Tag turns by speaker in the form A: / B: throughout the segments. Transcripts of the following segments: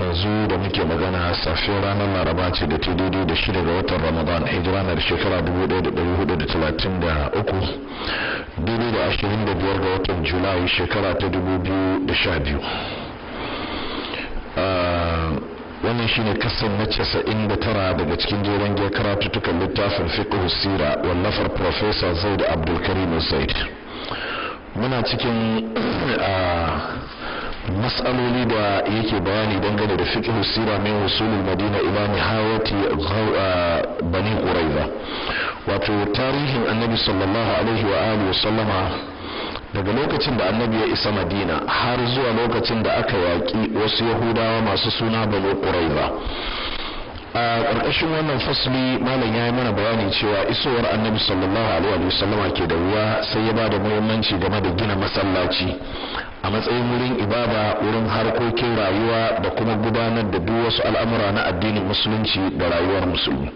A: yanzu da muke magana safiyar ranar laraba ce da ta daidai da shida ga watan ramadan hijira na da shekara 1433 daidai da 25 ga watan julai shekara ta 2012 ah, wannan shine kasan na 99 daga cikin jeren giyar tuka littafin fiqh sira wallafar professor zaid abdulkarim zaid muna cikin ah, matsaloli da yake bayani dangane da fiqh sira min usulul madina imam hawati ah, bani quraiza wato tarihin annabi sallallahu alaihi wa alihi daga lokacin da annabi ya isa madina har zuwa lokacin da aka yaƙi wasu yahudawa masu suna bani quraiza a ƙarƙashin wannan fasli malam ya yi mana bayani cewa isowar annabi sallallahu alaihi wa sallam ke da ruwa sai ya ba da muhimmanci game da gina masallaci a matsayin wurin ibada wurin harkokin rayuwa da kuma gudanar da duk wasu al'amura na addinin musulunci da rayuwar musulmi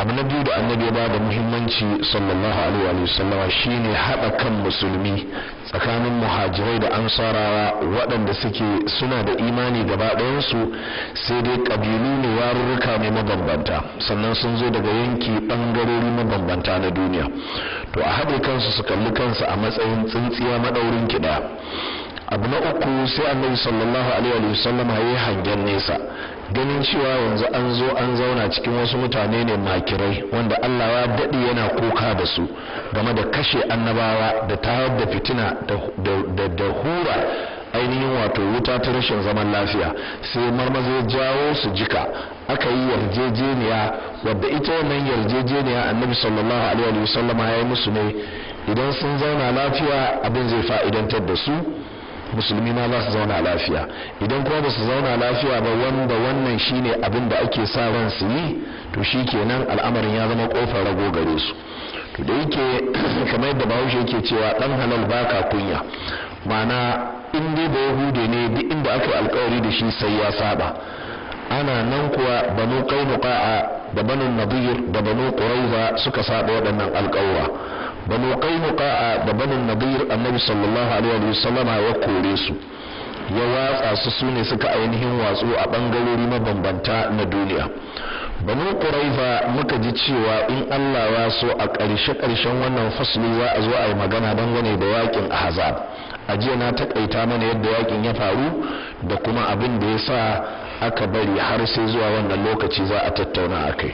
A: abu na biyu da annabi ya bada muhimmanci sallallahu alaihi wa sallama shine haɗa kan musulmi tsakanin muhajirai da ansarawa waɗanda suke suna da imani gaba ɗayansu sai dai ƙabilu ne yarurruka ne mabambanta sannan sun zo daga yanki ɓangarori mabambanta na duniya to a haɗe kansu su kalli kansu a matsayin tsintsiya maɗaurin kiɗa abu na uku sai annabi sallallahu alaihi wasallam ya hangen nesa ganin cewa yanzu an zo an zauna cikin wasu mutane ne makirai wanda Allah ya daɗe yana kuka da su game da kashe annabawa da tayar da fitina da hura ainihin wato wuta ta rashin zaman lafiya sai marmaza ya jawo su jika aka yi yarjejeniya wadda ita wannan yarjejeniya annabi sallallahu alaihi wasallama ya yi musu ne idan sun zauna lafiya abin zai fa'idantar da su musulmi ma za su zauna lafiya idan kuma ba su zauna lafiya ba wanda wannan shine abin da ake sa ran su yi to shi kenan al'amarin ya zama kofar rago gare su to da yake kamar yadda bahaushe yake cewa dan halal ba ka kunya ma'ana in dai ba yahude ne duk inda aka yi alkawari da shi sai ya saba ana nan kuwa banu qainuqa da banu nadir da banu quraiza suka saba waɗannan alkawura banu qainuqa da banu nadir annabi sallallahu alaihi sallama ya kore su ya watsa su ne suka ainihin watsu a bangarori mabambanta na duniya banu quraifa muka ji cewa in Allah ya so a ƙarshe karshen wannan fasli za a zo a yi magana dangane da yakin ahzab a jiya na takaita mana yadda yakin ya faru da kuma abin da ya sa aka bari har sai zuwa wannan lokaci za a tattauna kai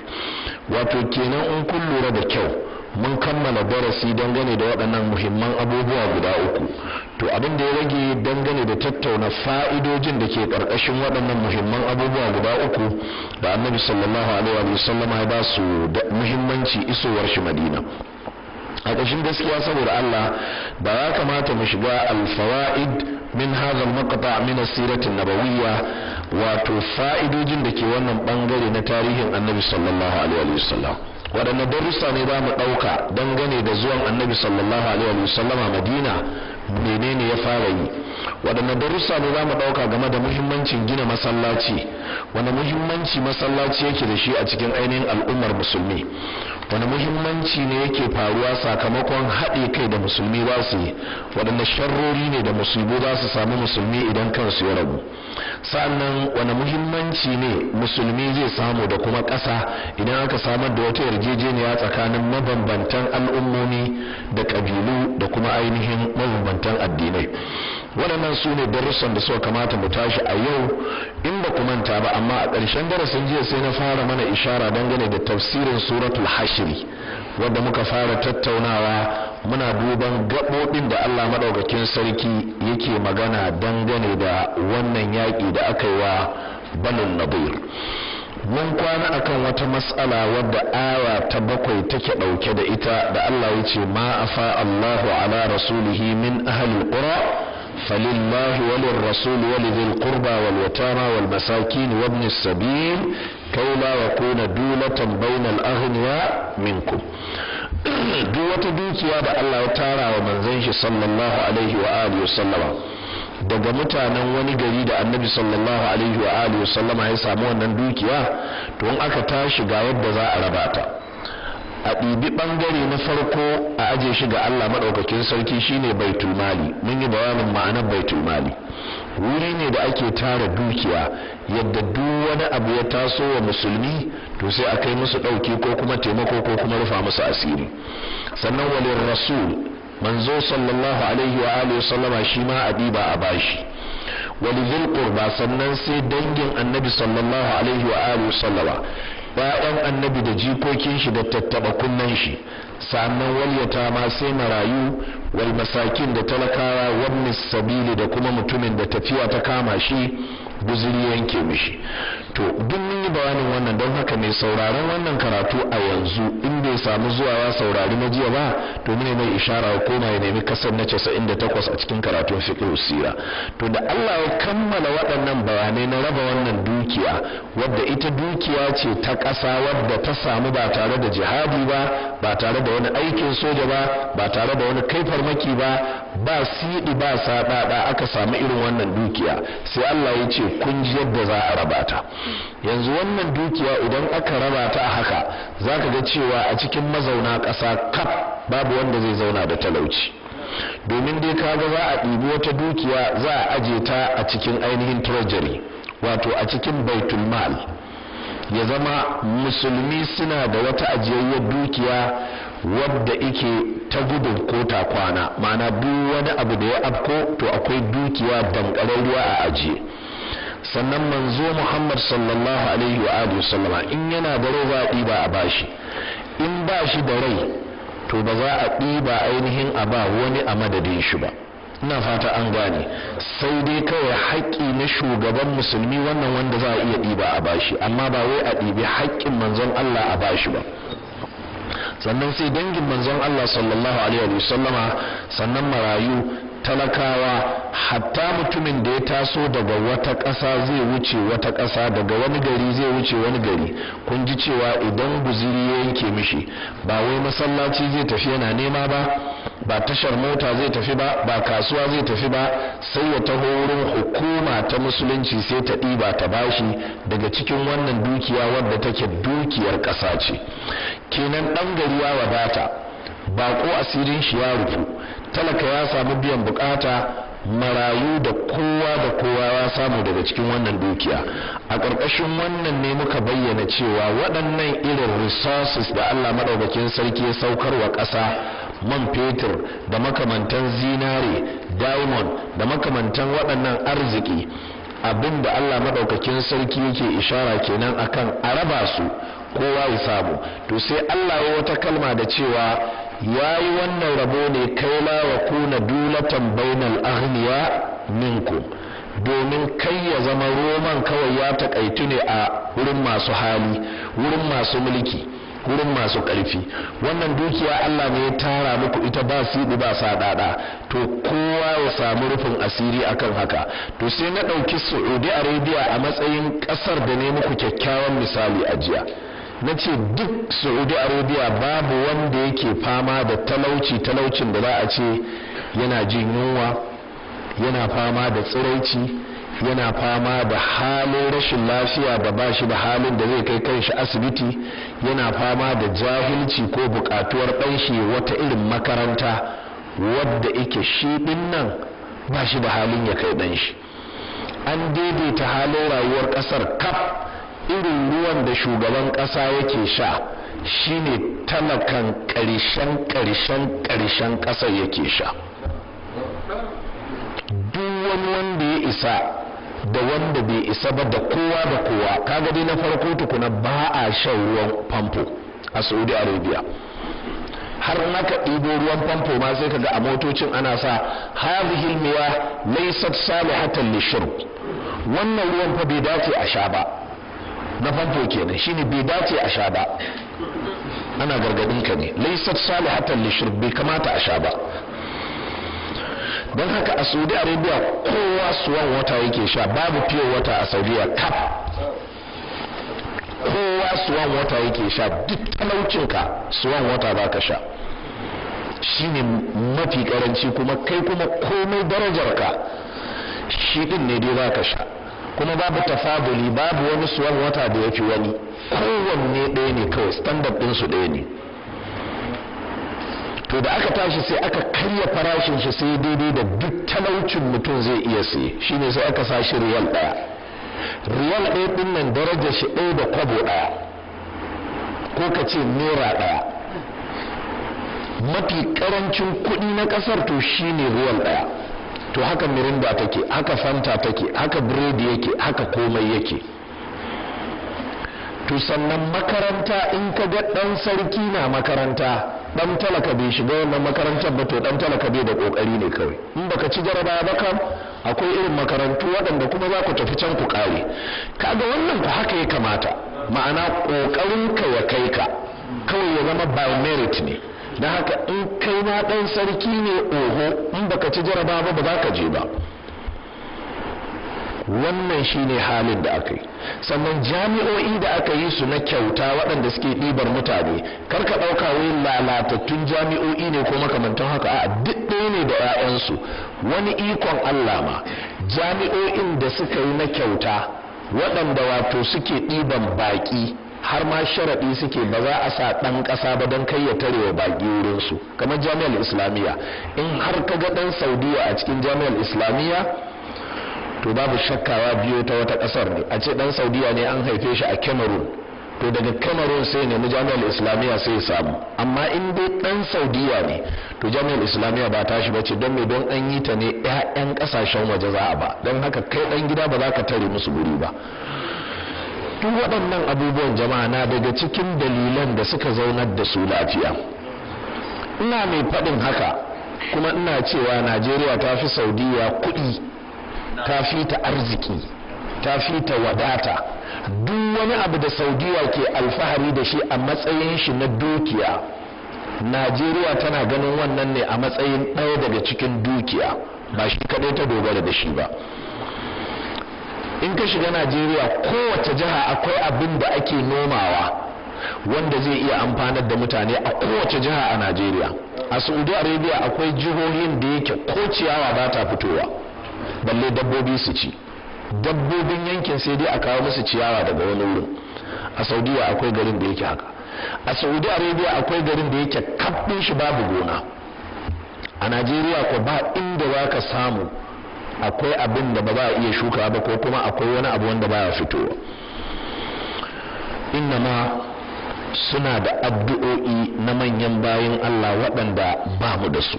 A: wato kenan in kun lura da kyau mun kammala darasi dangane da waɗannan muhimman abubuwa guda uku to abin da ya rage dangane da tattauna fa'idojin da ke ƙarƙashin waɗannan muhimman abubuwa guda uku da annabi sallallahu alaihi wa sallam ya ba su muhimmanci isowar shi madina a ƙashin gaskiya saboda Allah ba ya kamata mu shiga alfawa'id min hazal maqta min as-sirati nabawiyya wato fa'idojin da ke wannan bangare na tarihin annabi sallallahu alaihi wa sallam waɗanne darussa ne za mu ɗauka dangane da zuwan annabi sallallahu alaihi wa madina menene ya fara yi waɗanne darussa ne za mu ɗauka game da muhimmancin gina masallaci wani muhimmanci masallaci yake da shi a cikin ainihin al'ummar musulmi wani muhimmanci ne yake faruwa sakamakon haɗe kai da musulmi za su yi waɗanne sharrori ne da musulmi za su samu musulmi idan kansu ya rabu sa'annan wani muhimmanci ne musulmi zai samu da kuma ƙasa idan aka samar da wata yarjejeniya tsakanin mabambantan al'ummomi da ƙabilu da kuma ainihin mabambantan addinai waɗannan su ne darussan da suka kamata mu tashi a yau in ba ku manta ba amma a ƙarshen darasin jiya sai na fara mana ishara dangane da tafsirin suratul hashiri wadda muka fara tattaunawa muna duban gaɓoɓin da allah maɗaukakin sarki yake magana dangane da wannan yaƙi da aka yi wa banin nabir mun kwana akan wata matsala wadda aya ta bakwai take ɗauke da ita da Allah ya ce ma Allahu ala rasulihi min ahalin ƙura. فلله وللرسول ولذي القربى واليتامى والمساكين وابن السبيل كي لا يكون دولة بين الأغنياء منكم دولة wata dukiya da Allah ya tara wa manzon shi sallallahu alaihi wa daga mutanen wani gari da annabi sallallahu alaihi wa alihi wa sallama ya samu wannan dukiya to in aka tashi ga yadda za a raba ta a ɗibi ɓangare na farko a aje shi ga Allah maɗaukakin sarki shine baitul mali mun yi bayanin ma'anar baitul mali wuri ne da ake tara dukiya yadda duk wani abu ya taso wa musulmi to sai a kai musu ɗauki ko kuma taimako ko kuma rufa musu asiri sannan walin rasul manzo sallallahu alaihi wa alihi sallama shi ma a ɗiba a bashi wali ba sannan sai dangin annabi sallallahu alaihi wa alihi sallama ƴaƴan annabi da jikokin shi da tattaɓa kunnen shi sannan walyata ma sai marayu wal masakin da talakawa wannan sabili da kuma mutumin da tafiya ta kama shi guzuri yanke mishi to duk mun yi bayanin wannan don haka mai sauraron wannan karatu a yanzu in bai samu zuwa ya saurari na jiya ba to mune mai ishara ko koma ya nemi kasar na 98 a cikin karatun fiqh sira to da Allah ya kammala waɗannan bayanai na raba wannan dukiya wadda ita dukiya ce ta ƙasa wadda ta samu ba tare da jihadi ba ba tare da wani aikin soja ba ba tare da wani kai farmaki ba ba siɗi ba saɗaɗa aka samu irin wannan dukiya sai Allah ya ce kun ji yadda za a raba ta yanzu wannan dukiya idan aka raba ta a haka za ka ga cewa a cikin mazauna ƙasa kaf babu wanda zai zauna da talauci domin dai kaga za a ɗibi wata dukiya za a aje ta a cikin ainihin treasury wato a cikin baitul ya zama musulmi suna da wata ajiyayyar dukiya wadda ike ta gudun ko ta kwana ma'ana duk wani abu da ya afko to akwai dukiya bankarar ruwa a ajiye sannan manzo muhammad sallallahu alaihi wa sallama in yana da rai ba ɗiba a bashi in bashi da rai to ba za a ɗiba ainihin a ba wani a madadin shi ba ina fata an gane sai dai kawai haƙƙi na shugaban musulmi wannan wanda za a iya ɗiba a bashi amma ba wai a ɗibi haƙƙin manzon allah a bashi ba sannan sai dangin manzon Allah sallallahu alaihi wasallama sannan marayu talakawa hatta mutumin da ya taso daga wata ƙasa zai wuce wata ƙasa daga wani gari zai wuce wani gari kun ji cewa idan guziri ya yanke mishi ba wai masallaci zai tafi yana nema ba ba tashar mota zai tafi ba ba kasuwa zai tafi ba sai ya taho wurin hukuma ta musulunci sai ta ɗiba ta bashi daga cikin wannan dukiya wadda take dukiyar ƙasa ce kenan ɗan gari ya wadata bako asirin shi ya rufu talaka ya samu biyan bukata marayu da kowa da kowa ya samu daga cikin wannan dukiya a ƙarƙashin wannan ne muka bayyana cewa waɗannan irin resources da allah maɗaukakin sarki ya saukarwa ƙasa man fetur da makamantan zinare diamond da makamantan waɗannan arziki abin da allah maɗaukakin sarki yake ishara kenan akan a raba su kowa ya samu to sai allah ya wata kalma da cewa yayi wannan rabo ne kai la wa kuna dulatan bainal aghniya minkum domin kai ya zama roman kawai ya takaitu ne a wurin masu hali wurin masu mulki wurin masu ƙarfi wannan dukiya Allah ne ya tara muku ita ba siɗi ba saɗaɗa to kowa ya samu rufin asiri akan haka to sai na ɗauki Saudi Arabia a matsayin ƙasar da ne muku kyakkyawan misali a jiya na ce duk saudi arabia babu wanda yake fama da talauci talaucin da za a ce yana jin yunwa yana fama da tsiraici yana fama da halin rashin lafiya da ba shi da halin da zai kai kan shi asibiti yana fama da jahilci ko bukatuwar ɗanshi wata irin makaranta wadda ike shi ɗin nan ba shi da halin ya kai ɗanshi an daidaita halin rayuwar ƙasar kaf irin ruwan da shugaban ƙasa yake sha shine talakan ƙarshen ƙarshen ƙarshen ƙasa yake sha duk wani wanda ya isa da wanda bai isa ba da kowa da kowa kaga dai na farko tukuna ba a shan ruwan famfo a saudi arabia har naka ɗebo ɗibo ruwan famfo ma sai kaga a motocin ana sa hadhihi almiyah laysat salihatan lishurb wannan ruwan fa bai dace a sha ba na fanto kenan shine bai dace a sha ba ana gargadin ka ne laysat salihatan lishir bai kamata a sha ba don haka a saudi arabia kowa suwan wata yake sha babu fiye wata a saudiya kaf kowa suwan wata yake sha duk talaucinka suwan wata za ka sha shi ne mafi karanci kuma kai kuma komai darajarka shi din ne dai za ka sha kuma babu tafaduli babu wani suwan wata da ya fi wani kowanne ɗaya ne kawai standard ɗinsu ɗaya ne to da aka tashi sai aka karya farashin shi sai daidai da duk talaucin mutum zai iya siye shine sai aka sa shi riyal ɗaya riyal ɗaya ɗin nan daraja shi ɗaya da kwabo ɗaya ko ka ce naira ɗaya mafi ƙarancin kuɗi na ƙasar to shine riyal ɗaya to haka mirinda take haka fanta take haka biredi yake haka komai yake to sannan makaranta in ka ga ɗan sarki na makaranta ɗan talaka bai shiga wannan makarantar ba to ɗan talaka bai da ƙoƙari ne kawai in baka ci jaraba ba kam akwai irin makarantu waɗanda kuma za ku tafi can ku kare kaga wannan ka haka ya kamata ma'ana ƙoƙarinka ya kai ka kawai ya zama by merit ne da haka in kai ma ɗan sarki ne oho in baka ci jaraba ba ba za ka je ba wannan shine halin da aka yi sannan jami'o'i da aka yi su na kyauta waɗanda suke ɗibar mutane karka ɗauka wai lalatattun jami'o'i ne ko makamantan haka a duk ɗaya ne da 'ya'yansu wani ikon allah ma jami'o'in da suka yi na kyauta waɗanda wato suke ɗiban baƙi har ma sharaɗi suke ba za a sa ɗan ƙasa ba don kai ya tare wa baƙi wurinsu kamar jami'ar islamiyya in har ka ga ɗan saudiya a cikin jami'ar islamiyya to babu shakkawa biyo ta wata ƙasar ne a ce ɗan saudiya ne an haife shi a cameroon to daga cameroon sai nemi jami'ar islamiyya sai samu amma in dai ɗan saudiya ne to jami'ar islamiyya ba tashi ba ce don me don an yi ta ne 'ya'yan ƙasashen waje za a ba don haka kai ɗan gida ba za ka tare musu guri ba duk waɗannan abubuwan jama'a na daga cikin dalilan da suka zaunar da su lafiya ina mai faɗin haka kuma ina cewa najeriya ta fi saudiya kuɗi ta fi ta arziki ta fi ta wadata duk wani abu da saudiya ke alfahari da shi a matsayin shi na dukiya najeriya tana ganin wannan ne a matsayin ɗaya daga cikin dukiya ba shi kaɗai ta dogara da shi ba in ka shiga najeriya kowace jiha akwai abin da ake nomawa wanda zai iya amfanar da mutane a kowace jiha a najeriya a saudi arabia akwai jihohin da yake ko ciyawa ba ta fitowa balle dabbobi su ci dabbobin yankin sai dai a kawo musu ciyawa daga wani wurin a saudi akwai garin da yake haka a saudi arabia akwai garin da yake kaɓin shi babu gona a najeriya ko ba inda za ka samu akwai abin da ba za a iya shuka ba ko kuma akwai wani abu wanda baya fitowa ma suna da addu'o'i na manyan bayan Allah waɗanda ba mu da su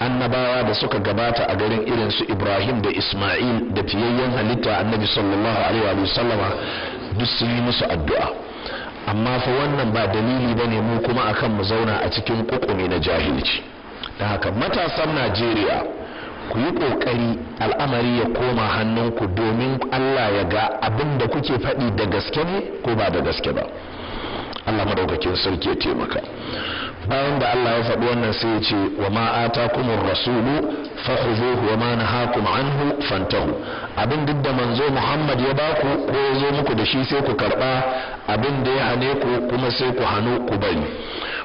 A: annabawa da suka gabata a garin irin su Ibrahim da Ismail da fiyayyen halitta annabi sallallahu alaihi wa sallama duk sun yi musu addu'a amma fa wannan ba dalili ba ne mu kuma akan mu zauna a cikin kukumi na jahilci da haka matasan Najeriya ku yi ƙoƙari al'amari ya koma hannunku domin Allah ya ga abin da kuke faɗi da gaske ne ko ba da gaske ba Allah madaukakin sarki ya taimaka bayan da Allah ya faɗi wannan sai ya ce wa ma kumur rasulu khuzuhu wa ma nahakum anhu fantahu abin duk da manzo Muhammad ya baku ko ya zo muku da shi sai ku karba abin da ya hane ku kuma sai ku hano ku bari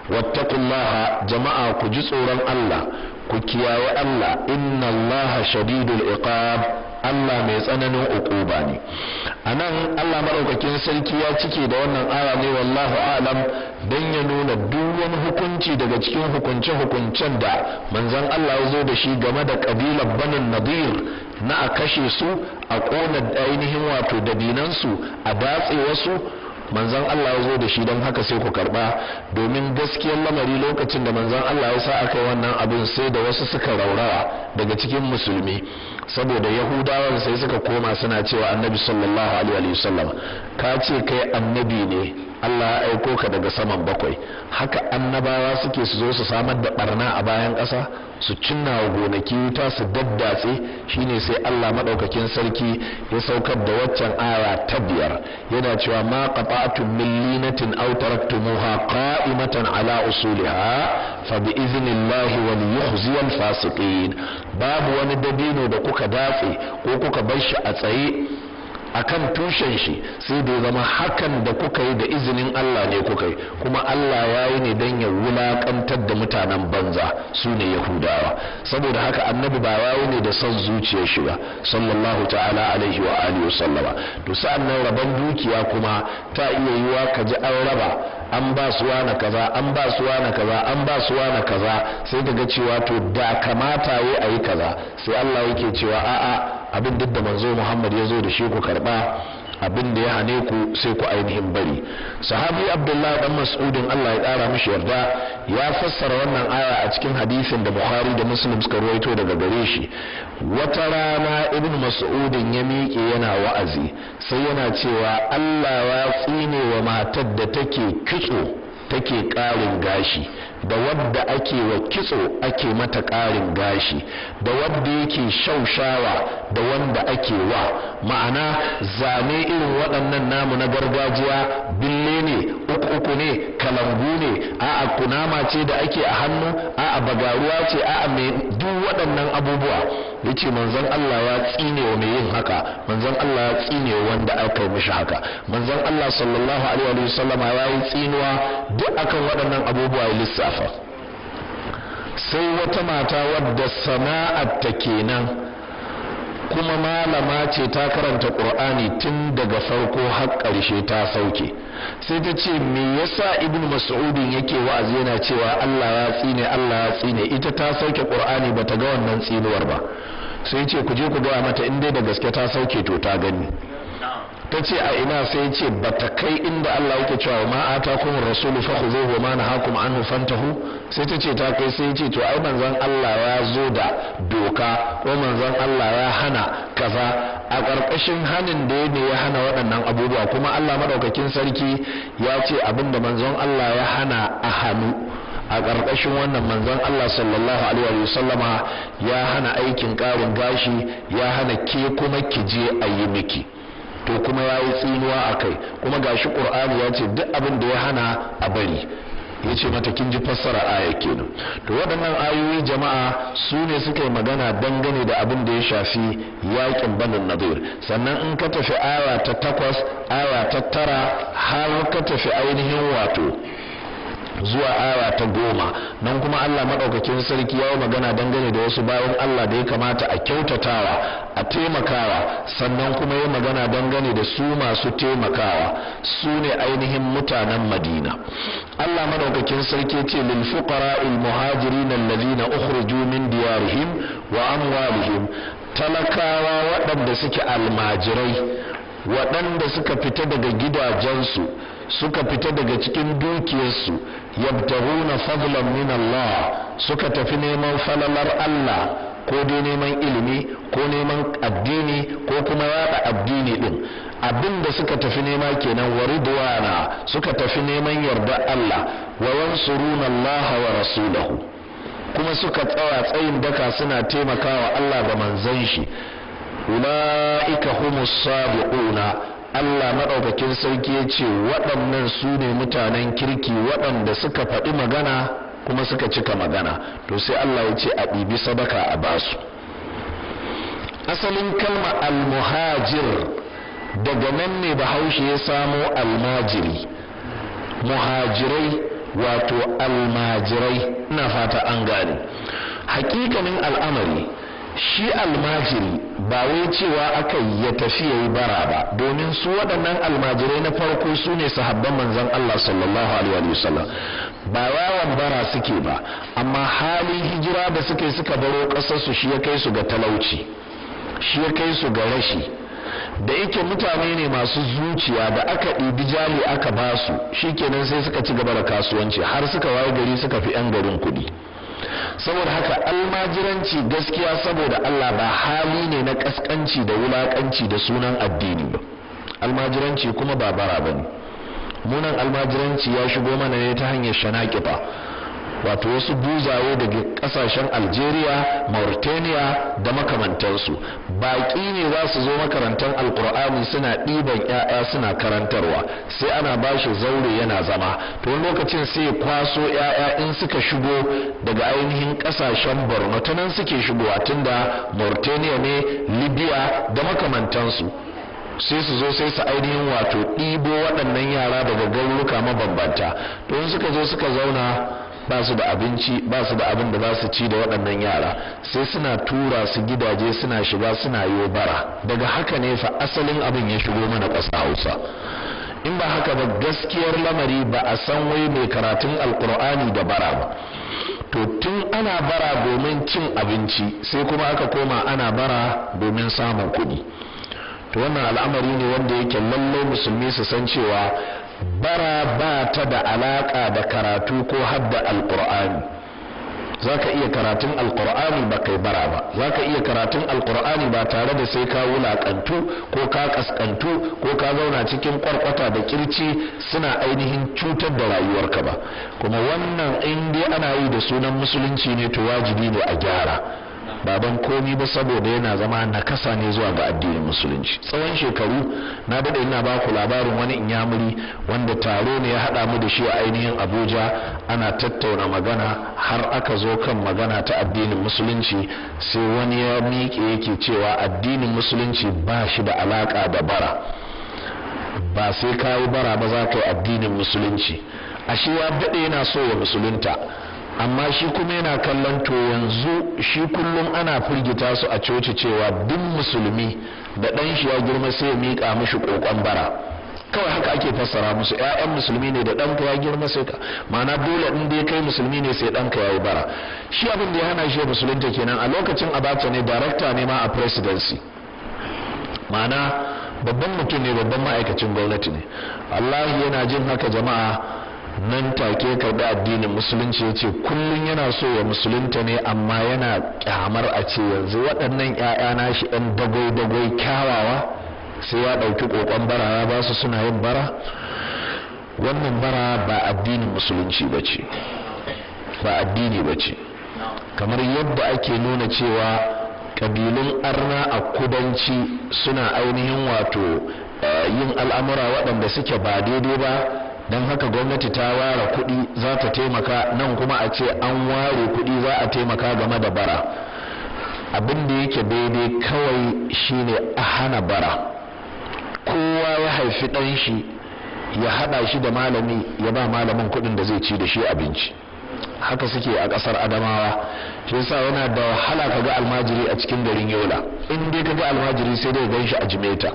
A: wattaqullaha jama'a ku ji tsoron Allah ku kiyaye Allah inna Allah shadidul iqab Allah mai tsananin uquba ne anan Allah madaukakin sarki ya cike da wannan aya ne wallahu a'lam dan ya nuna duk wani hukunci daga cikin hukunce hukuncen da manzon Allah ya zo da shi game da kabilar banin nadir na a kashe su a kona ainihin wato dabinansu a datse wasu manzon Allah ya zo da shi don haka sai ku karba domin gaskiyar lamari lokacin da manzan Allah ya sa aka yi wannan abin sai da wasu suka raurawa daga cikin musulmi saboda yahudawan sai suka koma suna cewa annabi sallallahu alaihi wasallam ka ce kai annabi ne Allah ya aiko ka daga saman bakwai haka annabawa suke su zo su samar da barna a bayan ƙasa su cinna wa gonaki wuta su daddatse shine sai Allah madaukakin sarki ya saukar da waccan aya ta biyar yana cewa ma qata'tum min linatin aw taraktumuha qa'imatan ala usuliha fa bi idhnillahi wal yukhziyal fasiqin babu wani dabino da kuka datse ko kuka bar shi a tsaye akan tushen shi sai da zama hakan da kuka yi da izinin Allah ne kuka yi kuma Allah ya yi ne don ya wulakantar da mutanen banza su ne yahudawa saboda haka annabi ba ya yi ne da son zuciyar shi ba sallallahu ta'ala alaihi wa alihi wa sallama to sa'an nan rabon dukiya kuma ta iya yiwa ka ji an raba an ba su kaza an ba su kaza an ba su wani kaza sai ka ga cewa to da kamata yi a yi kaza sai Allah yake cewa a'a abin duk da manzo Muhammad ya zo da shi ku karba abin da ya hane ku sai ku ainihin bari sahabi abdullah dan mas'udin Allah ya kara mishi yarda ya fassara wannan aya a cikin hadisin da bukhari da muslim suka ruwaito daga gare shi wata rana ibn mas'udin ya miƙe yana wa'azi sai yana cewa Allah ya tsine wa matar da take kitso take ƙarin gashi da wadda ake wa kitso ake mata ƙarin gashi da wadda yake shaushawa da wanda ake wa ma'ana zane irin waɗannan namu na gargajiya bille ne uku uku ne kalangu ne a'a kunama ce da ake a hannu 'a a'a bagaruwa ce a'a mai duk waɗannan abubuwa yace manzon Allah ya tsine wa mai yin haka manzon Allah ya tsine wa wanda aka yi mishi haka manzon Allah sallallahu alaihi wa sallama ya yi tsinuwa duk akan waɗannan abubuwa ya lissa shafa sai wata mata wadda sana'ar ta kenan kuma malama ce ta karanta ƙur'ani tun daga farko har ƙarshe ta sauke sai ta ce me yasa ibn mas'udin yake wa'azi yana cewa Allah ya tsine Allah ya tsine ita ta sauke ƙur'ani bata ga wannan tsinuwar ba sai ce ku je ku gaya mata in dai da gaske ta sauke to ta gani ta ce a ina sai ce ba ta kai inda Allah yake cewa ma ata kuma rasulu fa ku zai ma na hakum an fantahu sai ta ce ta kai sai ce to ai manzon Allah ya zo da doka ko manzon Allah ya hana kaza a ƙarƙashin hanin da ya ya hana waɗannan abubuwa kuma Allah madaukakin sarki ya ce abinda manzon Allah ya hana a hannu a ƙarƙashin wannan manzon Allah sallallahu alaihi wa sallama ya hana aikin ƙarin gashi ya hana ke kuma kije a yi miki to kuma ya yi tsinuwa a kai kuma ga shi ƙur'ani ya ce duk abin da ya hana a bari ya ce mata kin ji fassara aya kenan to waɗannan ayoyi jama'a su ne suka yi magana dangane da abin da ya shafi yakin banin nadir sannan in ka tafi aya ta takwas aya ta tara har ka tafi ainihin wato zuwa ara ta goma nan kuma Allah maɗaukakin sarki ya yi magana dangane da wasu bayan Allah da ya kamata a kyautatawa a taimakawa sannan kuma ya magana dangane da su masu taimakawa su ne ainihin mutanen Madina Allah maɗaukakin sarki ce lil fuqara'il muhajirin alladhina ukhriju min diyarihim wa amwalihim talakawa waɗanda suke almajirai waɗanda suka fita daga gidajensu suka fita daga cikin dukiyarsu yabtaguna fadlan min Allah suka tafi neman falalar Allah ko dai neman ilimi ko neman addini ko kuma yada addini din abin da suka tafi nema kenan wa suka tafi neman yarda Allah wa yansuruna Allah wa rasulahu kuma suka tsaya tsayin daka suna taimakawa Allah da manzon shi ulaika humus sabiquna Allah maɗaukakin sarki ya ce waɗannan su ne mutanen kirki waɗanda suka faɗi magana kuma suka cika magana to sai Allah ya ce a ɗibi sadaka a basu asalin kalma almuhajir daga nan ne bahaushe ya samo almajiri muhajirai wato almajirai na fata an gane hakikanin al'amari shi almajiri ba wai cewa aka yi ya tafi ya yi bara ba domin su waɗannan almajirai na farko su ne sahabban manzan Allah sallallahu alaihi wasallam ba yawon bara suke ba amma halin hijira da suke suka baro ƙasarsu shi ya kai su ga talauci shi ya kai su ga rashi da yake mutane ne masu zuciya da aka ɗibi jali aka basu shikenan sai suka ci gaba da kasuwanci har suka waye gari suka fi 'yan garin kuɗi saboda haka almajiranci gaskiya saboda Allah ba hali ne na kaskanci da wulakanci da sunan addini ba almajiranci kuma ba bara ba ne munan almajiranci ya shigo mana ne ta hanyar ba wato wasu buzaye daga kasashen algeria mauritania da makamantansu baƙi ne za su zo makarantar alkur'ani suna ɗiban 'ya'ya suna karantarwa sai ana ba shi zaure yana zama to wani lokacin sai ya kwaso 'ya'ya in suka shigo daga ainihin kasashen borno ta nan suke shigowa tunda mauritania ne libya da makamantansu sai su zo sai su ainihin wato ɗibo waɗannan yara daga garuruka mabambanta to in suka zo suka zauna ba su da abinci ba su da abin da za su ci da waɗannan yara sai suna tura su gidaje suna shiga suna yo bara daga haka ne fa asalin abin ya shigo mana ƙasa hausa in ba haka ba gaskiyar lamari ba a san wai mai karatun alkur'ani da bara ba to tun ana bara domin cin abinci sai kuma aka koma ana bara domin samun kuɗi to wannan al'amari ne wanda yake lallai musulmi su san cewa bara ba ta da alaƙa da karatu ko hadda alƙur'ani za ka iya karatun alƙur'ani ba kai bara ba za ka iya karatun alƙur'ani ba tare da sai ka wulaƙantu ko ka ƙasƙantu ko ka zauna cikin ƙwarƙwata da kirci suna ainihin cutar da rayuwarka ba kuma wannan in ana yi da sunan musulunci ne to wajibi ne a gyara baban komi ba saboda yana zama nakasa ne zuwa ga addinin musulunci tsawon shekaru na daɗe ina ba ku labarin wani inyamuri wanda taro ne ya haɗa mu da shi a ainihin abuja ana tattauna magana har aka zo kan magana ta addinin musulunci sai wani ya miƙe yake cewa addinin musulunci ba shi da alaƙa da bara ba sai kayi bara ba za ka yi addinin musulunci ashe ya daɗe yana so wa musulunta amma shi kuma yana kallon to yanzu shi kullum ana firgita su a coci cewa duk musulmi da ɗan shi ya girma sai ya miƙa mishi ƙoƙon bara kawai haka ake fassara musu ƴaƴan musulmi ne da ka ya girma sai ka ma'ana dole in dai kai musulmi ne sai ka ya yi bara shi abin da ya hana shi musulunta kenan a lokacin abacha ne darakta ne ma a presidency ma'ana babban mutum ne babban ma'aikacin gwamnati ne Allah yana jin haka jama'a nan take karbi addinin musulunci ya ce kullum yana so ya musulunta ne amma yana kyamar a ce yanzu waɗannan 'ya'ya shi 'yan dagwai-dagwai kyawawa sai ya ɗauki ƙoƙon barawa ba su suna yin bara wannan bara ba addinin musulunci ba ce ba addini ba kamar yadda ake nuna cewa kabilun arna a kudanci suna ainihin wato eh, yin al'amura waɗanda suke ba daidai ba don haka gwamnati ta ware kuɗi za ta taimaka nan kuma a ce an ware kuɗi za a taimaka game da bara abin da yake daidai kawai shine a hana bara kowa ya haifi ɗan shi ya haɗa shi da malami ya ba malamin kuɗin da zai ci da shi abinci haka suke a ƙasar adamawa shi yasa yana da wahala ka ga almajiri a cikin garin yola in dai ka ga almajiri sai dai gan shi a jimeta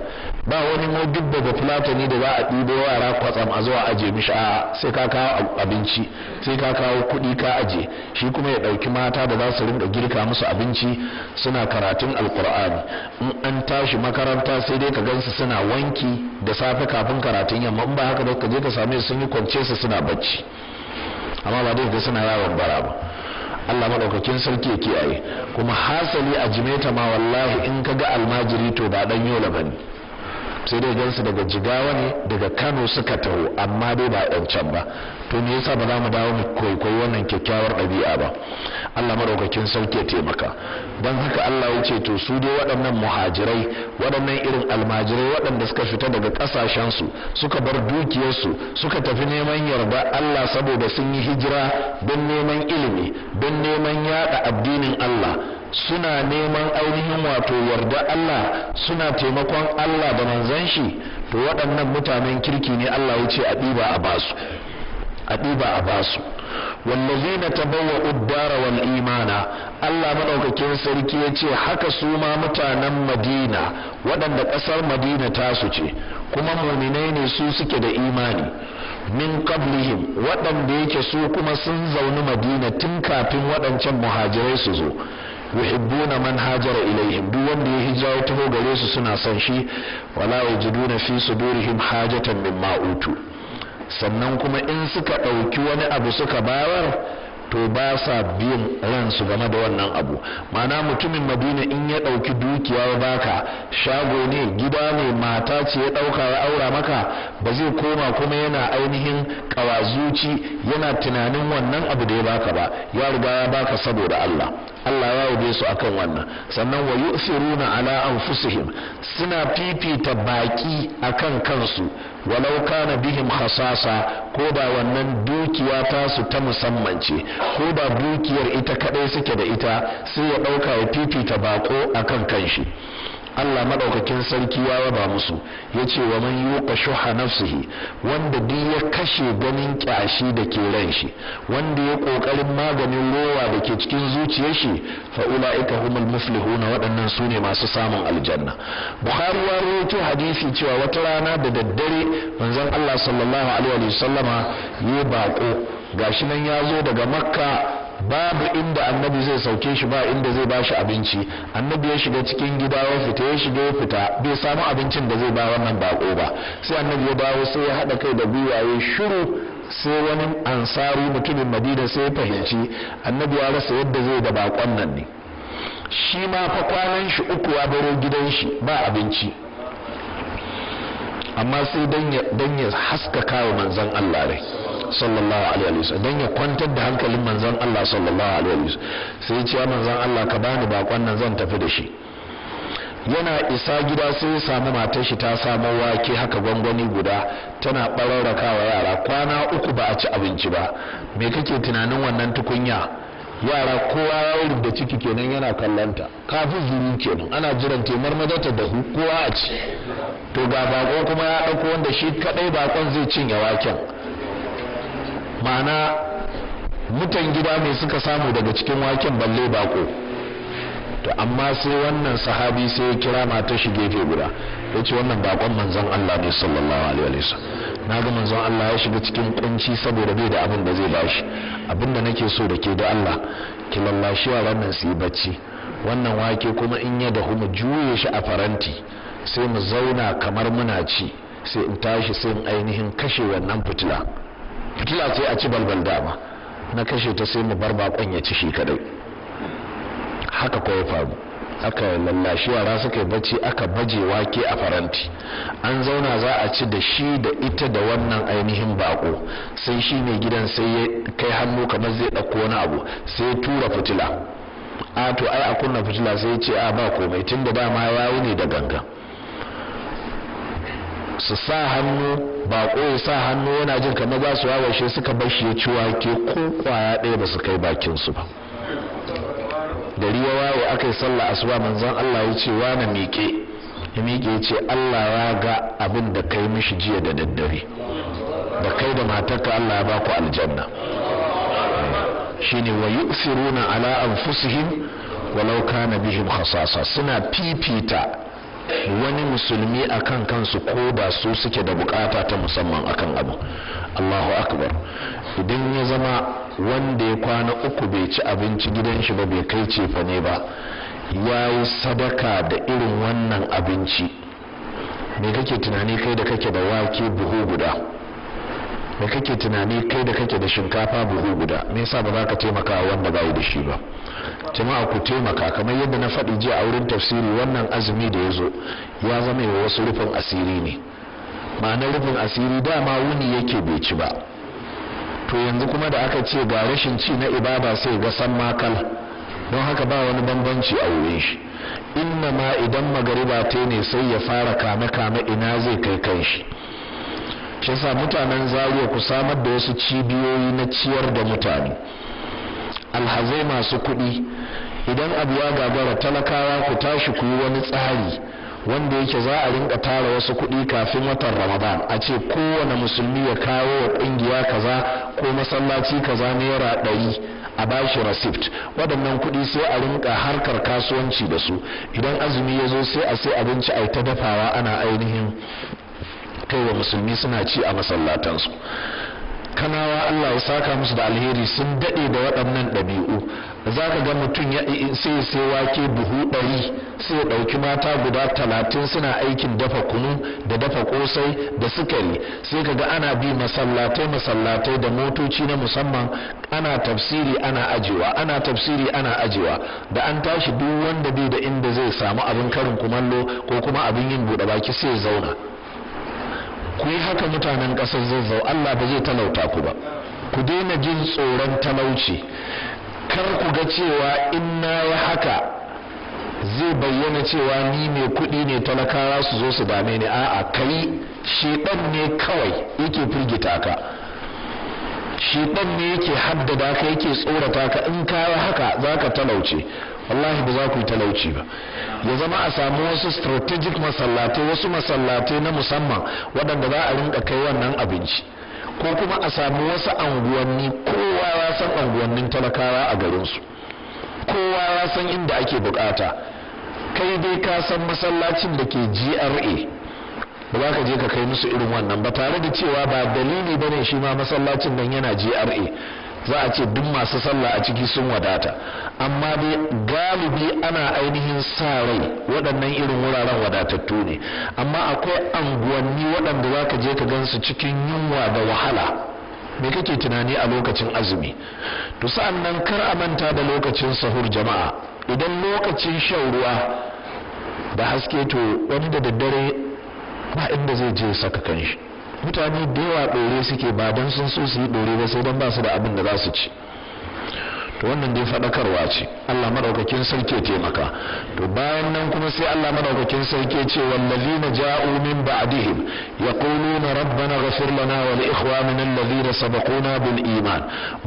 A: ba wani mo duk daga fulatani da za a ɗibo yara kwatsam a zuwa aje mishi a sai ka kawo abinci sai ka kawo kuɗi ka aje shi kuma ya ɗauki mata da za su rinka girka musu abinci suna karatun alkur'ani in an tashi makaranta sai dai ka gansu suna wanki da safe kafin karatun yamma in ba haka da ka je ka same su sun yi kwance su suna bacci amma ba dai ga suna yawon bara ba Allah madaukakin sarki ya kiyaye kuma hasali a jimeta ma wallahi in ka ga almajiri to ba dan yola bane sai dai gansu daga jigawa ne daga kano suka taho amma dai ba can ba to me yasa ba za mu dawo mu kwaikwayi wannan kyakkyawar ɗabi'a ba allah maɗaukakin sauke taimaka don haka allah ya ce to su dai waɗannan muhajirai waɗannan irin almajirai waɗanda suka fita daga ƙasashensu suka bar dukiyarsu suka tafi neman yarda allah saboda sun yi hijira don neman ilimi don neman yaɗa addinin allah suna neman ainihin wato yarda Allah suna taimakon Allah da manzan shi to waɗannan mutanen kirki ne Allah ya ce a ɗiba a basu a ɗiba a basu wallazina tabawwa uddara wal imana Allah madaukakin sarki ya ce haka su ma mutanen Madina waɗanda ƙasar Madina tasu ce kuma muminai ne su suke da imani min qablihim waɗanda yake su kuma sun zauni madina tun kafin waɗancan muhajirai su zo yuhibbuna man hajara ilaihim duk wanda ya hijira ya taho gare su suna son shi wala yajiduna fi sudurihim hajatan mimma utu sannan kuma in suka ɗauki wani abu suka bayar to ba sa biyan ransu game da wannan abu mana mutumin madina in ya ɗauki dukiya ya baka shago ne gida ne mata ce ya ɗauka ya aura maka ba zai koma kuma yana ainihin kawazuci yana tunanin wannan abu da ya baka ba ya riga ya baka saboda Allah Allah ya yabe su akan wannan sannan wa yu'thiruna ala anfusihim suna fifita baki akan kansu walau kana bihim khasasa ko da wannan dukiya ta su ta musamman ce ko da dukiyar ita kadai suke da ita sai ya dauka ya fifita bako akan kanshi Allah madaukakin sarki ya raba musu yace wa man yuqa shuha nafsihi wanda duk ya kashe ganin ƙyashi da ke ran shi wanda ya ƙoƙarin maganin rowa da ke cikin zuciyar shi fa ulaika humul muflihuna waɗannan su ne masu samun aljanna bukhari ya rawaito hadisi cewa wata rana da daddare manzon Allah sallallahu alaihi wasallama ya bako gashi nan ya zo daga makka babu inda annabi zai sauke shi ba inda zai ba shi abinci annabi ya shiga cikin gida ya fita ya shiga ya fita bai samu abincin da zai ba wannan bako ba sai annabi ya dawo sai ya haɗa kai da gwiwaye shiru sai wani ansari mutumin madina sai ya fahimci annabi ya rasa yadda zai da bakon nan ne shi ma fa kwanan shi uku ya baro gidan shi ba abinci amma sai dan ya haskaka wa manzon Allah rai sallallahu alaihi wasallam dan ya kwantar da hankalin manzon Allah sallallahu alaihi wasallam sai ya ce manzon Allah ka bani bakon nan zan tafi da shi yana isa gida sai ya samu matar shi ta samu wake haka gwangwani guda tana wa yara kwana uku ba a ci abinci ba me kake tunanin wannan tukunya yara kowa ya da ciki kenan yana kallanta kafin zuru kenan ana jiran taimar madata da kowa a ci to ga bakon kuma ya ɗauko wanda shi kaɗai bakon zai cinye waken ma'ana mutan gida ne suka samu daga cikin waken balle bako to amma sai wannan sahabi sai ya kira mata shi gefe guda ya ce wannan bakon manzon Allah ne sallallahu alaihi wasallam na ga manzon Allah ya shiga cikin kunci saboda bai da abin da zai bashi abin da nake so da ke da Allah ki lallashi wa wannan su yi bacci wannan wake kuma in ya dahu mu juye shi a faranti sai mu zauna kamar muna ci sai in tashi sai in ainihin kashe wannan fitila fitila sai a ci balbal dama na kashe ta sai mu bar bakon ya ci shi kadai haka ko ya faru aka lallashi yara suka yi bacci aka baje wake a faranti an zauna za a ci da shi da ita da wannan ainihin bako sai shi ne gidan sai ya kai hannu kamar zai ɗauko wani abu sai ya tura fitila a to ai a kunna fitila sai ya ce a ba komai tunda da dama yayi ne da ganga su sa hannu ko ya sa hannu yana jin kamar za su wawashe suka bar shi ya ci wake ko kwaya ɗaya ba su kai bakin su ba da ya waye aka yi sallah asuba manzon Allah ya ce wani miƙe ya miƙe ya ce Allah ya ga abin da kai mishi jiya da daddare da kai da matarka Allah ya baku aljanna shine wa yusiruna ala anfusihim walau kana bihim khasasa suna fifita wani musulmi a kan kansu ko da su suke da bukata ta musamman akan abu allahu akbar idan ya zama wanda ya kwana uku bai ci abinci gidan shi ba bai kai cefa ne ba ya yi sadaka da irin wannan abinci me kake tunani kai da kake da wake buhu guda da kake tunani kai da kake da shinkafa buhu guda me yasa ba za ka taimaka wanda bai da shi ba jama'a ku taimaka kamar yadda na faɗi jiya a wurin tafsiri wannan azumi da ya zo ya zama wa wasu rufin asiri ne ma'anar rufin asiri dama wuni yake bai ci ba to yanzu kuma da aka ce ga rashin ci na ibada sai ga san makal don haka ba wani bambanci a wurin shi inna ma idan magariba ta ne sai ya fara kame kame ina zai kai kan shi shi yasa mutanen zariya ku samar da wasu cibiyoyi na ciyar da mutane alhazai masu kuɗi idan abu ya gagara talakawa ku tashi ku yi wani tsari wanda yake za a rinka tara wasu kuɗi kafin watan ramadan a ce kowane musulmi ya kawo wa ƙungiya kaza ko masallaci kaza naira ɗari a bashi receipt waɗannan kuɗi sai a rinka harkar kasuwanci da su idan azumi ya zo sai a sai abinci a ta dafawa ana ainihin kai wa musulmi suna ci a masallatansu kanawa Allah ya saka musu da alheri sun daɗe da waɗannan ɗabi'u za ka ga mutum ya sai sai wake buhu ɗari sai ya ɗauki mata guda talatin suna aikin dafa kunu da dafa ƙosai da sukari sai ka ga ana bi masallatai masallatai da motoci na musamman ana tafsiri ana ajiwa ana tafsiri ana ajiwa da an tashi duk wanda bai da inda zai samu abin karin kumallo ko kuma abin yin buɗe baki sai ya zauna ku yi haka mutanen ƙasar zazzau Allah ba zai talauta ku ba ku daina jin tsoron talauci kar ku ga cewa in na yi haka zai bayyana cewa ni mai kuɗi ne talakawa su zo su dame ni a'a kai shedan ne kawai yake firgita ka shedan ne yake haddada ka yake tsorata ka in ka yi haka za ka talauce wallahi ba za ku yi talauci ba ya zama a samu wasu strategic masallatai wasu masallatai na musamman waɗanda za a rinka kai wannan abinci ko kuma a samu wasu anguwanni kowa ya san anguwannin talakawa a garinsu kowa ya san inda ake bukata kai dai ka san masallacin da ke GRA ba za ka je ka kai musu irin wannan ba tare da cewa ba dalili bane shi ma masallacin nan yana GRA za a ce duk masu sallah a ciki sun wadata amma dai galibi ana ainihin sa rai waɗannan irin wuraren wadatattu ne amma akwai anguwanni waɗanda za ka je ka gansu cikin yunwa da wahala me kake tunani a lokacin azumi to sa'an nan kar a manta da lokacin sahur jama'a idan lokacin shan ruwa da haske to wani da daddare ba inda zai je saka kanshi mutane da yawa ɗore suke ba don sun so su yi ɗore ba sai don ba su da abin da za su ci to wannan dai faɗakarwa ce Allah madaukakin sarki taimaka to bayan nan kuma sai Allah madaukakin sarki ce wallazina ja'u min ba'dihim yaquluna rabbana ghfir lana wa li ikhwanina alladhina sabaquna bil iman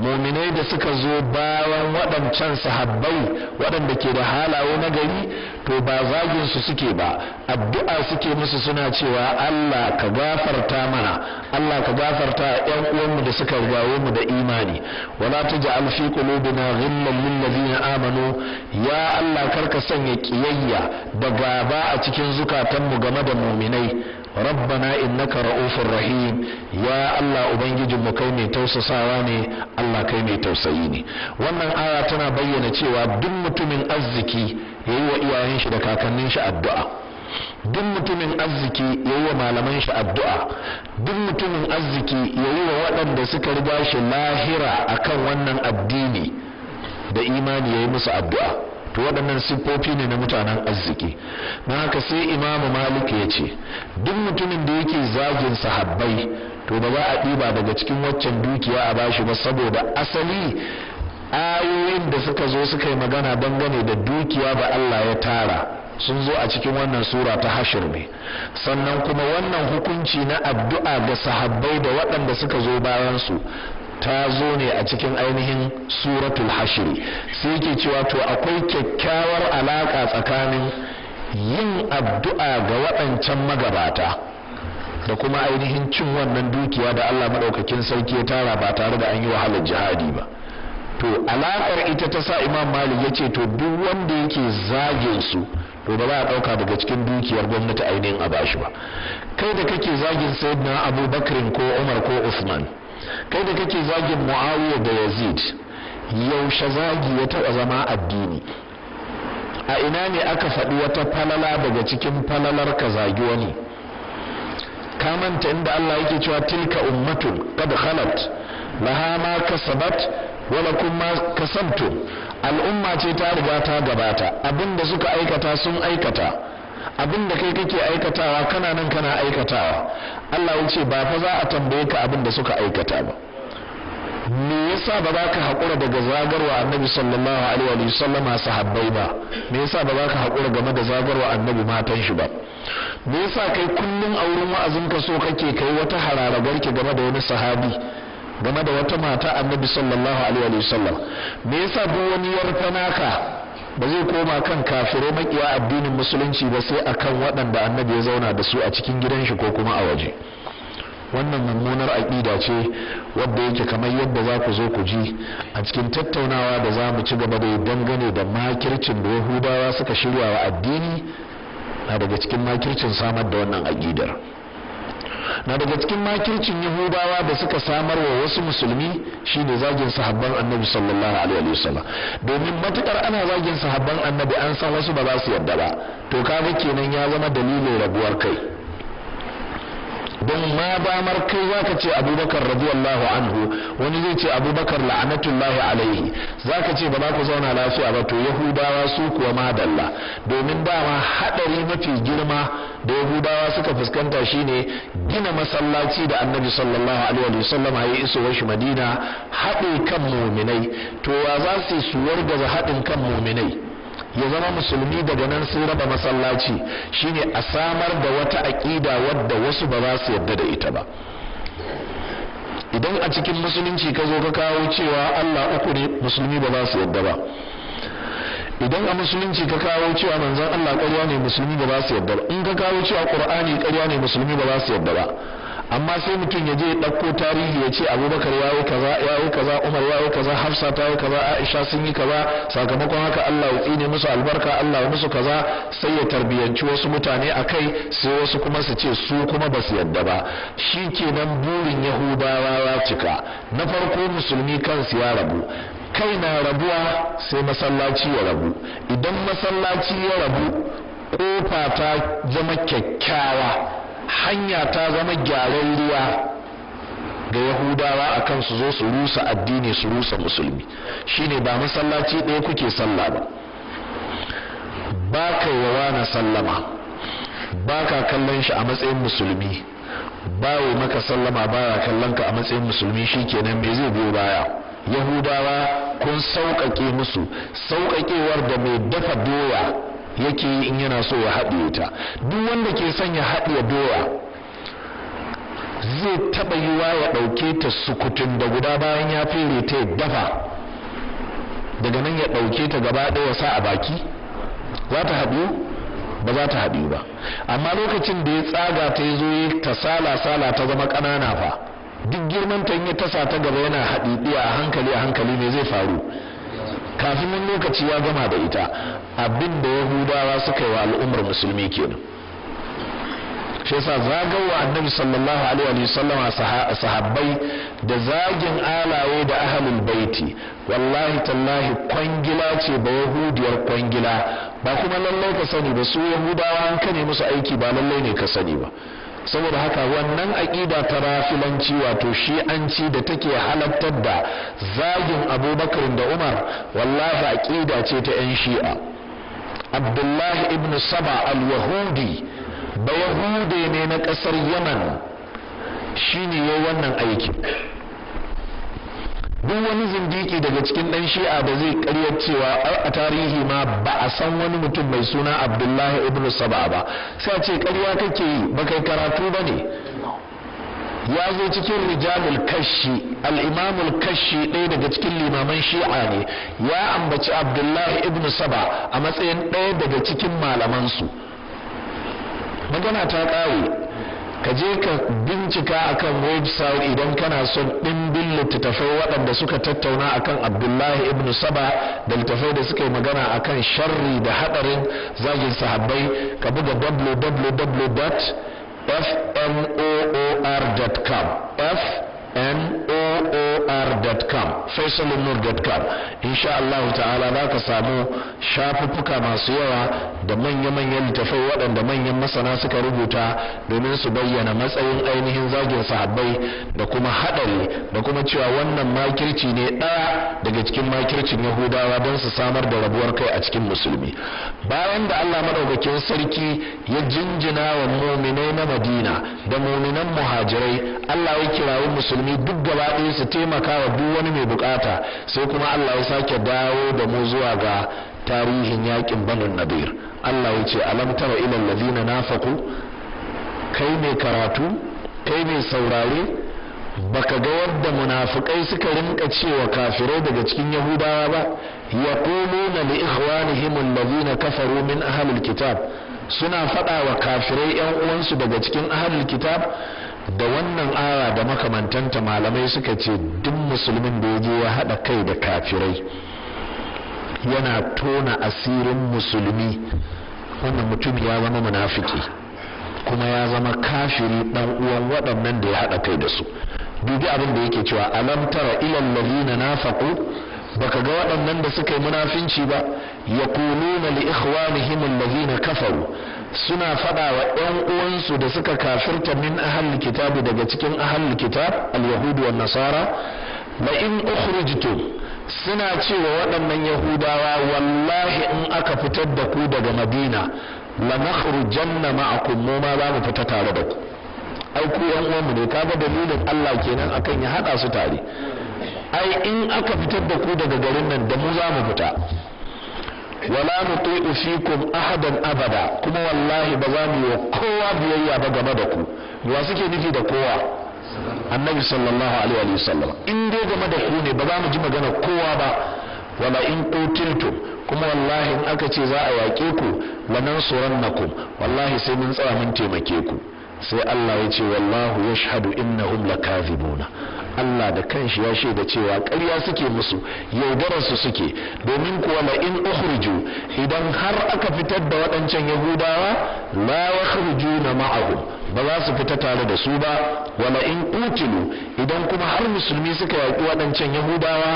A: mu'minai da suka zo bayan waɗancan sahabbai waɗanda ke da halaye na gari to ba zagin su suke ba addu'a suke musu suna cewa Allah ka gafarta mana Allah ka gafarta 'yan uwanmu da suka rigaye mu da imani wala tuj'al fi qulubina ghillan lil ladina amanu ya Allah karka sanya kiyayya da gaba a cikin zukatanmu game da mu'minai rabbana innaka ra'ufur rahim ya Allah ubangijin mu kai mai tausasawa ne Allah kai mai tausayi ne wannan aya tana bayyana cewa duk mutumin arziki yayi wa iyayen shi da kakannin shi addu'a duk mutumin arziki yayi wa malaman shi addu'a duk mutumin arziki yayi wa waɗanda suka riga shi lahira akan wannan addini da imani ya yi musu addu'a to waɗannan siffofi ne na mutanen arziki na haka sai imamu malik ya ce duk mutumin da yake zagin sahabbai to ba za a ɗiba daga cikin waccan dukiya a bashi ba saboda asali ayoyin da suka zo suka yi magana dangane da dukiya ba Allah ya tara sun zo a cikin wannan sura ta hashir ne sannan kuma wannan hukunci na addu'a ga sahabbai da waɗanda suka zo bayan su ta zo ne a cikin ainihin suratul hashiri sai yake cewa to akwai kyakkyawar alaƙa tsakanin yin addu'a ga waɗancan magabata da kuma ainihin cin wannan dukiya da Allah maɗaukakin sarki ya tara ba tare da an yi wahalar jihadi ba to alaƙar ita ta sa imam malik ya ce to duk wanda yake zage su to ba za a ɗauka daga cikin dukiyar gwamnati ainihin a bashi ba kai da kake zagin sayyidina abubakar ko umar ko usman kai da kake zagin muawiya da yazid yaushe zagi ya taɓa zama addini a ina ne aka faɗi wata falala daga cikin falalar ka zagi wani ka manta inda Allah yake cewa tilka ummatun kad khalat laha ma kasabat wala kuma kasabtum al'umma ce ta riga ta gabata abinda suka aikata sun aikata abin da kai kake aikatawa kana nan kana aikatawa Allah ya ce ba fa za a tambaye ka abin da suka aikata ba me yasa ba za ka haƙura daga zagarwa annabi sallallahu alaihi wa sallama sahabbai ba me yasa ba za ka haƙura game da zagarwa annabi matan shi ba me yasa kai kullum a wurin wa'azin ka so kake kai wata hararabarki game da wani sahabi game da wata mata annabi sallallahu alaihi wa sallam me yasa duk wani yarfa naka ba zai koma kan kafirai makiya addinin musulunci ba sai akan waɗanda annabi ya zauna da su a cikin gidan shi ko kuma a waje wannan mummunar aƙida ce wadda yake kamar yadda za ku zo ku ji a cikin tattaunawa da za mu ci gaba da dangane da makircin da yahudawa suka shirya wa addini na daga cikin makircin samar da wannan aƙidar na daga cikin makircin yahudawa da suka samar wa wasu musulmi shi ne zagin sahabban annabi sallallahu alaihi wasallam domin matukar ana zagin sahabban annabi an san wasu ba za su yarda ba to kaga kenan ya zama dalilin rabuwar kai don ma damar kai zaka ce abubakar radiyallahu anhu wani zai ce abubakar la'anatullahi alaihi zaka ce ba za ku zauna lafiya ba to yahudawa su kuwa ma madalla domin dama hadari mafi girma da yahudawa suka fuskanta shine gina masallaci da annabi sallallahu alaihi wasallam ya iso shi madina haɗe kan muminai to wa za su su wargaza haɗin kan muminai ya zama musulmi daga nan sun raba masallaci shine a samar da wata aƙida wadda wasu ba za su yarda da ita ba idan a cikin musulunci ka zo ka kawo cewa Allah uku ne musulmi ba za su yarda ba idan a musulunci ka kawo cewa manzon Allah ƙarya ne musulmi ba za su yarda ba in ka kawo cewa Qur'ani ƙarya ne musulmi ba za su yarda ba amma sai mutum ya je ya ɗauko tarihi ya ce abubakar ya yi kaza ya yi kaza umar ya yi kaza hafsa ta yi kaza aisha sun yi kaza sakamakon haka allah ya tsine musu albarka allah ya musu kaza sai ya tarbiyanci wasu mutane a kai sai wasu kuma su ce su kuma ba su yadda ba shi kenan burin yahudawa ya cika na farko musulmi kansu ya rabu kai na rabuwa sai masallaci ya rabu idan masallaci ya rabu kofa ta zama kyakkyawa hanya ta zama gyaran ruwa ga yahudawa a kan su zo su rusa addini su rusa musulmi shine ba masallaci ɗaya kuke sallah ba ba ka yawa na sallama ba ka kallon shi a matsayin musulmi bawo maka sallama ba ya kallon ka a matsayin musulmi shi shikenan me zai biyo baya yahudawa kun sauƙaƙe musu sauƙaƙewar da mai dafa doya yake yi in yana so ya haɗiye ta duk wanda ke son ya haɗiye doya zai taɓa yiwa ya ɗauke ta sukutun da guda bayan ya fere ta ya dafa daga nan ya ɗauke ta gaba ɗaya sa a baki za ta haɗu ba za ta haɗu ba amma lokacin da ya tsaga ta ya zo ta sala sala ta zama ƙanana fa duk girman ta ya tasa ta gaba yana haɗiɗi a hankali a hankali ne zai faru kafin wani lokaci ya gama da ita abin da yahudawa suka yi wa al'ummar musulmi kenan shi yasa zagawa annabi sallallahu alaihi wa sallam sahabbai da zagin alaye da ahlul baiti wallahi tallahi kwangila ce ba yahudiyar kwangila ba kuma lallai ka sani ba su yahudawa an kane musu aiki ba lallai ne ka sani ba saboda haka wannan aƙida ta rafilanci wato shi shi'anci da take halattar da zagin abubakar da umar wallahi aƙida ce ta 'yan shi'a abdullahi ibn saba al-yahudi ba ne na ƙasar yaman shine ya wannan aiki duk wani zindiki daga cikin ɗan shi'a da zai karyar cewa a tarihi ma ba a san wani mutum mai suna abdullahi ibn saba ba sai ce karya kake yi ba kai karatu ba ne ya zo cikin rijalul kashi al'imamul kashi ɗaya daga cikin limaman shi'a ne ya ambaci abdullahi ibn saba a matsayin ɗaya daga cikin malamansu magana ta ƙare ka je ka bincika akan website idan kana son ɗimbin littattafai waɗanda suka tattauna akan abdullahi ibn saba da littattafai da suka yi magana akan sharri da haɗarin zagin sahabbai ka buga www.fmoor.com moor.com faisalunur.com insha Allah ta'ala za ka samu shafuffuka masu yawa da manya-manyan littafai waɗanda manyan masana suka rubuta domin su bayyana matsayin ainihin zagin sahabbai da kuma haɗari da kuma cewa wannan makirci ne ɗaya daga cikin makircin yahudawa don su samar da rabuwar kai a cikin musulmi bayan da Allah maɗaukakin sarki ya jinjina wa muminai na madina da muminan muhajirai Allah ya kirawo musulmi musulmi duk gaba ɗaya su taimaka wa duk wani mai bukata sai kuma Allah ya sake dawo da mu zuwa ga tarihin yakin banin nadir Allah ya ce alam tara ilal ladina nafaku kai mai karatu kai mai saurare baka ga yadda munafikai suka rinka cewa kafirai daga cikin yahudawa ba yaquluna li ikhwanihim alladhina kafaru min ahli alkitab suna fada wa kafirai 'yan uwansu daga cikin ahlul kitab da wannan ara da makamantanta malamai suka ce duk musulmin da ya je ya haɗa kai da kafirai yana tona asirin musulmi wannan mutum ya zama munafiki kuma ya zama kafiri ɗan uwan waɗannan da ya haɗa kai da su dubi abin da yake cewa alam tara ilal ladina nafaqu baka ga waɗannan da suka yi munafinci ba yaquluna li ikhwanihim alladhina kafaru suna faɗa wa ‘yan uwansu da suka kafirta min ahal kitabi daga cikin ahal kitab al-yahudu wa nasara la in ukhrijtu suna cewa waɗannan yahudawa wallahi in aka fitar da ku daga madina la nakhrujanna ma'akum mu ma za mu fita tare da ku ai ku yan uwanmu ne kaga dalilin Allah kenan akan ya hada su tare ai in aka fitar da ku daga garin nan da mu za mu fita wala mu nuti'u fikum ahadan abada kuma wallahi ba za mu yi kowa biyayya ba game da ku wa suke nufi da kowa annabi sallallahu alaihi wa sallam in dai game da ku ne ba za mu ji magana kowa ba wala in qutiltum kuma wallahi in aka ce za a yaƙe ku lanan ku wallahi sai mun tsaya mun taimake ku sai Allah ya ce wallahu yashhadu innahum lakazibuna Allah da kanshi ya shaida cewa ƙarya suke musu yaudararsu suke domin kuwa la in ukhriju idan har aka fitar da waɗancan yahudawa la yakhrujuna ma'ahum ba za su fita tare da su ba wala in qutilu idan kuma har musulmi suka yaki waɗancan yahudawa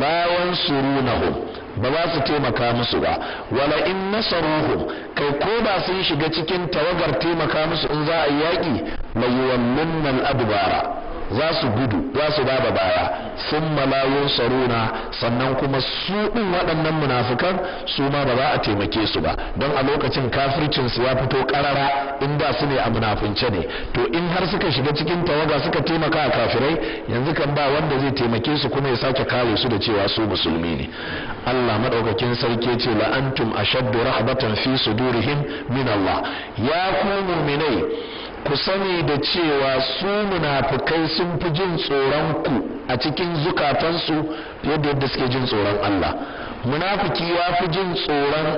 A: la yansurunahum ba za su taimaka musu ba wala in nasaruhum kai ko ba sun shiga cikin tawagar taimaka musu in za a yaƙi mai yuwallunna al-adbara za su gudu za su baba baya sun malayun saruna sannan kuma su ɗin waɗannan munafukan su ma ba za a taimake su ba don a lokacin kafircinsu ya fito karara in da su ne a munafunce ne to in har suka shiga cikin tawaga suka taimaka a kafirai yanzu kan ba wanda zai taimake su kuma ya sake kare su da cewa su musulmi ne Allah maɗaukakin sarki ce la'antum antum ashaddu rahbatan fi sudurihim min Allah ya ku mu'minai ku sani da cewa su munafukai sun fi jin tsoron ku a cikin zukatansu fiye yadda yadda suke jin tsoron Allah munafiki ya fi jin tsoron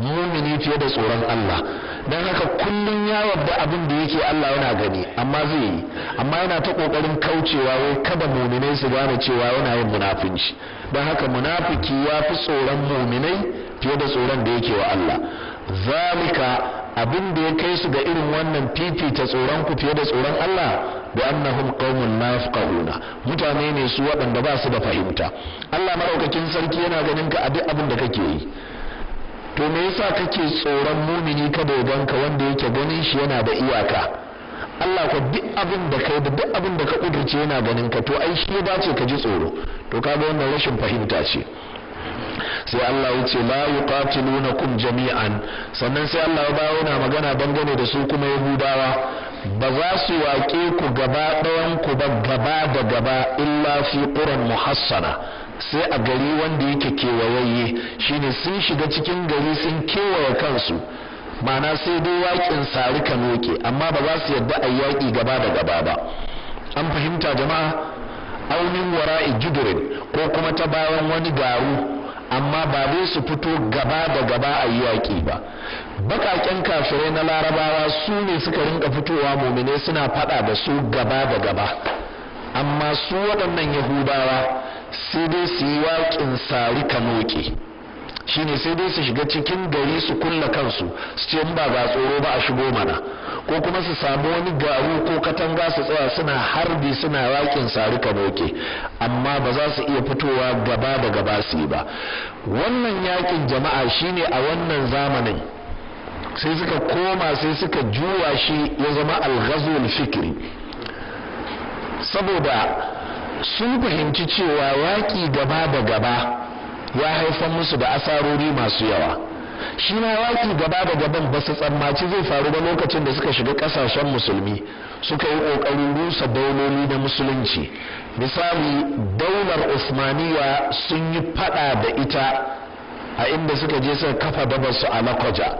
A: mumini fiye da tsoron Allah don haka kullum ya wadda abin da yake Allah yana gani amma zai yi amma yana ta kokarin kaucewa wai kada muminai su gane cewa yana yin munafunci don haka munafiki ya fi tsoron muminai fiye da tsoron da yake wa Allah zalika abin da ya kai su ga irin wannan fifita tsoron ku fiye da tsoron Allah bi annahum qaumun la mutane ne su waɗanda ba su da fahimta Allah maraukakin sarki yana ganin ka a duk abin da kake yi to me yasa kake tsoron mumini kada ya ganka wanda yake ganin shi yana da iyaka Allah ka duk abin da kai da duk abin da ka kudurce yana ganin ka to ai shi ya dace ka ji tsoro to kaga wannan rashin fahimta ce sai Allah ya ce la yuqatilunakum jami'an sannan sai Allah ya bawo na magana dangane da su kuma Yahudawa ba za su waƙe ku gaba ɗayan ku ba gaba da gaba illa fi quran muhassana sai a gari wanda yake kewayayye shine sun shiga cikin gari sun kewaye kansu ma'ana sai dai waƙin sari ka noke amma ba za su yadda a yaƙi gaba da gaba ba an fahimta jama'a aunin wara'i judurin ko kuma ta bayan wani garu amma ba zai su fito gaba da gaba a yi yaƙi ba baƙaƙen kafirai na larabawa su ne suka rinka fitowa mumine suna faɗa da su gaba da gaba amma su waɗannan yahudawa sai dai su yi waƙin sari ka noƙe shine sai dai su shiga cikin gari su kulla kansu su ce ba ga tsoro ba a shigo mana ko kuma su samu wani garu ko katanga su tsaya suna harbi suna yakin ka boke amma ba za su iya fitowa gaba da gaba su yi ba wannan yakin jama'a shine a wannan zamanin sai suka koma sai suka juwa shi ya zama alghazul fikri saboda sun fahimci cewa yaki gaba da gaba ya haifar musu da asarori masu yawa shi na yaki gaba da gaban ba su tsammaci zai faru ba lokacin da suka shiga kasashen musulmi suka yi kokarin rusa dauloli na musulunci misali daular usmaniya sun yi fada da ita a inda suka je suka kafa dabarsu a lakwaja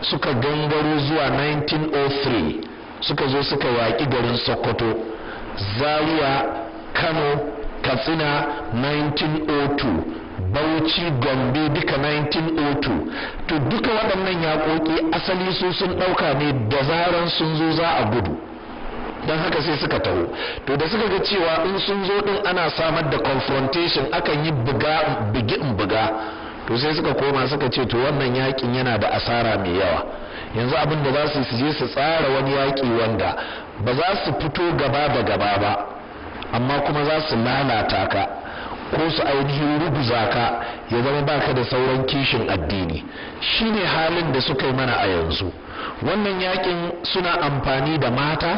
A: suka gangaro zuwa 1903 suka zo suka yaƙi garin sokoto zaria kano katsina 1902 bauchi gombe duka 1902 to duka waɗannan yaƙoƙi asali su sun ɗauka ne da zaran sun zo za a gudu don haka sai suka taho to da suka ga cewa in sun zo ɗin ana samar da confrontation akan yi buga bugi in buga to sai suka koma suka ce to wannan yaƙin yana da asara mai yawa yanzu abin da za su su je su tsara wani yaƙi wanda ba za su fito gaba da gaba ba amma kuma za su lalata ka ko su ainihin ruguza ka ya zama baka da sauran kishin addini shine halin da suka yi mana a yanzu wannan yakin suna amfani da mata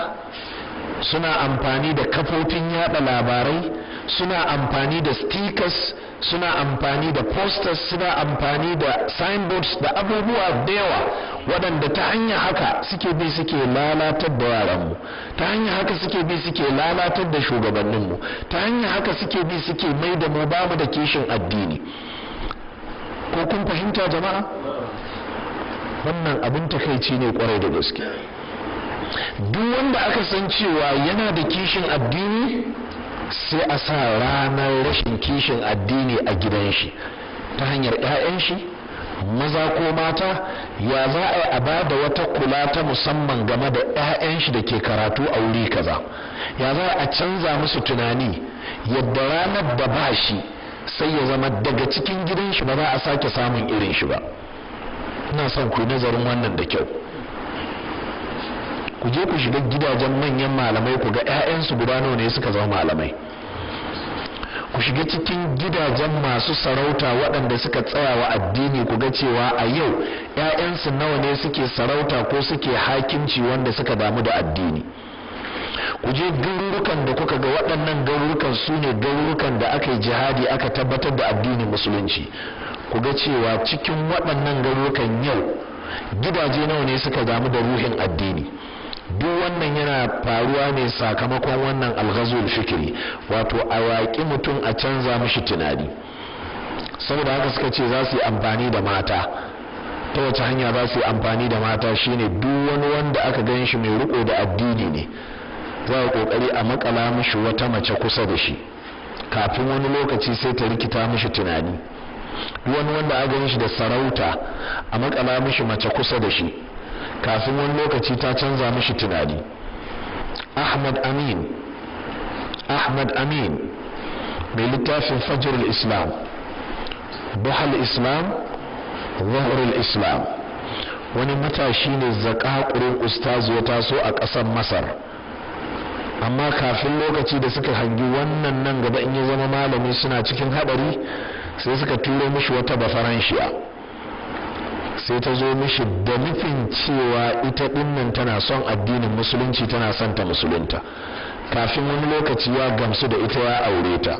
A: suna amfani da kafofin yada labarai suna amfani da stickers suna amfani da posters suna amfani da signboards da abubuwa da yawa waɗanda ta hanyar haka suke bi suke lalatar da yaranmu ta hanyar haka suke bi suke lalatar da shugabanninmu ta hanyar haka suke bi suke mai da mu bamu da kishin addini ko kun fahimta jama'a wannan abin takaici ne kwarai da gaske duk wanda aka san cewa yana da kishin addini sai a sa ranar rashin kishin addini a gidan shi ta hanyar 'ya'yan shi maza ko mata ya za a yi a ba da wata kula ta musamman game da 'ya'yan shi da ke karatu a wuri kaza ya za a canza musu tunani yadda ranar da ba shi sai ya zama daga cikin gidan shi ba za a sake samun irin shi ba ina son ku nazarin wannan da kyau ku je ku shiga gidajen manyan malamai ku ga 'ya'yansu guda nawa ne suka zama malamai ku shiga cikin gidajen masu sarauta waɗanda suka tsaya wa addini ku ga cewa a yau 'ya'yansu nawa ne suke sarauta ko suke hakimci wanda suka damu da addini ku je garurukan da kuka ga waɗannan garurukan su ne garurukan da aka yi jihadi aka tabbatar da addinin musulunci ku ga cewa cikin waɗannan garurukan yau gidaje nawa ne suka damu da ruhin addini duk wannan yana faruwa ne sakamakon wannan alghazul fikiri wato a waƙi mutum a canza mishi tunani saboda haka suka ce za su yi amfani da mata ta wace hanya za su yi amfani da mata shine duk wani wanda aka gan shi mai riko da addini ne za a kokari a makala mishi wata mace kusa da shi kafin wani lokaci sai ta rikita mishi tunani duk wani wanda aka gan shi da sarauta a makala mishi mace kusa da shi kafin wani lokaci ta canza mishi tunani ahmad amin ahmad amin mai littafin fajr islam duhal islam zahar islam wani matashi ne zakakurin ustazu ya taso a ƙasar masar amma kafin lokaci da suka hangi wannan nan gaba in ya zama malami suna cikin haɗari sai suka turo mishi wata bafaranshiya sai ta zo mishi da nufin cewa ita dinnan tana son addinin musulunci tana son ta musulunta kafin wani lokaci ya gamsu da ita ya aure ta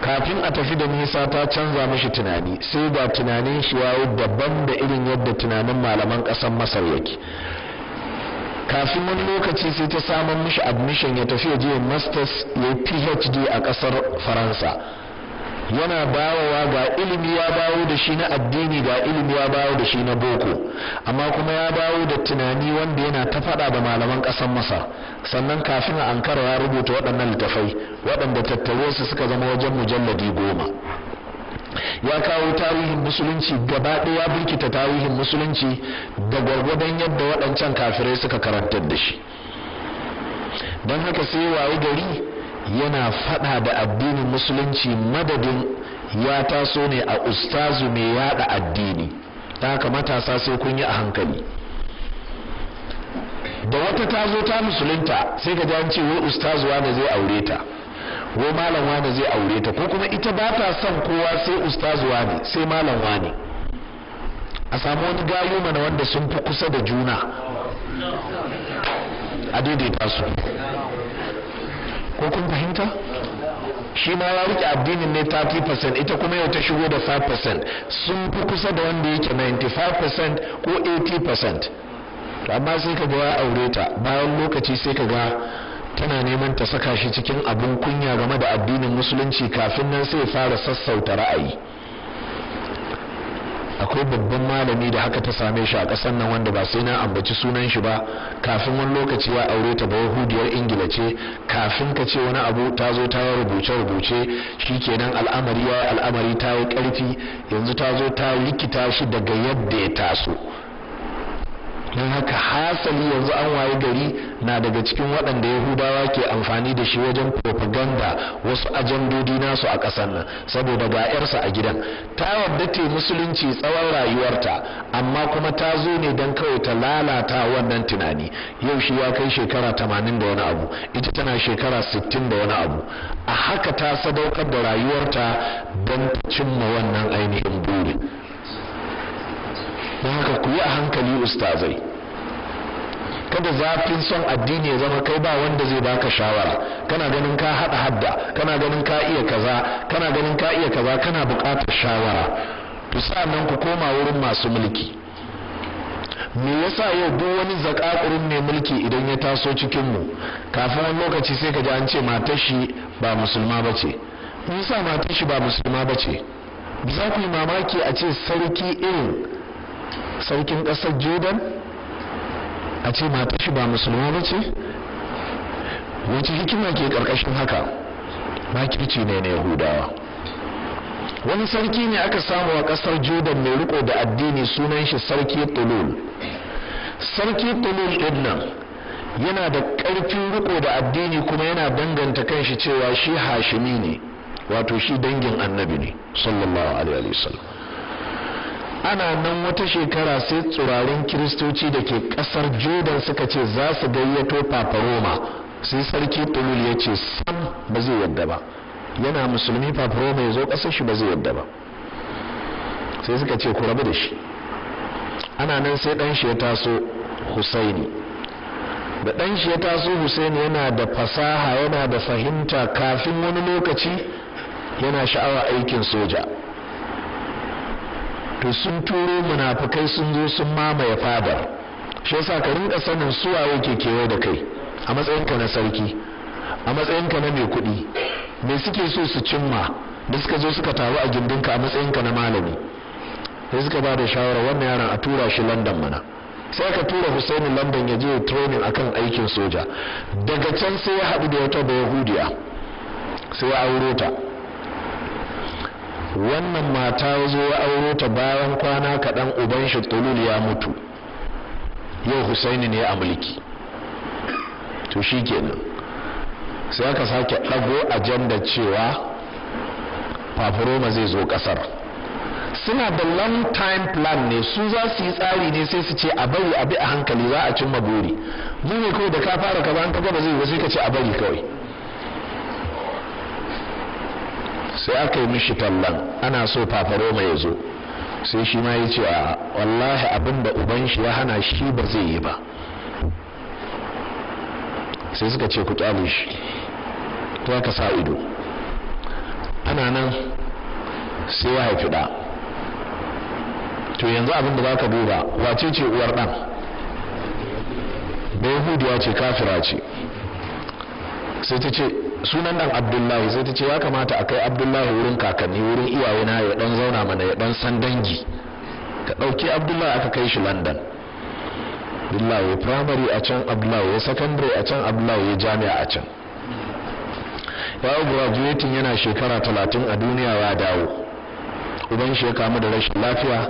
A: kafin a tafi da nisa ta canza mishi tunani sai ga tunanin shi yayi daban da irin yadda tunanin malaman ƙasar masar yake kafin wani lokaci sai ta samun mishi admission ya tafi ya masters ya phd a ƙasar faransa yana bawowa ga ilimi ya bawo da shi na addini ga ilimi ya bawo da shi na boko amma kuma ya bawo da tunani wanda yana ta faɗa da malaman ƙasar masa sannan kafin a ankara ya rubuta waɗannan littafai waɗanda tattare su suka zama wajen mujalladi goma ya kawo tarihin musulunci gaba ɗaya birkita tarihin musulunci da gwargwadon yadda waɗancan kafirai suka karantar da shi don haka sai waye gari yana fada da addinin musulunci madadin ya taso ne a ustazu mai yada addini ta haka matasa sai kun yi a hankali da wata ta zo ta musulunta sai ka an ce wai ustazu wanda zai aure ta wai malam wanda zai aure ta ko kuma ita ba ta son kowa sai ustazu ne sai malam wane a samu wani gayo mana wanda sun fi kusa da juna a daidaita su ko kun fahimta shi ma ya rike addinin ne 30% ita kuma yau ta shigo da 5% sun fi kusa da wanda yake 95% ko 80% to amma sai ka ga ya aure ta bayan lokaci sai ka ga tana neman ta saka shi cikin abin kunya game da addinin musulunci kafin nan sai fara sassauta ra'ayi akwai babban malami da haka ta same shi a ƙasar nan wanda ba sai na ambaci sunan shi ba kafin wani lokaci ya aure ta bayahudiyar ingila ce kafin ka ce wani abu ta zo ta rubuce rubuce shikenan al'amari ya al'amari ta yi ƙarfi yanzu ta zo ta likita shi daga yadda ya taso don haka hasali yanzu an waye gari na daga cikin waɗanda yahudawa ke amfani da shi wajen propaganda wasu ajandodi nasu a ƙasar nan saboda ga 'yarsa a gidan ta wadda ta musulunci tsawon rayuwarta amma kuma ta zo ne don kawai ta lalata wannan tunani yau shi ya kai shekara tamanin da wani abu ita tana shekara sittin da wani abu a haka ta sadaukar da rayuwarta don cimma wannan ainihin buri don haka ku yi a hankali ustazai kada zafin son addini ya zama kai ba wanda zai baka shawara kana ganin ka hada hadda kana ganin ka iya kaza kana ganin ka iya kaza kana buƙatar shawara to nan ku koma wurin masu mulki me yasa yau duk wani zakakurin mai mulki idan ya taso cikin mu kafin wani lokaci sai ka ji an ce matar shi ba musulma bace me yasa matar shi ba musulma bace za ku yi mamaki a ce sarki irin sarkin ƙasar jordan a ce mata shi ba musulma ba ce wace hikima ke ƙarƙashin haka makirci ne na yahudawa wani sarki ne aka samu a ƙasar jordan mai riko da addini sunan shi sarki tulul sarki tulul ɗin yana da ƙarfin riko da addini kuma yana danganta kanshi cewa shi hashimi ne wato shi dangin annabi ne sallallahu alaihi wasallam ana nan wata shekara sai tsurarin kiristoci da ke kasar jordan suka ce za su gayyato papa roma sai sarki tulul ya ce sam ba zai yadda ba yana musulmi papa roma ya zo kasar shi ba zai yadda ba sai suka ce ku rabu da shi ana nan sai dan shi ya taso husaini da dan shi ya taso husaini yana da fasaha yana da fahimta kafin wani lokaci yana sha'awa aikin soja to sun turo munafukai sun zo sun mamaye fadar shi yasa ka rinka sanin suwa yake kewaye da kai a matsayinka na sarki a matsayinka na mai kuɗi me suke so su cimma da suka zo suka taru a gindinka a matsayinka na malami sai suka ba da shawara wannan yaron a tura shi london mana sai ka tura Hussein London ya je training akan aikin soja daga can sai ya haɗu da wata bayahudiya sai ya aure ta wannan mata ya zo ya auro ta bayan kwana kaɗan uban shi tulul ya mutu yau husaini ne a mulki to shi kenan sai aka sake ɗago ajanda cewa fafuroma zai zo ƙasar suna da long time plan ne su za su yi tsari ne sai su ce a bari a bi a hankali za a cimma buri mu ne kawai da ka fara ka ba an ka ba zai yi sai ka ce a bari kawai sai aka yi mishi tallan ana so fafaroma ya zo sai shi ma ya ce a wallahi abin da uban shi ya hana shi ba zai yi ba sai suka ce ku tsali shi to aka sa ido ana nan sai ya haifi da to yanzu abin da za ka duba wace ce uwar ɗan da yahudiya ce kafira ce sai ta ce sunan dan abdullahi sai ta ce ya kamata a kai abdullahi wurin kakanni wurin iyaye na ya dan zauna mana ya dan san dangi ka ɗauki abdullahi aka kai shi london abdullahi ya primary a can abdullahi ya secondary a can abdullahi ya jami'a a can ya yi graduating yana shekara talatin a duniya ya dawo uban shi ya kamu da rashin lafiya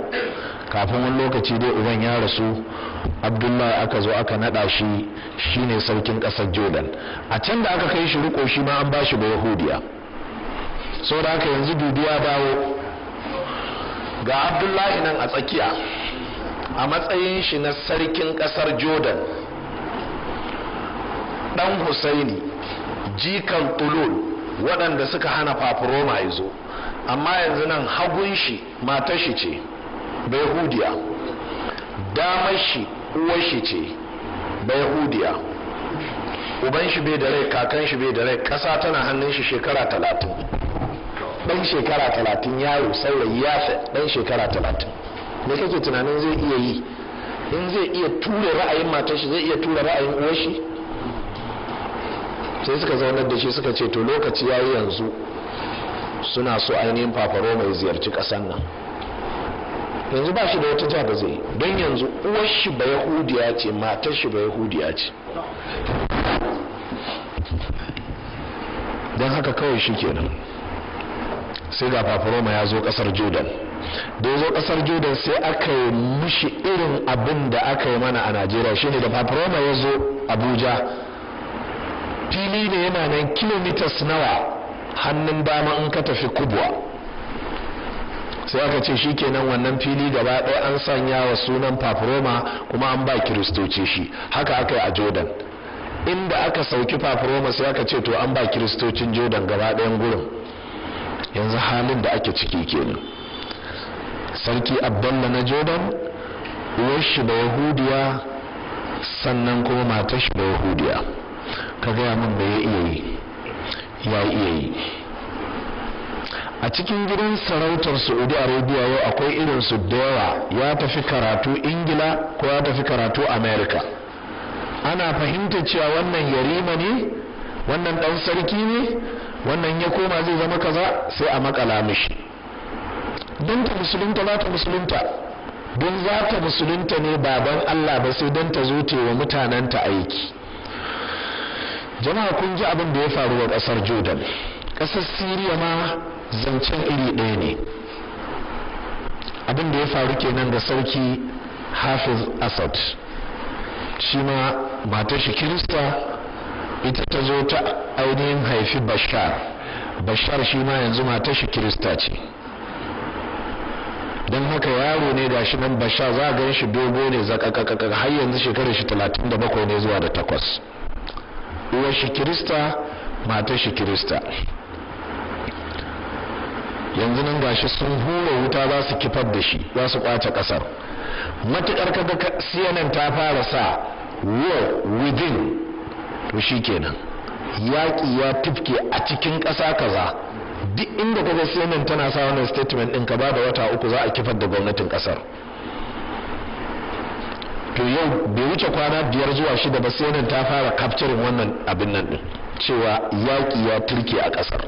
A: kafin wani lokaci dai uban ya rasu abdullahi aka zo aka nada shi shine sarkin kasar jordan a can da aka kai shi riko shi ma an ba shi ga yahudiya da aka yanzu dubiya dawo ga abdullahi nan a tsakiya a matsayin shi na sarkin kasar jordan dan husaini jikan tulul waɗanda suka hana fafuroma ya zo amma yanzu nan hagun shi matashi ce bai hudiya damar shi uwar shi ce bai hudiya uban shi bai da rai kakan shi bai da rai kasa tana hannun shi shekara talatin ɗan shekara talatin yaro saurayi ya fi ɗan shekara talatin me kake tunanin zai iya yi in zai iya tura ra'ayin matar shi zai iya tura ra'ayin uwar shi sai suka zaunar da shi suka ce to lokaci yayi yanzu suna so ainihin fafaro mai ziyarci kasan nan yanzu ba shi da wata ja zai don yanzu uwar shi ba yahudiya ce matar shi ba yahudiya ce don haka kawai shi kenan sai ga fafaroma ya zo kasar jordan da zo kasar jordan sai aka yi mushi irin abin da aka yi mana a najeriya shine da fafaroma ya zo abuja fili ne yana nan kilomitas nawa hannun dama in ka tafi kubwa sai aka ce shi kenan wannan fili gaba ɗaya an sanya wa sunan fafroma kuma an ba kiristoci shi haka aka yi a jordan inda aka sauki fafroma sai aka ce to an ba kiristocin jordan gaba ɗayan gurin yanzu halin da ake ciki kenan sarki abdalla na jordan uwar shi da yahudiya sannan kuma matar shi da yahudiya ka gaya min da ya iya yi ya iya yi a cikin gidan sarautar saudi arabia yau akwai irin su da ya tafi karatu ingila ko ya tafi karatu america ana fahimta cewa wannan yarima ne wannan dan sarki ne wannan ya koma zai zama kaza sai a makala mishi don ta musulunta za ta musulunta don za ta musulunta ne baban allah ba sai don ta zo wa mutanenta aiki jama'a kun ji abin da ya faru wa kasar jordan kasar siriya ma zancen iri ɗaya ne abin da ya faru kenan ga sarki hafiz asad shi ma matar shi kirista ita ta zo ta ainihin haifi bashar bashar shi ma yanzu matar shi kirista ce don haka yaro ne da shi nan bashar za a shi dogo ne zakakakaka har yanzu shekarar shi 37 ne zuwa da takwas uwar shi kirista matar shi kirista yanzu nan gashi sun hura wuta za su kifar da shi za su kwace kasar matukar kaga CNN ta fara sa war within to kenan yaki ya tifke a cikin kasa kaza duk inda kaga CNN tana sa wannan statement din ka ba da wata uku za a kifar da gwamnatin kasar to yau bai wuce kwana biyar zuwa shida ba sai ta fara capturing wannan abin nan din cewa yaki ya turke a kasar.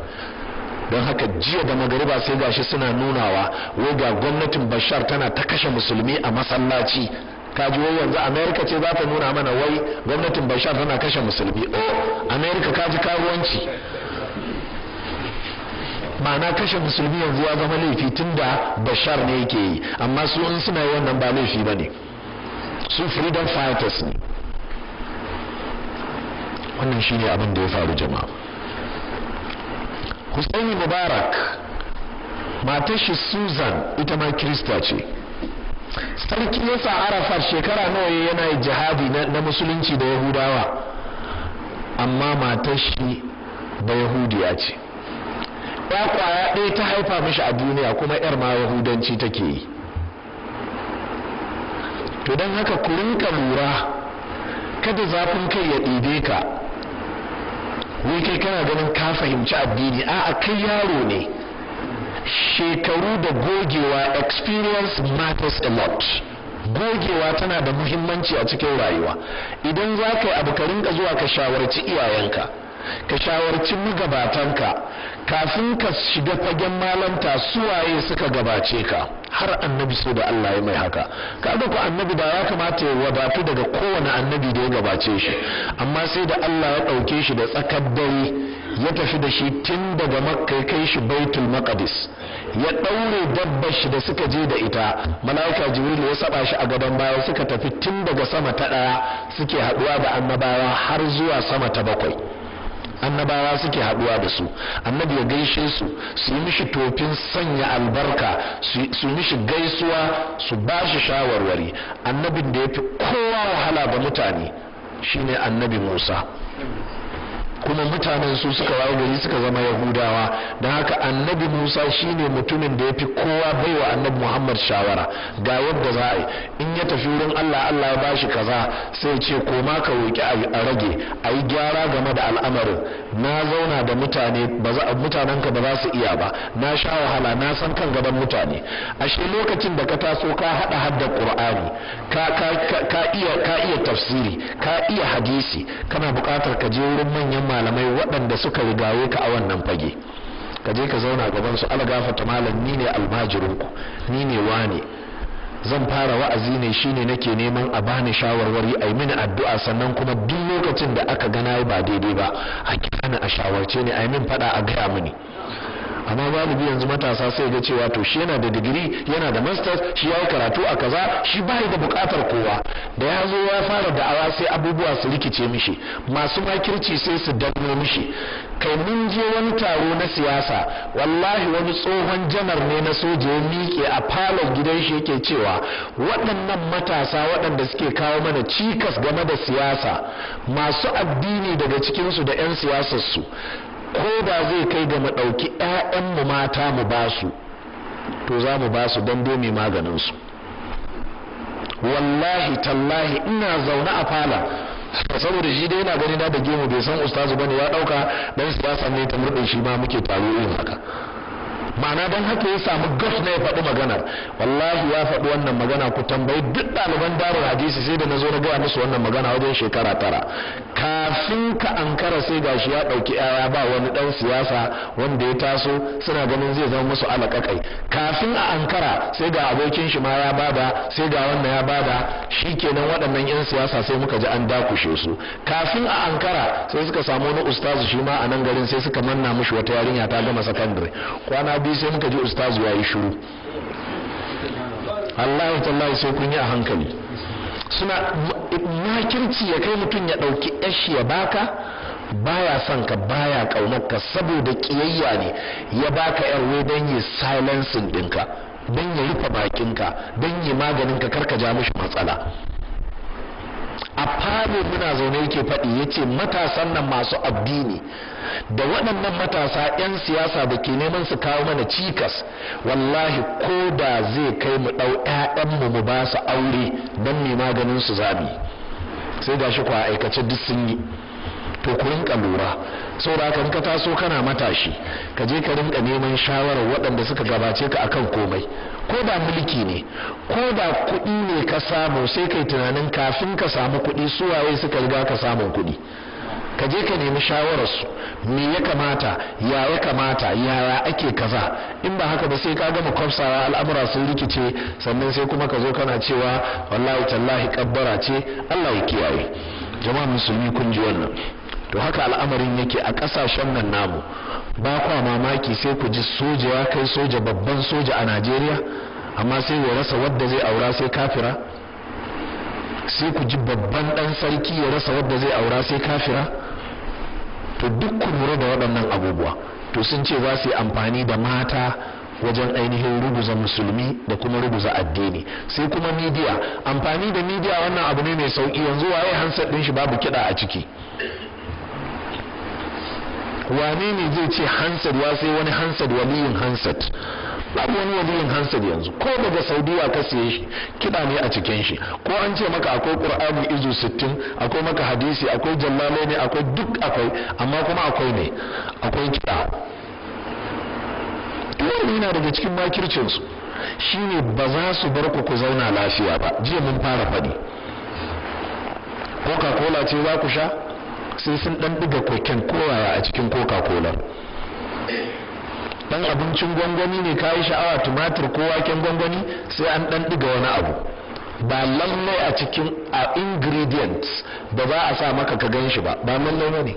A: don haka jiya da magariba sai gashi suna nunawa wai ga gwamnatin bashar tana ta kashe musulmi a masallaci ka ji wai yanzu america ce za ta nuna mana wai gwamnatin bashar tana kashe musulmi oh america ka ji karuwanci ma'ana kashe musulmi yanzu ya zama laifi da bashar ne yake yi amma su in suna yi wannan ba laifi ba ne su freedom fighters ne wannan shine abin da ya faru jama'a husaini mubarak matar shi susan ita ma kirista ce sarki ya sa arafat shekara nawa yana yi jihadi na musulunci da yahudawa amma matar shi da yahudiya ce ya kwaya ɗaya ta haifa mishi a duniya kuma yar ma yahudanci take yi to don haka kurinka lura kada zafin kai ya ɗide ka wai kai kana ganin ka fahimci addini a'a kai yaro ne shekaru da gogewa experience matters a lot gogewa tana da muhimmanci a cikin rayuwa idan za ka yi abu ka rinka zuwa ka shawarci iyayenka ka shawarci magabatanka kafin ka shiga fagen malanta suwaye suka gabace ka har annabi so da Allah ya mai haka kaga ku annabi da ya kamata ya wadatu daga kowane annabi da ya gabace shi amma sai da Allah ya ɗauke shi da tsakar dare ya tafi da shi tun daga makka kai shi baitul maqdis ya ɗaure dabbar shi da suka je da ita mala'ika jibril ya saba shi a gaban baya suka tafi tun daga sama ta ɗaya suke haɗuwa da annabawa har zuwa sama ta bakwai annabawa suke haduwa da su annabi ya gaishe su su yi mishi tofin sanya albarka su yi mishi gaisuwa su ba shi shawarwari annabin da ya fi kowa wahala ga mutane shine annabi musa kuma mutanen su suka waye gari suka zama yahudawa don haka annabi musa shine mutumin da ya fi kowa baiwa annabi muhammad shawara ga yadda za a yi in ya tafi wurin allah allah ya bashi kaza sai ce koma ka roki a rage a yi gyara game da al'amarin na zauna da mutane mutanen ka ba za su iya ba na sha wahala na san kan gaban mutane ashe lokacin da ka taso ka haɗa hadda ƙur'ani ka iya ka tafsiri ka iya hadisi kana buƙatar ka je wurin manyan malamai waɗanda suka rigaye ka a wannan fage ka je ka zauna gaban su algafata malam ni ne almajirinku ni ne wane zan fara wa'azi ne shine nake neman a bani shawarwari a yi mini addu'a sannan kuma duk lokacin da aka gana ba daidai ba a kira ni a shawarce ni a yi min faɗa a gaya mini amma galibi yanzu matasa sai ga cewa to shi yana da digiri yana da masters shi ya yi karatu a kaza shi ba da bukatar kowa da ya zo ya fara awa sai abubuwa su rikice mishi masu makirci sai su danno mishi kai mun je wani taro na siyasa wallahi wani tsohon janar ne na soja ya miƙe a falon gidan shi yake cewa waɗannan matasa waɗanda suke kawo mana cikas game da siyasa masu addini daga cikinsu da 'yan siyasarsu ko da zai kai ga madauki ɗauki mu mata mu ba su to za mu ba su don mai maganin su wallahi tallahi ina zaune a fala saboda shi dai yana gani na da gemu bai san ustazu bane ya dauka dan siyasa ne ta murɗin shi ma muke taro irin haka ma'ana don haka ya samu gaf na ya faɗi maganar wallahi ya faɗi wannan magana ku tambayi duk ɗaliban darul hadisi sai da na zo na gaya musu wannan magana wajen shekara tara kafin ka ankara sai gashi ya ɗauki yaya ba wani ɗan siyasa wanda ya taso suna ganin zai zama musu alaƙaƙai kafin a ankara sai ga abokin shi ma ya bada sai ga wannan ya bada shi kenan waɗannan 'yan siyasa sai muka ji an dakushe su kafin a ankara sai suka samu wani ustazu shi ma a nan garin sai suka manna mushi wata yarinya ta gama sakandare kwana biyu sai muka ji ustazu ya yi shiru Allah tallahi sai kun yi a hankali suna makirci ya kai mutum ya ɗauki yashi ya baka baya son ka baya ka saboda ƙiyayya ne ya baka yarwe don yi silencing ɗinka don ya rufe bakinka don yi maganinka karka ja mashi matsala a fane muna zaune yake faɗi ya ce matasan nan masu addini da waɗannan matasa 'yan siyasa da ke neman su kawo mana cikas wallahi ko da zai kai mu ɗau yayan mu ba su aure don ne maganin su zami sai shi kwa aikace duk sun yi to ku rinka lura saboda haka in ka taso kana matashi ka je ka rinka neman shawarar waɗanda suka gabace ka akan komai ko da mulki ne ko da kuɗi ne ka samu sai kai tunanin kafin ka samu kuɗi su waye suka riga ka samun kuɗi ka je ka nemi shawarar su me ya kamata ya ya kamata yaya ake kaza in ba haka ba sai ka gama kwafsawa al'amura sun rikice sannan sai kuma ka zo kana cewa wallahi tallahi kabbara ce Allah ya kiyaye jama'a musulmi kun ji wannan to haka al'amarin yake a ƙasashen nan namu ba kwa mamaki sai ku ji soja ya kai soja babban soja a najeriya amma sai ya rasa wadda zai aura sai kafira sai ku ji babban ɗan sarki ya rasa wadda zai aura sai kafira to duk ku lura da waɗannan abubuwa to sun ce za su yi amfani da mata wajen ainihin ruguza musulmi da kuma ruguza addini sai kuma midiya amfani da midiya wannan abu ne mai sauki yanzu waye hansar ɗin shi babu kiɗa a ciki wane ne zai ce hansad ya sai wani hansad waliyin hansad babu wani waliyin hansad yanzu ko daga saudiya ka siye shi kiɗa ne a cikin shi ko an ce maka akwai qur'ani izu sittin akwai maka hadisi akwai jallale ne akwai duk akwai amma kuma akwai ne akwai kiɗa wannan yana daga cikin makircinsu shine ba za su bar ku ku zauna lafiya ba jiya mun fara faɗi coca cola ce za ku sha sai sun dan diga koken kowaya a cikin coca cola dan abincin gwangwani ne kayi sha'awa tumatir ko waken gwangwani sai an dan diga wani abu ba lallai a cikin a ingredients da ba a sa maka ka gan shi ba ba lallai ba ne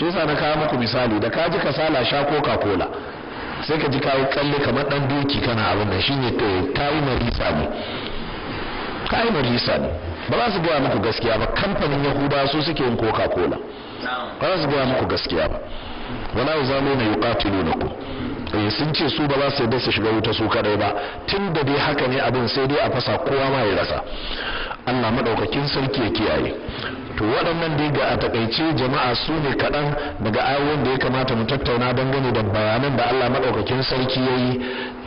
A: shi sa na kawo muku misali da ka ji kasala sha coca cola sai ka ji kawo kalle kamar dan doki kana abin nan shine eh, to kayi marisa ne kayi marisa ne ba za su gaya muku gaskiya ba kamfanin yahuda su suke yin coca cola ba za su gaya muku gaskiya ba wala na ku. eh sun ce su ba za su yadda su shiga wuta su kadai ba tun da dai haka ne abin sai dai a fasa kowa ma ya rasa Allah maɗaukakin sarki ya kiyaye to waɗannan dai ga a takaice jama'a su ne kaɗan daga ayoyin da ya kamata mu tattauna dangane da bayanan da Allah maɗaukakin sarki ya yi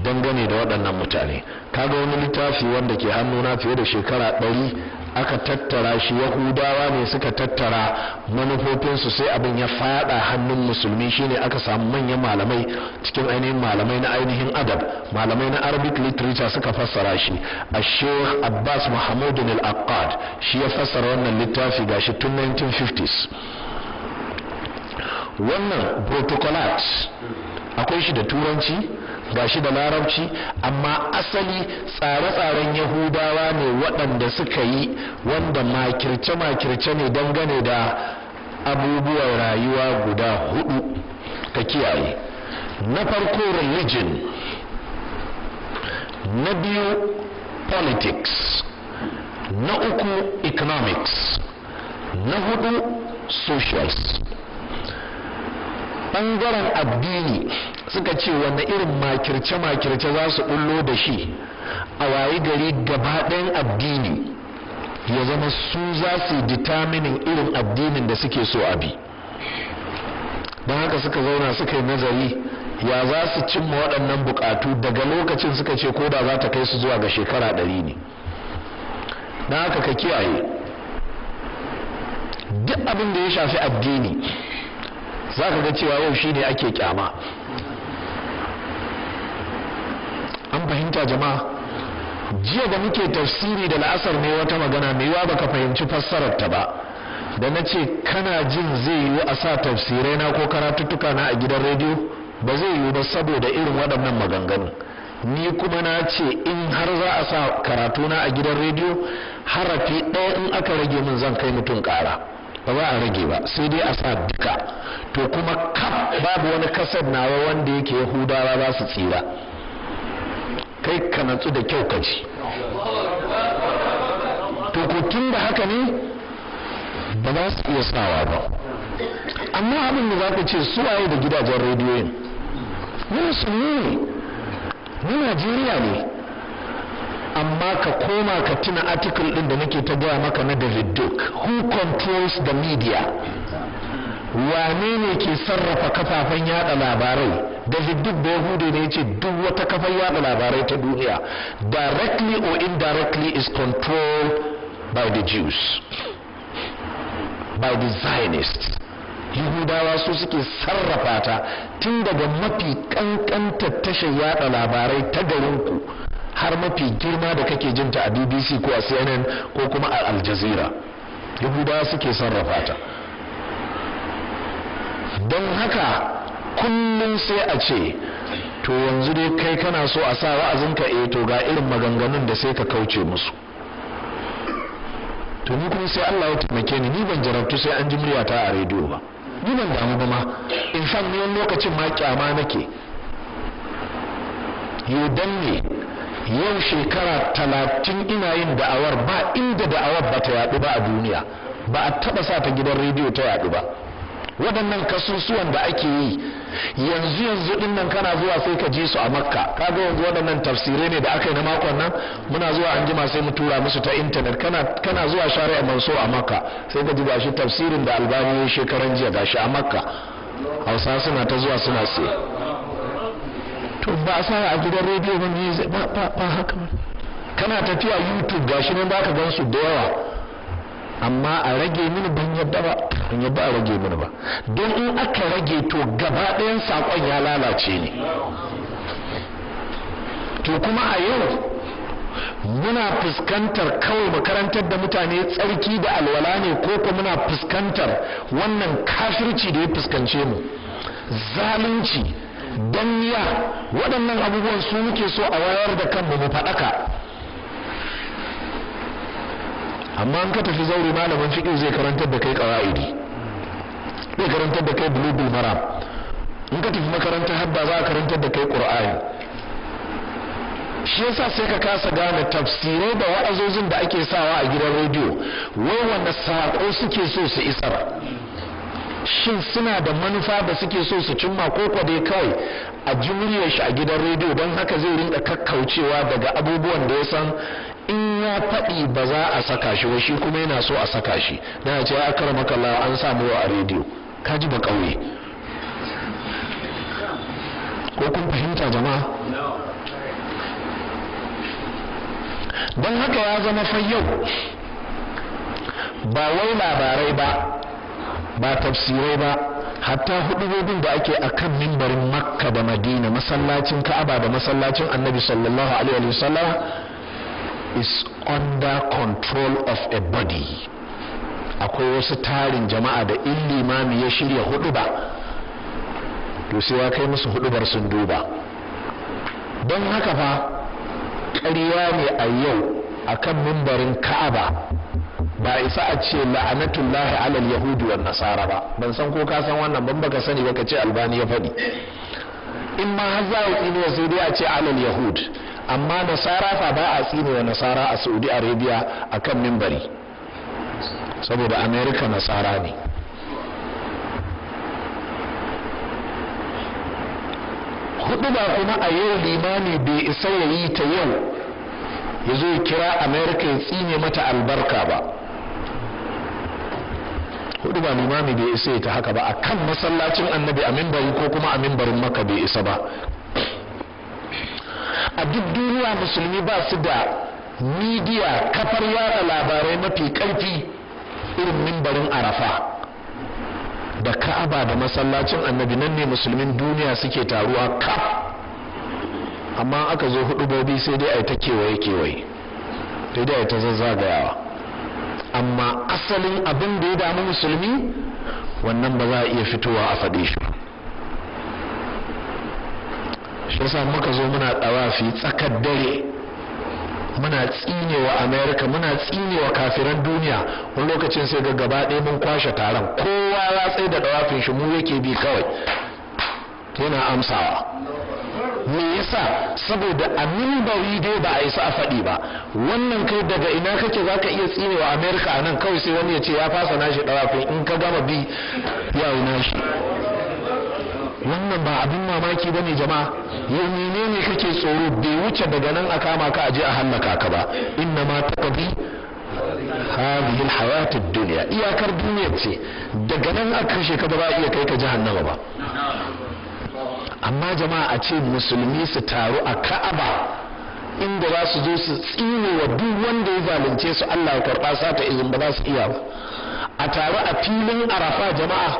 A: dangane da waɗannan mutane kaga wani littafi wanda ke hannuna fiye da shekara ɗari aka tattara shi yahudawa ne suka tattara manufofinsu sai abin ya fada hannun musulmi shine aka samu manyan malamai cikin ainihin malamai na ainihin adab malamai na arabic literature suka fassara shi a sheikh abbas muhammadun al-aqad shi ya fassara wannan littafi ga shi tun 1950s wannan protocolat akwai shi da turanci ba shi da larabci amma asali tsare-tsaren yahudawa ne waɗanda suka yi wanda makirce-makirce ne dangane da abubuwan rayuwa guda hudu ka kiyaye na farko religion na biyu politics na uku economics na hudu socials ɓangaren addini suka ce wanda irin makirce-makirce za su ɓullo da shi a wayi gari gabaɗayan addini ya zama su za su determinin irin addinin da suke so a bi don haka suka zauna suka yi nazari ya za su cimma waɗannan buƙatu daga lokacin suka ce ko da za ta kai su zuwa ga shekara ɗari ne don haka ka kiyaye duk abin da ya shafi addini za ka ga cewa yau shi ne ake kyama an fahimta jama'a jiya da muke tafsiri da la'asar ne wata magana mai yiwa baka fahimci fassarar ta ba da na ce kana jin zai yiwu a sa tafsirai na ko karatuttuka na a gidan rediyo ba zai yiwu ba saboda irin waɗannan maganganu ni kuma na ce in har za a sa karatuna a gidan rediyo harafi ɗaya in aka rage min zan kai mutum ƙara ba za a rage ba sai dai a sa duka to kuma kaf babu wani kasar nawa wanda yake yahudawa za su tsira kai ka natsu da kyau ka to ko tun da haka ne ba za su iya sawa ba amma abin da za ku ce su waye da gidajen rediyoyin mu musulmi ne mu najeriya ne amma ka koma ka tuna article din da nake ta gaya maka na David Duke who controls the media wane ne ke sarrafa kafafen yada labarai David Duke da Yahudu ne yace duk wata kafar yada labarai ta duniya directly or indirectly is controlled by the Jews by the Zionists Yahudawa su suke sarrafa ta tun daga mafi kankanta tashar yada labarai ta garinku har mafi girma da kake jinta a bbc ko a cnn ko kuma a al jazeera yahudawa suke sarrafa ta don haka kullum sai a ce to yanzu dai kai kana so a sa wa'azinka eh to ga irin maganganun da sai ka kauce musu to ni kuma sai Allah ya taimake ni ni ban jarabtu sai an ji ta a rediyo ba ni ban damu ba ma in fact ni wani lokacin ma kyama nake yo danne ne yau shekara talatin ina yin da'awar ba inda da'awar ba ta yaɗu ba a duniya ba a taɓa sa ta gidan rediyo ta yaɗu ba waɗannan kasusuwan da ake yi yanzu yanzu ɗin nan kana zuwa sai ka je su a makka kaga yanzu waɗannan tafsirai ne da aka yi na makon nan muna zuwa an jima sai mu tura musu ta intanet kana zuwa shari'a manso a makka sai ka ji gashi tafsirin da albani shekaran jiya gashi a makka hausa suna ta zuwa suna siya to ba a sa a gidan rediyo ba ne ba haka ba kana tafiya youtube ne ba baka gan su da yawa amma a rage mini ban yadda ba ban yadda a rage mini ba don in aka rage to gaba ɗayan saƙon ya lalace ne to kuma a yau muna fuskantar kawai makarantar da mutane tsarki da alwala ne ko kuma muna fuskantar wannan kafirci da ya fuskance mu zalunci don ya waɗannan abubuwan su muke so a wayar da kanmu mu faɗaka amma an ka tafi zaure malamin fiƙi zai karantar da kai ƙawa'idi zai karantar da kai bulubul mara in ka tafi makarantar habba za a karantar da kai ƙur'ani shi yasa sai ka kasa gane tafsirai da wa'azozin da ake sawa a gidan rediyo wai wanne saƙo suke so su isar shin suna da manufa da suke so su cimma ko kwa dai kawai a ji shi a gidan rediyo don haka zai rinka kakkaucewa daga abubuwan da ya san in ya faɗi ba za a saka shi ba shi kuma yana so a saka shi na ce ya akara maka an samu a rediyo ka ji ba ƙauye ko kun fahimta jama'a don haka ya zama fayyau ba wai labarai ba ba tafsirai ba hatta hudubobin da ake a kan mimbarin makka da madina masallacin ka'aba da masallacin annabi sallallahu alaihi wasallam is under control of a body akwai wasu tarin jama'a da in limami ya shirya huduba to sai ya kai musu hudubar sun duba don haka fa ƙarya ne a yau akan mimbarin ka'aba ba isa a ce la'anatullahi alal yahudi wa nasara ba ban san ko ka san wannan ban baka sani ka ce albani ya faɗi in ma har za a tsini sai dai a ce alal yahud amma nasara fa ba a tsine wa nasara a saudi arabia a kan mimbari saboda america nasara ne hudu ba kuma a yau limani bai isa ya yi ta yau ya zo kira amerika ya tsine mata albarka ba hudu ba limami bai isa ta haka ba a kan masallacin annabi a mimbari ko kuma a mimbarin maka bai isa ba a duk duniya musulmi ba su da midiya kafar yara labarai mafi karfi irin mimbarin arafa da ka'aba da masallacin annabi nan ne musulmin duniya suke taruwa ka amma aka zo hudu bobi sai dai a ta kewaye kewaye sai dai a ta zazzagayawa amma asalin abin da ya damu musulmi wannan ba za a iya fitowa a faɗe shi shi yasa muka zo muna ɗawafi tsakar dare muna tsinewa amerika muna tsinewa kafiran duniya wani lokacin sai ga gaba ɗaya mun kwashe taron kowa ya tsaye da ɗawafin shi mu yake bi kawai yana amsawa me yasa saboda a mimbari dai ba a isa a faɗi ba wannan kai daga ina kake za ka iya tsinewa amerika a nan kawai sai wani ya ce ya fasa nashi ɗarafin in ka gama bi ya yi nashi wannan ba abin mamaki ba ne jama'a yau menene ne kake tsoro bai wuce daga nan a kama ka aje a hallaka ka ba inna ma taqdi hadhihi alhayat dunya iyakar duniya ce daga nan aka kashe ka ba iya kai ka jahannama ba amma jama'a a ce musulmi su taru a ka'aba inda za su zo su tsine wa duk wanda ya zalunce su Allah ya karɓa sata izin ba za su iya ba a taru a filin arafa jama'a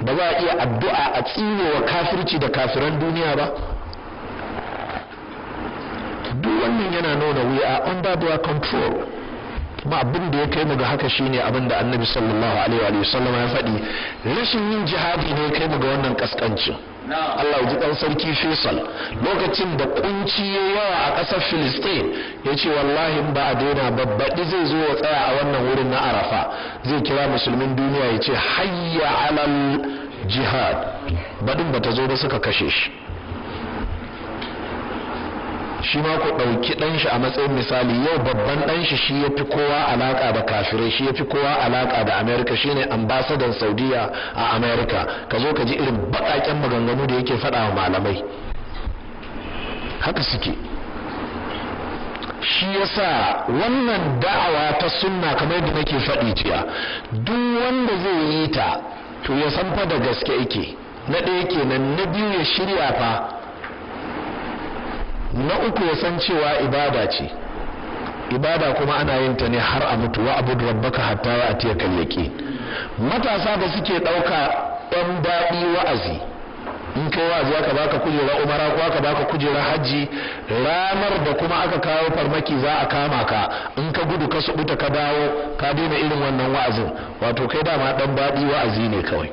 A: ba za a iya addu'a a tsine wa kafirci da kafiran duniya ba duk wannan yana nuna we are under their control kuma abin da ya kai mu ga haka shine abin da annabi sallallahu alaihi wa sallam ya faɗi rashin yin jihadi ne ya kai mu ga wannan kaskancin Allah ya ji dan sarki Faisal lokacin da kunci ya yawa a ƙasar Filistin ya ce wallahi in ba a daina babbaɗi zai zo ya tsaya a wannan wurin na Arafa zai kira musulmin duniya ya ce hayya alal jihad badin ta zo ba suka kashe shi shi ma ku ɗauki ɗan shi a matsayin misali yau babban ɗan shi shi ya fi kowa alaƙa da kafirai shi ya fi kowa alaƙa da amerika shi ne ambasadan saudiya a amerika ka zo ka ji irin baƙaƙen maganganu da yake faɗa wa malamai haka suke shi yasa wannan da'awa ta sunna kamar da nake faɗi jiya duk wanda zai yi ta to ya san fa da gaske yake na ɗaya kenan na biyu ya shirya fa na uku ya san cewa ibada ce ibada kuma ana yin ta ne har a mutu wa abu baka hatta a tiya kalyaki matasa da suke ɗauka ɗan daɗi wa'azi in kai wa'azi aka baka kujera umara ko aka baka kujera hajji ranar da kuma aka kawo farmaki za a kama ka in ka gudu ka subuta ka dawo ka daina irin wannan wa'azin wato kai dama ɗan daɗi wa'azi ne kawai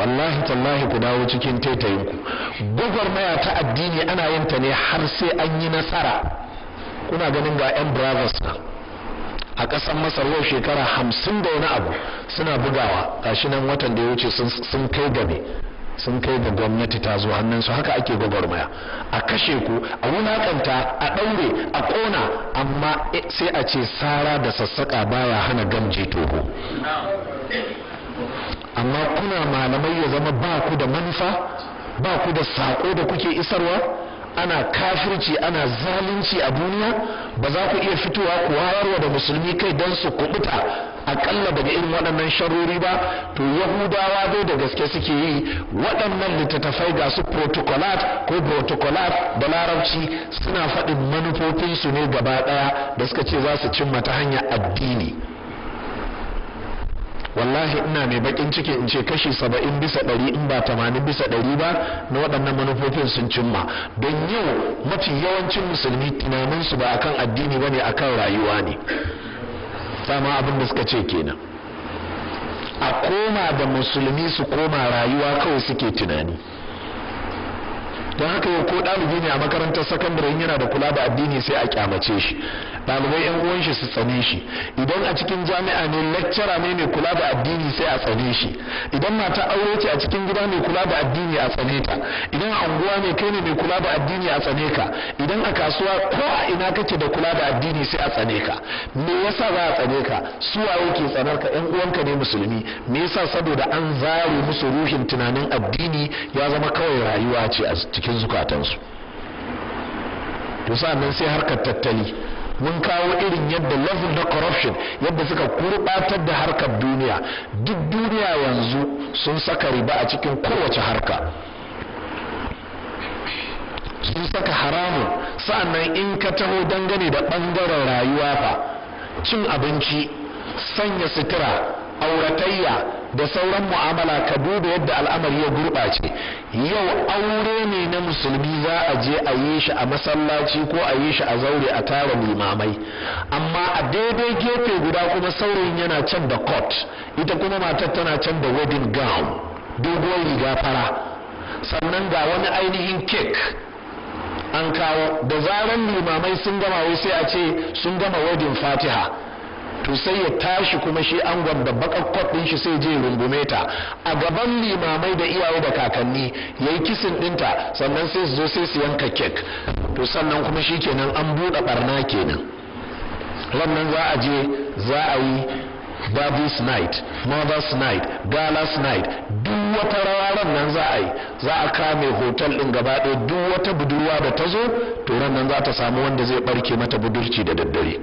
A: wallahi tallahi ku dawo cikin taitayinku gwagwarmaya ta addini ana yin ta ne har sai an yi nasara kuna ganin ga 'yan brothers na a ƙasar masar yau shekara hamsin da wani abu suna bugawa gashi nan watan da ya wuce sun kai game sun kai ga gwamnati ta zo su haka ake gwagwarmaya a kashe ku a wulaƙanta a ɗaure a ƙona amma eh, sai a ce sara da sassaƙa baya hana gamje toho amma kuna malamai ya zama ba ku da manufa ba ku da saƙo da kuke isarwa ana kafirci ana zalunci a duniya ba za ku iya fitowa ku wayarwa da musulmi kai don su kubuta akalla daga irin waɗannan sharori ba to yahudawa dai da gaske suke yi waɗannan littattafai ga su protocolat ko protocolat da larabci suna faɗin manufofinsu ne gaba ɗaya da suka ce za su cimma ta hanyar addini wallahi ina mai bakin ciki in ce kashi saba'in bisa ɗari in ba tamanin bisa ɗari ba na waɗannan manufofin sun cimma don yau mafi yawancin musulmi tunaninsu ba akan addini ba ne akan rayuwa ne sama abin da suka ce kenan a koma da musulmi su koma rayuwa kawai suke tunani ta haka yau ko ɗalibi ne a makarantar sakandare yana da kula da addini sai a kyamace shi ɗalibai yan uwan shi su tsane shi idan a cikin jami'a ne lecturer ne mai kula da addini sai a tsane shi idan mata aure ce a cikin gida mai kula da addini a tsane ta idan unguwa ne kai ne mai kula da addini a tsane ka idan a kasuwa ko a ina kake da kula da addini sai a tsane ka me yasa za a tsane ka su waye ke tsanar ka yan uwanka ne musulmi me yasa saboda an zare musu ruhin tunanin addini ya zama kawai rayuwa ce a cikin cikin zukatansu to nan sai harkar tattali mun kawo irin yadda level na corruption yadda suka kurbatar da harkar duniya duk duniya yanzu sun saka riba a cikin kowace harka sun saka haramun sa'annan in ka taho dangane da ɓangaren rayuwa fa cin abinci sanya sutura auratayya da sauran mu'amala ka duba yadda al'amari ya gurɓace yau aure ne na musulmi za a je a yi shi a masallaci ko a yi shi a zaure a tara limamai amma a daidai gefe guda kuma saurayin yana can da court ita kuma matar tana can da wedding gown doguwar riga fara sannan ga wani ainihin cake an kawo da zaran limamai sun gama wai sai a ce sun gama wedding fatiha to sai ya tashi kuma shi angon da bakakkot ɗin shi sai je rungume ta a gaban limamai da iyaye da kakanni yayi kisin dinta sannan sai su zo sai su yanka kek to sannan kuma shi kenan an buɗe barna kenan wannan za a je za a yi Daddy's night, mother's night, gala's night, duk wata rawa nan za a yi, za a kame hotel ɗin gaba ɗaya duk wata budurwa da ta zo, to rannan za ta samu wanda zai ɓarke mata budurci da daddare.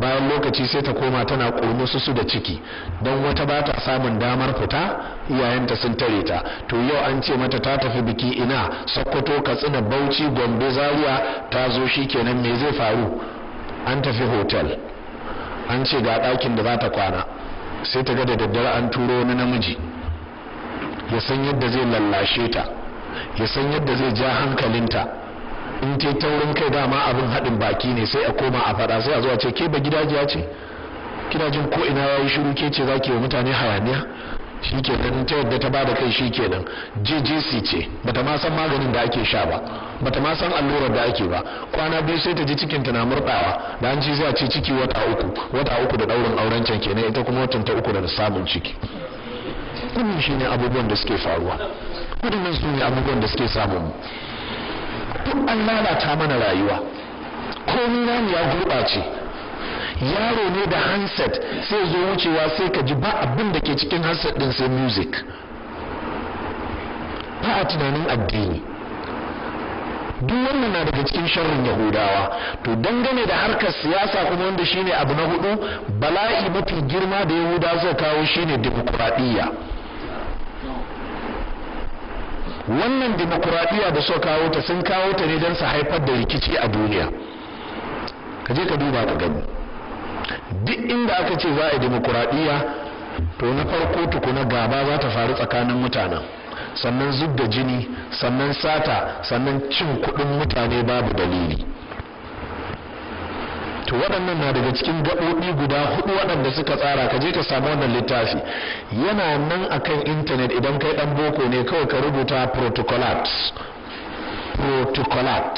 A: bayan lokaci sai ta koma tana su da ciki don wata ba ta samun damar fita iyayenta sun tare ta to yau an ce mata ta tafi biki ina sokoto katsina bauchi gombe zaria ta zo shi kenan me zai faru an tafi hotel an ce ga ɗakin da za ta kwana sai ta ga da daddare an turo wani namiji ya san yadda zai lallashe ta ya san yadda zai ja hankalinta in ce taurin kai dama abin haɗin baki ne sai a koma a faɗa sai a zuwa ce ke ba gidajiya ce gidajen ko ina ya yi shiru ke ce za ke wa mutane hayaniya shi ganin ta yadda ta bada kai shi kenan jjc ce bata ma san maganin da ake sha ba bata ma san allurar da ake ba kwana biyu sai ta ji cikin ta na murɗawa da an ci za ce ciki wata uku wata uku da ɗaurin auren can kenan ita kuma watan ta uku da samun ciki wannan shine abubuwan da suke faruwa waɗannan su ne abubuwan da suke samun duk an lalata mana rayuwa komi namu ya gurɓace yaro ne da handset sai zo wucewa sai ka ji ba abin da ke cikin handset din sai music ba a tunanin addini duk wannan na daga cikin sharrin yahudawa to dangane da harkar siyasa kuma wanda shine abu na hudu bala'i mafi girma da yahudawa zai kawo shine dimokuraɗiyya wannan demokuraɗiyya da suka kawo ta sun kawo ta ne don su haifar da rikici a duniya ka je ka duba ka gani duk inda aka ce za a yi demokuraɗiyya to na farko tukuna gaba za ta faru tsakanin mutanen sannan zub da jini sannan sata sannan cin kuɗin mutane babu dalili to waɗannan na daga cikin gaɓoɓi guda hudu waɗanda suka tsara ka je ka samu wannan littafi yana nan akan intanet idan kai ɗan boko ne kawai ka rubuta protocolat protocolat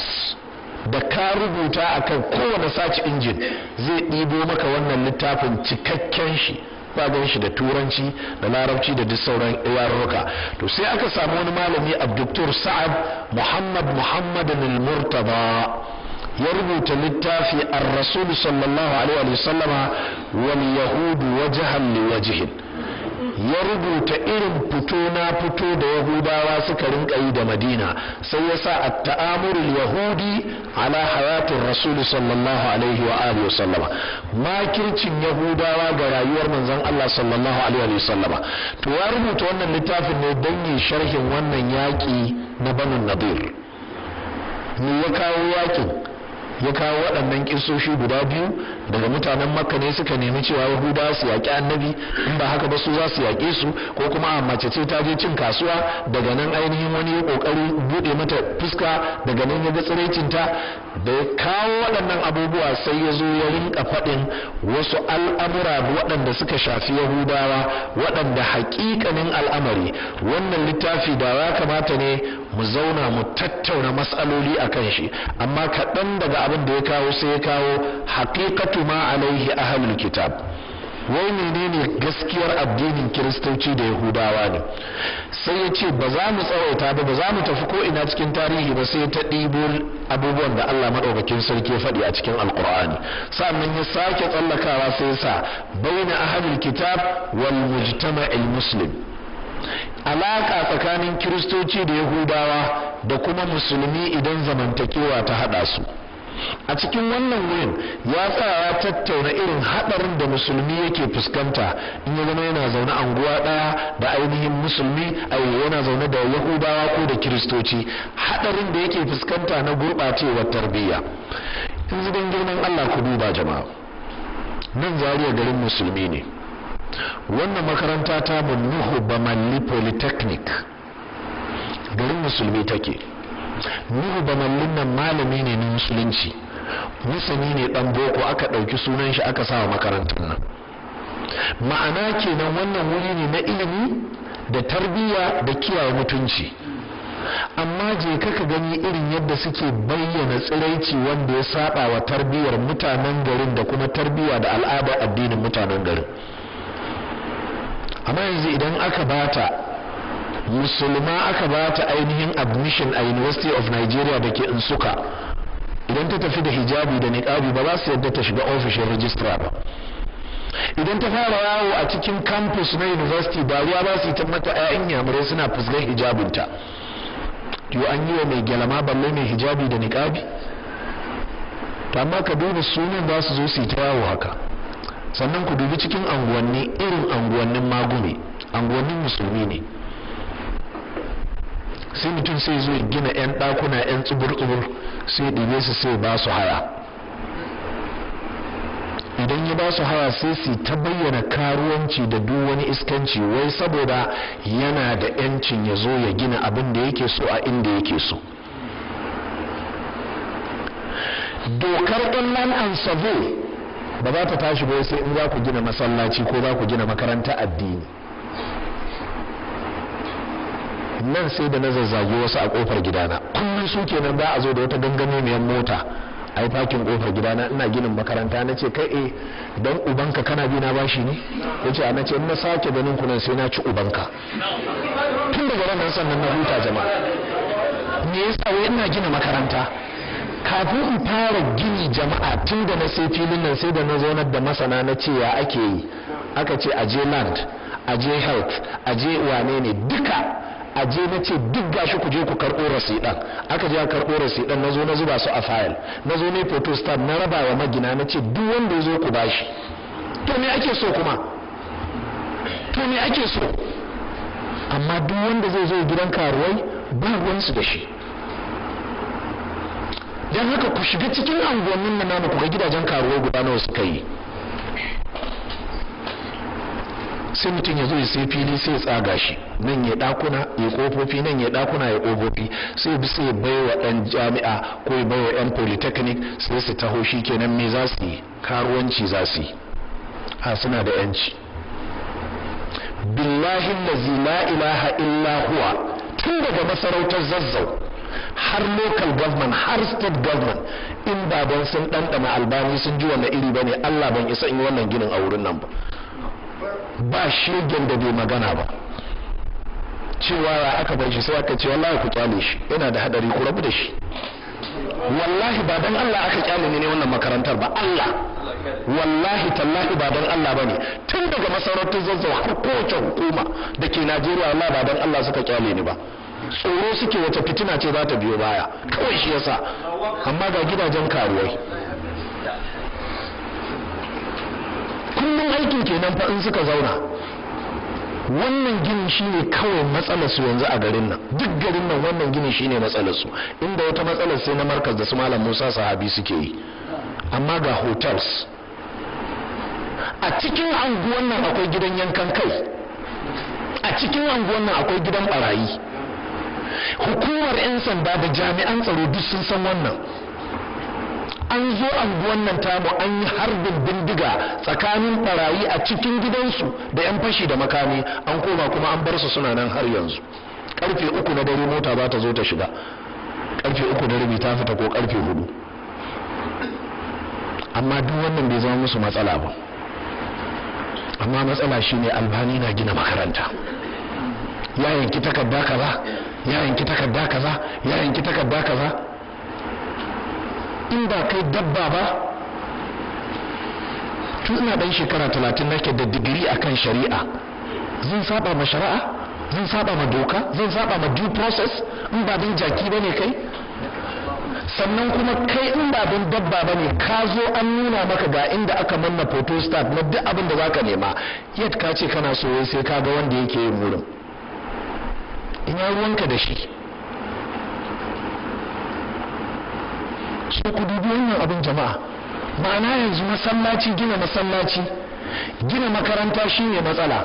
A: da ka rubuta akan kowane search injin zai ɗibo maka wannan littafin cikakken shi gan shi da turanci da larabci da duk sauran yaruruka to sai aka samu wani malami abduktur sa'ad muhammad muhammadin al-murtaba ya rubuta littafi a rasul sallallahu alaihi wa sallama wal yahudu wajhan li wajhin ya rubuta irin fito na fito da yahudawa suka rinka yi da madina sai ya sa a ta'amurin yahudi ala hayatin rasul sallallahu alaihi wa alihi sallama makircin yahudawa ga rayuwar manzon Allah sallallahu alaihi wa sallama to ya rubuta wannan littafin ne don yin sharhin wannan yaki na banu nadir me ya kawo yakin ya kawo waɗannan kisoshi guda biyu daga mutanen makka ne suka nemi cewa yahuda su yaƙi annabi in ba haka ba su za su yaƙe su ko kuma a mace ce ta je cin kasuwa daga nan ainihin wani ya ƙoƙari buɗe mata fuska daga nan ya ga tsiraicinta da ya kawo waɗannan abubuwa sai ya zo ya rinka faɗin wasu al'amura waɗanda suka shafi yahudawa waɗanda haƙiƙanin al'amari wannan littafi da ya kamata ne mu zauna mu tattauna matsaloli a kan shi amma kaɗan daga abin da ya kawo sai ya kawo haƙiƙatu ma alaihi ahlul kitab wai menene gaskiyar addinin kiristoci da yahudawa ne sai ya ce ba za mu tsawaita ba ba za mu tafi ko ina cikin tarihi ba sai ta ɗibo abubuwan da Allah maɗaukakin sarki ya faɗi a cikin alkur'ani sannan ya sake tsallakawa sai sa baina ahlul kitab wal mujtama'il muslim alaƙa tsakanin kiristoci da yahudawa da kuma musulmi idan zamantakewa ta haɗa su a cikin wannan wurin ya sa ya tattauna irin haɗarin da musulmi yake fuskanta in ya zama yana zaune anguwa ɗaya da ainihin musulmi a yana zaune da yahudawa ko da kiristoci haɗarin da yake fuskanta na gurɓacewar tarbiyya in zidan girman allah ku duba jama'a nan zariya garin musulmi ne wannan makaranta ta nuhu bamalli polytechnic garin musulmi take nuhu ba mallin nan malami ne na musulunci musani ne dan boko aka ɗauki sunan shi aka sa makarantar nan ma'ana kenan wannan wuri ne na ilimi da tarbiyya da kiyaye mutunci amma je ka gani irin yadda suke bayyana tsiraici wanda ya saba wa tarbiyyar mutanen garin da kuma tarbiyya da al'adar addinin mutanen garin amma yanzu idan aka bata musulma aka ba ta ainihin admission a university of nigeria da ke insuka idan ta tafi da hijabi da niqabi ba za su yadda ta shiga ofishin registrar ba idan ta fara yawo a cikin campus na university ba ruwa ba su yi ta mata 'ya'yan yamurai suna fusgar hijabinta To an yi wa mai gyalama balle mai hijabi da niqabi Ta amma ka duba sunan za su zo su yi ta yawo haka sannan ku dubi cikin anguwanni irin anguwannin magume anguwannin musulmi ne sai mutum sai zo gina 'yan ɗakuna 'yan tsubur-tsubur sai ɗibe su sai ba su haya idan ya ba su haya sai su ta bayyana karuwanci da duk wani iskanci wai saboda yana da 'yancin ya zo ya gina abin da yake so a inda yake so dokar ɗan land and ba za ta tashi ba sai in za ku gina masallaci ko za ku gina makaranta addini nan sai da na zazzage wasu a kofar gidana kullum su kenan za a zo da wata mai mota A yi fakin kofar gidana ina ginin makaranta na ce kai eh dan ubanka kana bi na bashi ne ya ce nace ce na sake ganin kunan sai na ci ubanka tun daga ranar sannan na huta jama'a me yasa wai ina gina makaranta kafin in fara gini jama'a tun da na sai filin nan sai da na zaunar da masana na ce ya ake yi aka ce aje land aje health aje wane ne duka a je na ce duk gashi ku je ku karɓo rasiɗan aka je a karɓo rasiɗan na zo na zuba su a fayil na zo ne photostat na raba wa magina na ce duk wanda ya zo ku bashi to me ake so kuma to me ake so amma duk wanda zai zo gidan karuwai ba ruwansu da shi don haka ku shiga cikin anguwannin nan namu ku ga gidajen karuwai guda nawa suka yi sai mutum ya zo ya sai fili sai ya tsaga shi nan ya dakuna ya kofofi nan ya dakuna ya kofofi sai bi sai bai wa dan jami'a ko ya bai wa yan polytechnic sai su taho shi kenan me za su yi karuwanci za su yi ha suna da yanci billahi lazi la ilaha illa huwa tun daga masarautar zazzau har local government har state government in baban sun ɗanɗana albani sun ji wannan iri ba ne allah ban isa in yi wannan ginin a wurin nan ba ba shirgin da bai magana ba cewa ya aka bai shi sai aka ce wallahi ku kyale shi yana da hadari ku rabu da shi wallahi ba dan Allah aka kyale ne wannan makarantar ba Allah wallahi tallahi ba dan Allah bane tun daga masarautar zazzawa har kowace hukuma da ke Najeriya Allah ba dan Allah suka kyale ni ba tsoro suke wata fitina ce za ta biyo baya kawai shi yasa amma ga gidajen karuwai kullum aikin kenan fa in suka zauna wannan ginin shine kawai matsalar su yanzu a garin nan duk garin nan wannan ginin shine matsalar su inda wata matsalar sai na markas da su malam Musa sahabi suke yi amma ga hotels a cikin anguwan nan akwai gidan yankan kai a cikin anguwan nan akwai gidan barayi hukumar 'yan sanda da jami'an tsaro duk sun san wannan an zo anguwan nan tamu an yi harbin bindiga tsakanin barayi a cikin gidansu da yan fashi da makami an koma kuma an bar su suna nan har yanzu karfe uku na dare mota ba ta zo ta shiga karfe uku da rabi ta fita ko karfe hudu amma duk wannan bai zama musu matsala ba amma matsala shi ne albani na gina makaranta ya yanki takarda kaza ya yanki takarda kaza ya yanki takarda kaza in ba kai dabba ba tun ina ɗan shekara talatin nake da digiri akan shari'a zan saba ma shari'a zan saba ma doka zan saba ma due process in ba bin jaki ba ne kai sannan kuma kai in ba bin dabba ba ne ka zo an nuna maka ga inda aka manna photo start na duk abin da za ka nema yadda ka ce kana so sai ka ga wanda yake yin wurin in ya ruwanka da shi so ku dubi wannan abin jama'a ma'ana yanzu masallaci gina masallaci gina makaranta shine matsala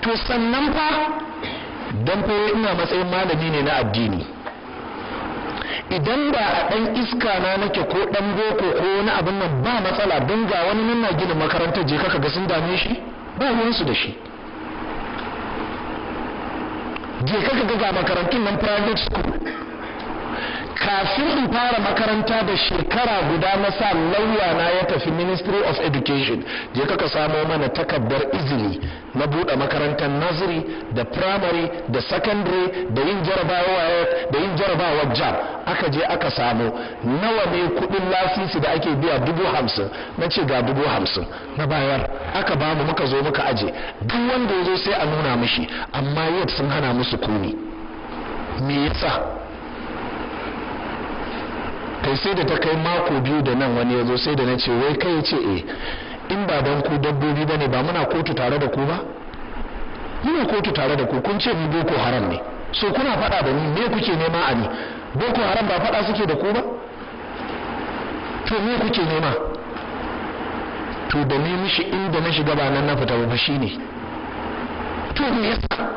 A: to sannan fa don ina matsayin malami ne na addini idan ba a ɗan iska na nake ko ɗan boko ko wani abin nan ba matsala don ga wani nuna gina makarantar je kaka ga sun dame shi ba su da shi je kaka ga ga makarantun nan private school kafin in fara makaranta da shekara guda na sa lauya na ya tafi ministry of education je kaka samo mana takardar izini na buɗe makarantar naziri da primary da secondary da yin jarabawa da yin jarabawa jam aka je aka samo nawa ne kuɗin lasisi da ake biya dubu hamsin na ce ga dubu hamsin na bayar aka ba mu muka zo muka aje duk wanda ya zo sai a nuna mishi amma yadda sun hana musu kuni me yasa kai sai da ta kai mako biyu da nan wani ya zo sai da na ce wai kai ce eh in ba don ku dabbobi ba ne ba muna kotu tare da ku ba muna kotu tare da ku kun ce mu boko haram ne so kuna faɗa da ni me kuke nema a ni boko haram ba faɗa suke da ku ba to me kuke nema to da ni mishi inda na shiga ba nan na fita ba shi ne to me yasa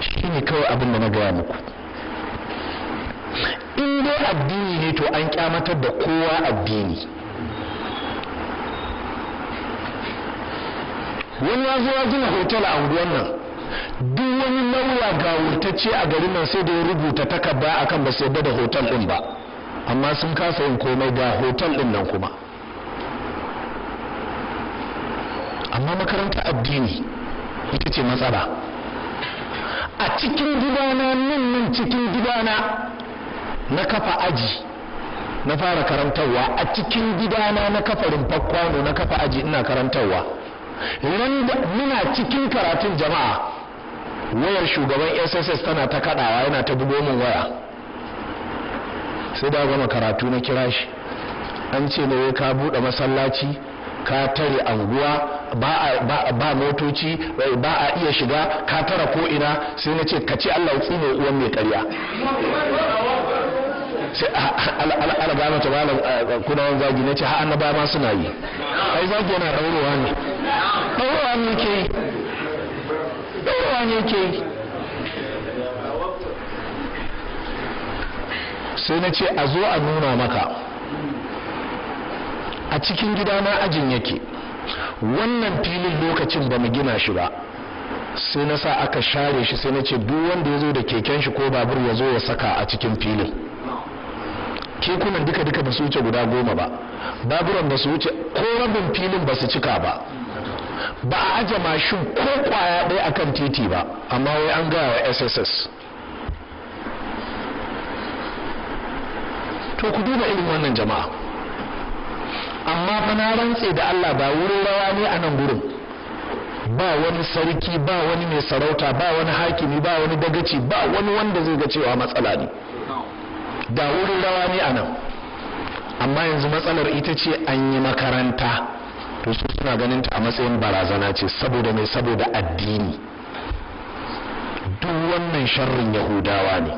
A: shi ne kawai abin da na gaya muku in dai addini ne to an kyamatar da kowa addini wani ya zo ya gina hotel a unguwan nan duk wani lauya ga wurtacce a garin nan sai da ya rubuta takarda akan ba su yadda da hotel din ba amma sun kasa yin komai ga hotel din nan kuma amma makaranta addini ita ce matsala a cikin gidana nan nan cikin gidana na kafa aji na fara karantarwa a cikin gidana na kafa rumfar kwano na kafa aji ina karantarwa muna cikin karatun jama'a wayar shugaban sss tana ta kadawa yana ta bugo min waya sai da gama karatu na kira shi an ce ne ka buɗe masallaci ka tare anguwa ba motoci ba a iya shiga ka tara ko ina sai na ce ka ci allah tsine uwan mai karya sai ah, alabama ta malam ah, kudawan zagi na ce ha annaba ma suna yi ai zagi yana ɗaurowa ne ɗaurowa ne ke ɗaurowa ne ke sai na ce a zo a nuna maka a cikin gida na ajin yake wannan filin lokacin ba mu gina shi ba sai na sa aka share shi sai na ce duk wanda ya zo da keken shi ko babur ya zo ya saka a cikin filin kekunan duka duka ba su wuce guda goma ba baburan ba su wuce ko rabin filin ba su cika ba ba a aje mashin ko kwaya ɗaya akan titi ba amma wai an gaya wa sss to ku duba irin wannan jama'a amma fa rantse da Allah ba wurin rawa ne a nan gurin ba wani sarki ba wani mai sarauta ba wani hakimi ba wani dagaci ba wani wanda zai ga cewa matsala ne da wurin rawa ne a nan amma yanzu matsalar ita ce an yi makaranta to su suna ganin ta a matsayin barazana ce saboda mai saboda addini duk wannan sharrin yahudawa ne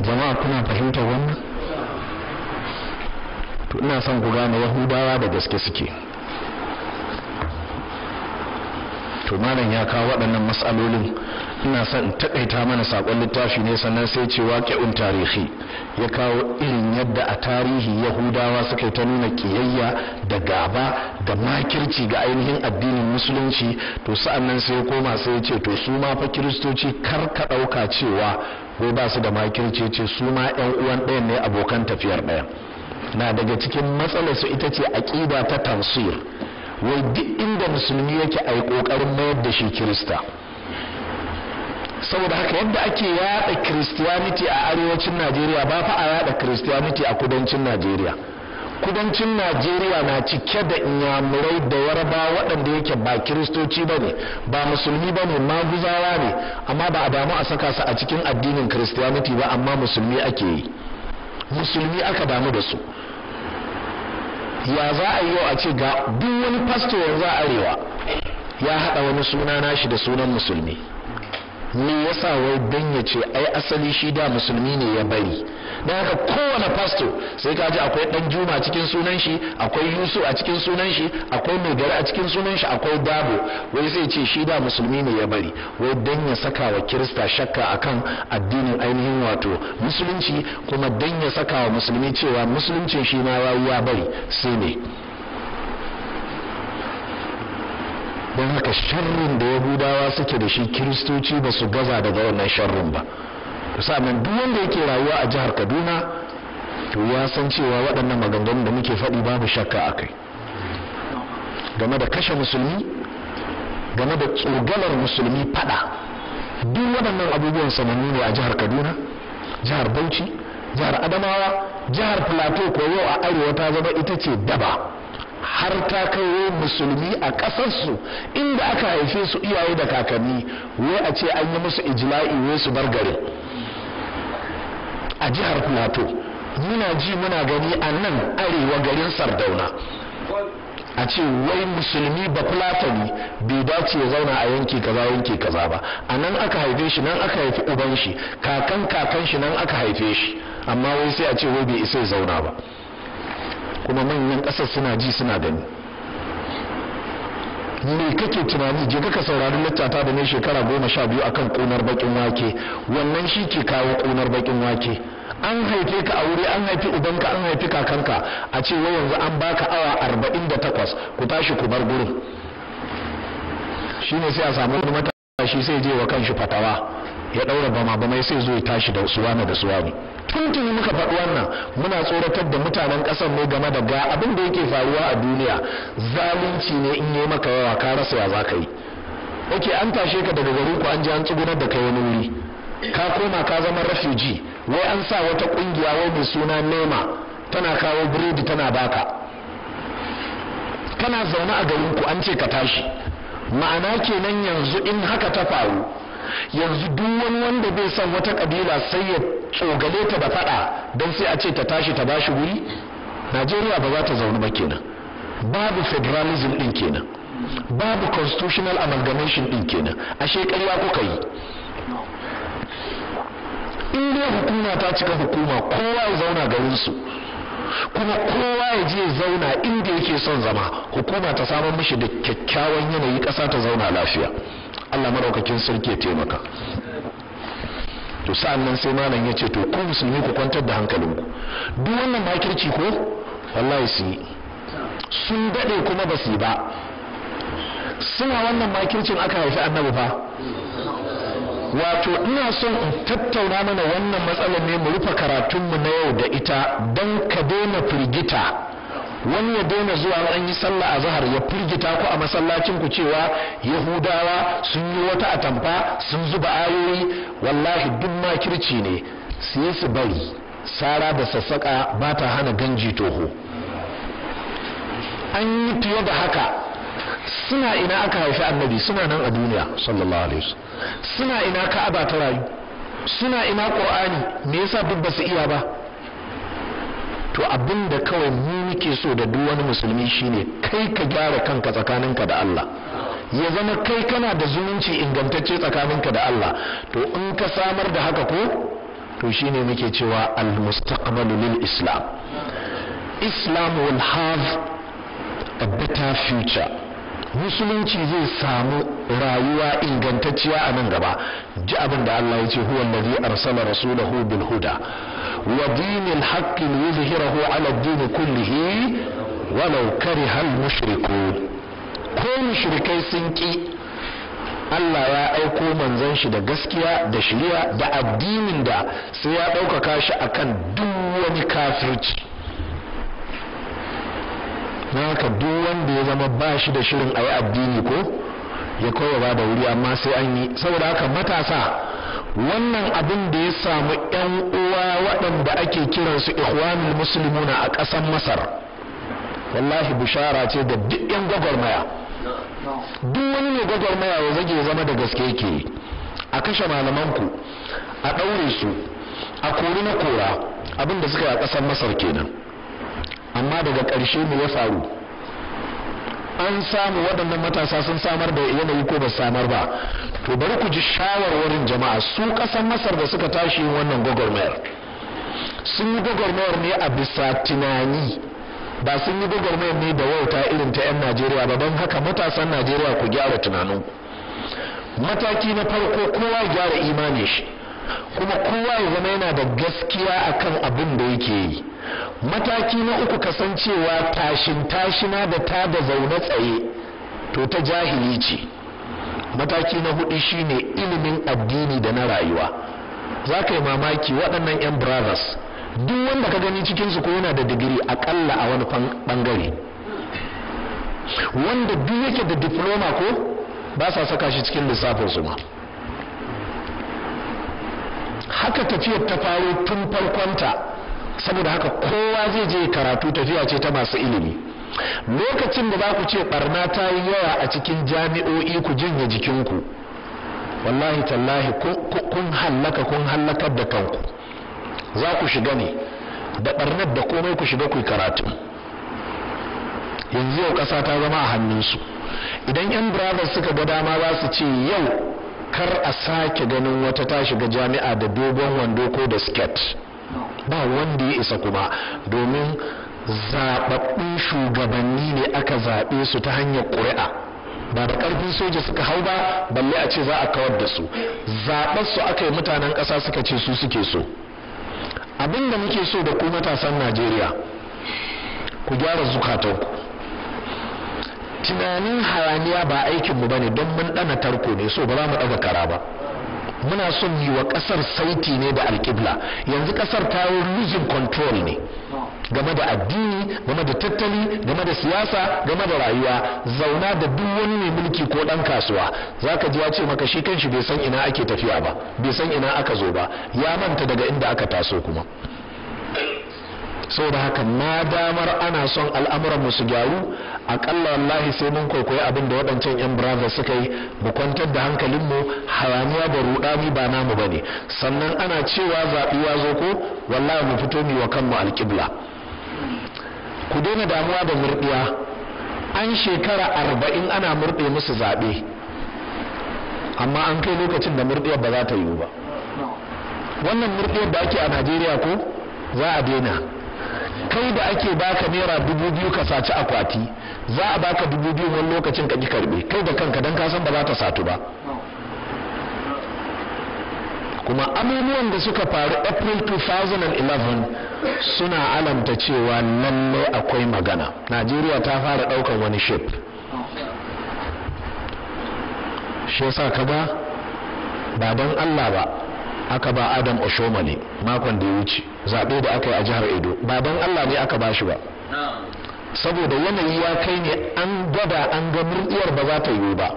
A: jama'a kuna fahimtar wannan to ina son ku gane yahudawa da gaske suke to malam ya kawo waɗannan matsalolin ina son in takaita mana saƙon littafi ne sannan sai ce waqi'un tarihi ya kawo irin yadda a tarihi yahudawa suka ta nuna kiyayya da gaba da makirci ga ainihin addinin musulunci to sa'annan sai ya koma sai ya ce to su ma fa kiristoci kar ka dauka cewa wai ba su da makirci ce su ma yan uwan ɗayan ne abokan tafiyar ɗaya na daga cikin matsalar su ita ce aƙida ta tansir wai duk inda musulmi yake ai kokarin mayar da shi kirista saboda haka yadda ake yada christianity a arewacin najeriya ba fa a yada christianity a kudancin najeriya kudancin najeriya na cike da inyamurai da yarba waɗanda yake ba kiristoci ba ne ba musulmi ba ne maguzawa ne amma ba a damu a saka su a cikin addinin kiristiyaniti ba amma musulmi ake yi musulmi aka damu da su ya za a yi a ce ga duk wani fasto yanzu a arewa ya haɗa wani suna nashi da sunan musulmi me yasa wai dan ya ce ai asali shi da musulmi ne ya bari dan haka kowane pastor sai ka ji akwai dan juma cikin sunan shi akwai yusu a cikin sunan shi akwai gari a cikin sunan shi akwai dabo wai sai ce shi da musulmi ne ya bari wai dan ya saka wa kirista shakka akan addinin ainihin wato musulunci kuma dan ya saka wa musulmi cewa musuluncin shi ma ya bari sai ne don haka sharrin da ya yahudawa suke da shi kiristoci ba su gaza daga wannan sharrin ba sa'an duk wanda yake rayuwa a jihar kaduna to ya san cewa waɗannan maganganun da muke faɗi babu shakka a kai game da kashe musulmi game da tsogalar musulmi faɗa duk waɗannan abubuwan samanni ne a jihar kaduna jihar bauchi jihar adamawa jihar plateau ko yau a arewa ta zama ita ce daba har ta kai musulmi a ƙasarsu inda aka haife su iyaye da kakanni wai a ce an yi musu ijla'i wai su bar gari a jihar plateau muna ji muna gani a nan arewa garin sardauna a ce wai musulmi ba fulatani bai dace ya zauna a yanki kaza yanki kaza ba a nan aka haife shi nan aka haifi uban shi kakan kakan shi nan aka haife shi amma wai sai a ce wai bai isa ya zauna ba kuma manyan ƙasar suna ji suna gani me kake tunani je ka saurari littata da ne shekara goma sha biyu akan ƙunar baƙin wake wannan shi ke kawo ƙunar baƙin wake an haife ka a wuri an haifi ubanka an haifi kakanka a ce yanzu an baka awa arba'in da takwas ku tashi ku bar gurin shine sai a samu wani matashi sai je wa kanshi fatawa ya ɗaura bama bamai sai zo ya tashi da suwana da suwani tuni muka faɗi wannan muna tsoratar da mutanen ƙasar ne game da ga abin da yake faruwa a duniya zalunci ne in yi maka yawa ka rasa ya za yi ok an tashe ka daga garin ku an ji an tsugunar da kai wani wuri ka koma ka zama refugee wai an sa wata kungiya wai mai suna nema tana kawo biredi tana baka kana zaune a garinku ku an ce ka tashi ma'ana kenan yanzu in haka ta faru yanzu duk wanda bai san wata kabila sai ya tsogale ta da fada don sai a ce ta tashi ta bashi wuri najeriya ba za ta zaune ba kenan babu federalism din kenan babu constitutional amalgamation din kenan ashe ya kuka yi in dai hukuma ta cika hukuma kowa ya zauna garinsu kuma kowa ya je zauna inda yake son zama hukuma ta samar mishi da kyakkyawan yanayi ƙasa ta zauna lafiya Allah maraukakin sarki ya taimaka to sa'an nan sai malam ya ce to ku musulmi ku kwantar da hankalinku duk wannan makirci ko wallahi su yi sun daɗe kuma ba su ba suna wannan makircin aka haifi annabi ba wato ina son in tattauna mana wannan matsalar ne mu rufe karatunmu na yau da ita don ka daina firgita wani ya daina zuwa an yi sallah a zahar ya firgita ku a masallacin ku cewa yahudawa sun yi wata atamfa sun zuba ayoyi wallahi duk kirci ne sai su bari sara da sassaka ba ta hana ganji toho an yi tuyo da haka suna ina aka haifi annabi suna nan a duniya sallallahu alaihi wasallam suna ina ka'aba ta rayu suna ina qur'ani me yasa duk ba su iya ba to abin da kawai mu muke so da duk wani musulmi shine kai ka gyara kanka tsakaninka da Allah ya zama kai kana da zumunci ingantacce tsakaninka da Allah to in ka samar da haka ko to shine muke cewa al-mustaqbalu lil islam islam will have a better future musulunci zai samu rayuwa ingantacciya a nan gaba ji abin da Allah ya ce huwa allazi arsala rasulahu bil huda wa dinil haqqi yuzhirahu ala ad-din kullihi walau kariha al mushrikun ko mushrikai sun ki Allah ya aiko manzon shi da gaskiya da shari'a da addinin da sai ya ɗaukaka shi akan duk wani kafirci don haka duk wanda ya zama ba shi da shirin a yi addini ko ya koya ba da wuri amma sai an yi saboda haka matasa wannan abin da ya samu 'yan uwa waɗanda ake kiran kiransu ikhwanul musulmuna a ƙasar masar wallahi bishara ce da duk 'yan gwagwarmaya duk wani ne gwagwarmaya ya zage zama da gaske ke a kashe malamanku a ɗaure su a kori na kora abin da suka yi a ƙasar masar kenan amma daga ƙarshe mu ya faru an samu waɗannan matasa sun samar da yanayi ko ba samar ba to bari ku ji shawarwarin jama'a su ƙasar masar da suka tashi wannan gwagwarmayar sun yi gwagwarmayar ne a bisa tunani ba sun yi gwagwarmayar ne da wauta irin ta 'yan najeriya ba don haka matasan najeriya ku gyara tunanin mataki na farko kowa gyara imanin shi kuma kowa ya zama yana da gaskiya akan abin da yake yi mataki na uku kasancewa tashin tashina da ta da zaune tsaye to ta jahili ce mataki na hudu shine ilimin addini da na rayuwa za ka yi mamaki waɗannan 'yan brothers duk wanda ka gani cikinsu ko yana da digiri akalla a wani bangare wanda duk yake da diploma ko ba sa saka shi cikin lissafinsu ma haka tafiyar ta faru tun farkonta saboda haka kowa zai je karatu tafiya ce ta masu ilimi lokacin da za ku ce barna ta yi yawa a cikin jami'o'i ku jinya jikinku wallahi tallahi kun hallaka kun hallakar da kanku za ku shiga ne da barnar da komai ku shiga ku karatu yanzu yau ƙasa ta zama a hannunsu idan yan brothers suka ga dama za su ce yau kar a sake ganin wata ta shiga jami'a da dogon wando ko da skirt ba wanda ya isa kuma domin zaɓaɓɓun shugabanni ne aka zaɓe su ta hanyar ƙuri'a ba da ƙarfin soja suka hau ba balle a ce za a kawar da su zaɓar su aka yi mutanen ƙasa suka ce su suke so abinda muke so da ku matasan najeriya ku gyara zukatanku tunanin hayaniya ba aikinmu ba ne don mun dana tarko ne so ba za mu ɗaga kara ba muna son yi wa ƙasar saiti ne da alƙibla yanzu ƙasar ta yi losing control ne game da addini game da tattali game da siyasa game da rayuwa zauna da duk wani mai mulki ko dan kasuwa zaka ka ji ya ce maka shi kanshi bai san ina ake tafiya ba bai san ina aka zo ba ya manta daga inda aka taso kuma saboda haka na damar ana son al'amuran su gyaru akalla wallahi sai mun kwaikwayi abin da waɗancan yan brazil suka yi mu kwantar da hankalinmu hayaniya da rudani ba namu bane sannan ana cewa zaɓi ya zo ko wallahi mu fito mu wa kanmu alƙibla ku daina damuwa da murɗiya an shekara arba'in ana murɗe musu zaɓe amma an kai lokacin da murɗiya ba za ta yiwu ba wannan murɗiyar da ake a najeriya ko za a daina kai da ake baka naira dubu biyu ka saci akwati za a baka dubu biyu wani lokacin ka ji karbe kai da kanka dan ka ba za ta satu ba kuma abubuwan da suka faru april 2011 suna alamta cewa lalle akwai magana najeriya ta fara daukan wani ship shi yasa ka ba ba don allah ba aka ba adam oshomale makon da ya wuce zaɓe da aka yi a jihar edo baban allah ne aka bashi ba saboda yanayi ya kai ne an gwada an ga murɗiyar ba za ta yiwu ba